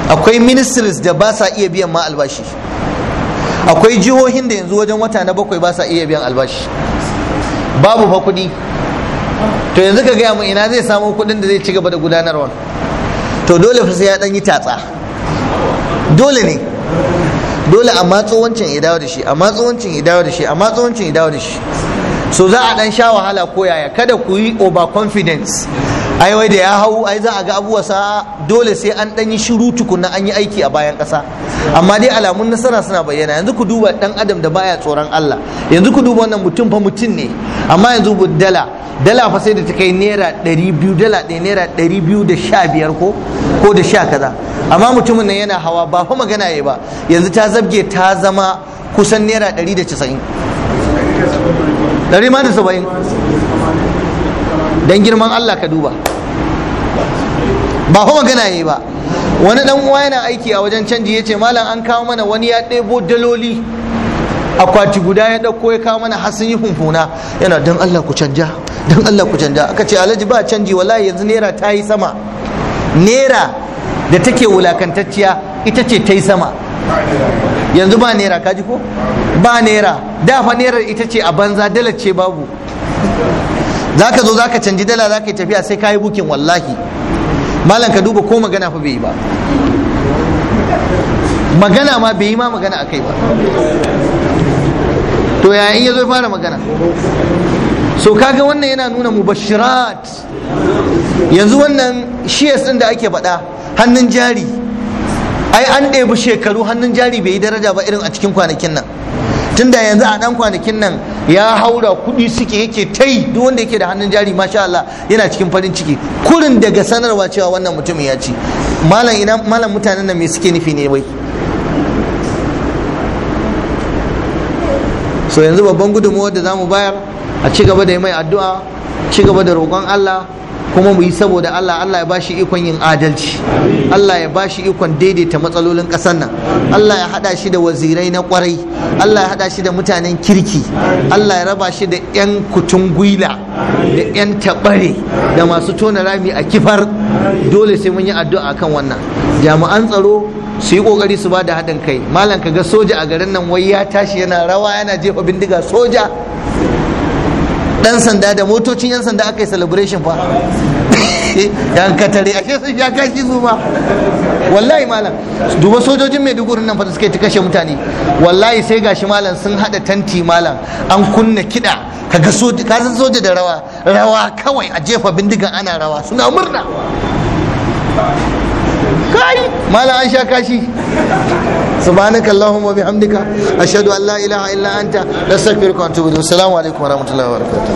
akwai ministries da ba sa iya biyan ma albashi akwai jihohin da yanzu wajen wata na bakwai ba sa iya biyan albashi babu fa kuɗi to yanzu ka gaya mu ina zai samu kuɗin da zai ci gaba da gudanarwa to dole fa sai ya ɗan yi tatsa dole ne dole a matsowancin ya dawo da shi a matsowancin ya dawo da shi a matsowancin ya dawo da shi so za a dan sha wahala ko yaya kada ku yi over confidence ai da ya hau ai za a ga sa dole sai an dan yi shiru tukunna an yi aiki a bayan kasa amma dai alamun nasara suna bayyana yanzu ku duba dan adam da baya tsoron Allah yanzu ku duba wannan mutum fa mutum ne amma yanzu dala dala fa sai da ta kai naira 200 dala ɗaya naira 215 ko ko da sha kaza amma mutumin nan yana hawa ba fa magana yayi ba yanzu ta zabge ta zama kusan naira 190 ɗari ma da saba'in don girman Allah ka duba ba kuma magana yi ba wani dan uwa yana aiki a wajen canji ya ce malam an kawo mana wani ya ɗebo daloli akwati guda ya ɗauko ya kawo mana hasin yi funfuna yana don Allah ku canja don Allah ku canja aka ce alhaji ba canji Wala yanzu naira ta yi sama naira da take wulakantacciya ita ce ta yi sama yanzu ba naira kaji ko ba naira da fa naira ita ce a banza dala ce babu za ka zo za ka canji dala za ka yi tafiya sai ka yi bukin wallahi malam ka duba ko magana fa bai yi ba magana ma bai yi ma magana a kai ba to yayin ya zo fara magana so kaga wannan yana nuna mubashirat yanzu wannan shiyas din da ake faɗa hannun jari ai an ɗebi shekaru hannun jari bai yi daraja ba irin a cikin kwanakin nan tunda yanzu a ɗan kwanakin nan ya haura kuɗi suke yake ta yi duk wanda yake da hannun jari masha Allah yana cikin farin ciki kurin daga sanarwa cewa wannan mutumin ya ci malam malam mutanen nan me suke nufi ne wai so yanzu babban gudunmawar da za mu bayar a ci gaba da yi mai addu'a ci gaba da roƙon Allah kuma mu yi saboda Allah Allah ya bashi ikon yin adalci Allah ya bashi ikon daidaita matsalolin ƙasar nan Allah ya hada shi da wazirai na kwarai Allah ya hada shi da mutanen kirki Allah ya raba shi da 'yan kutun gwila da 'yan taɓare da masu tona rami a kifar dole sai mun yi addu'a kan wannan jami'an tsaro su yi kokari su ba da haɗin kai malam ka ga soja a garin nan wai ya tashi yana rawa yana jefa bindiga soja dan sanda da motocin yan sanda aka yi celebration fa yan katare ashe sun ya kashi su ma wallahi malam duba sojojin maiduguri nan fa suka yi ta kashe mutane wallahi sai gashi malam sun hada tanti malam an kunna kida kaga soja ka san soja da rawa rawa kawai a jefa bindigan ana rawa suna murna kai malam an sha kashi سبحانك اللهم وبحمدك أشهد أن لا إله إلا أنت نستغفرك ونتوب إليك السلام عليكم ورحمة الله وبركاته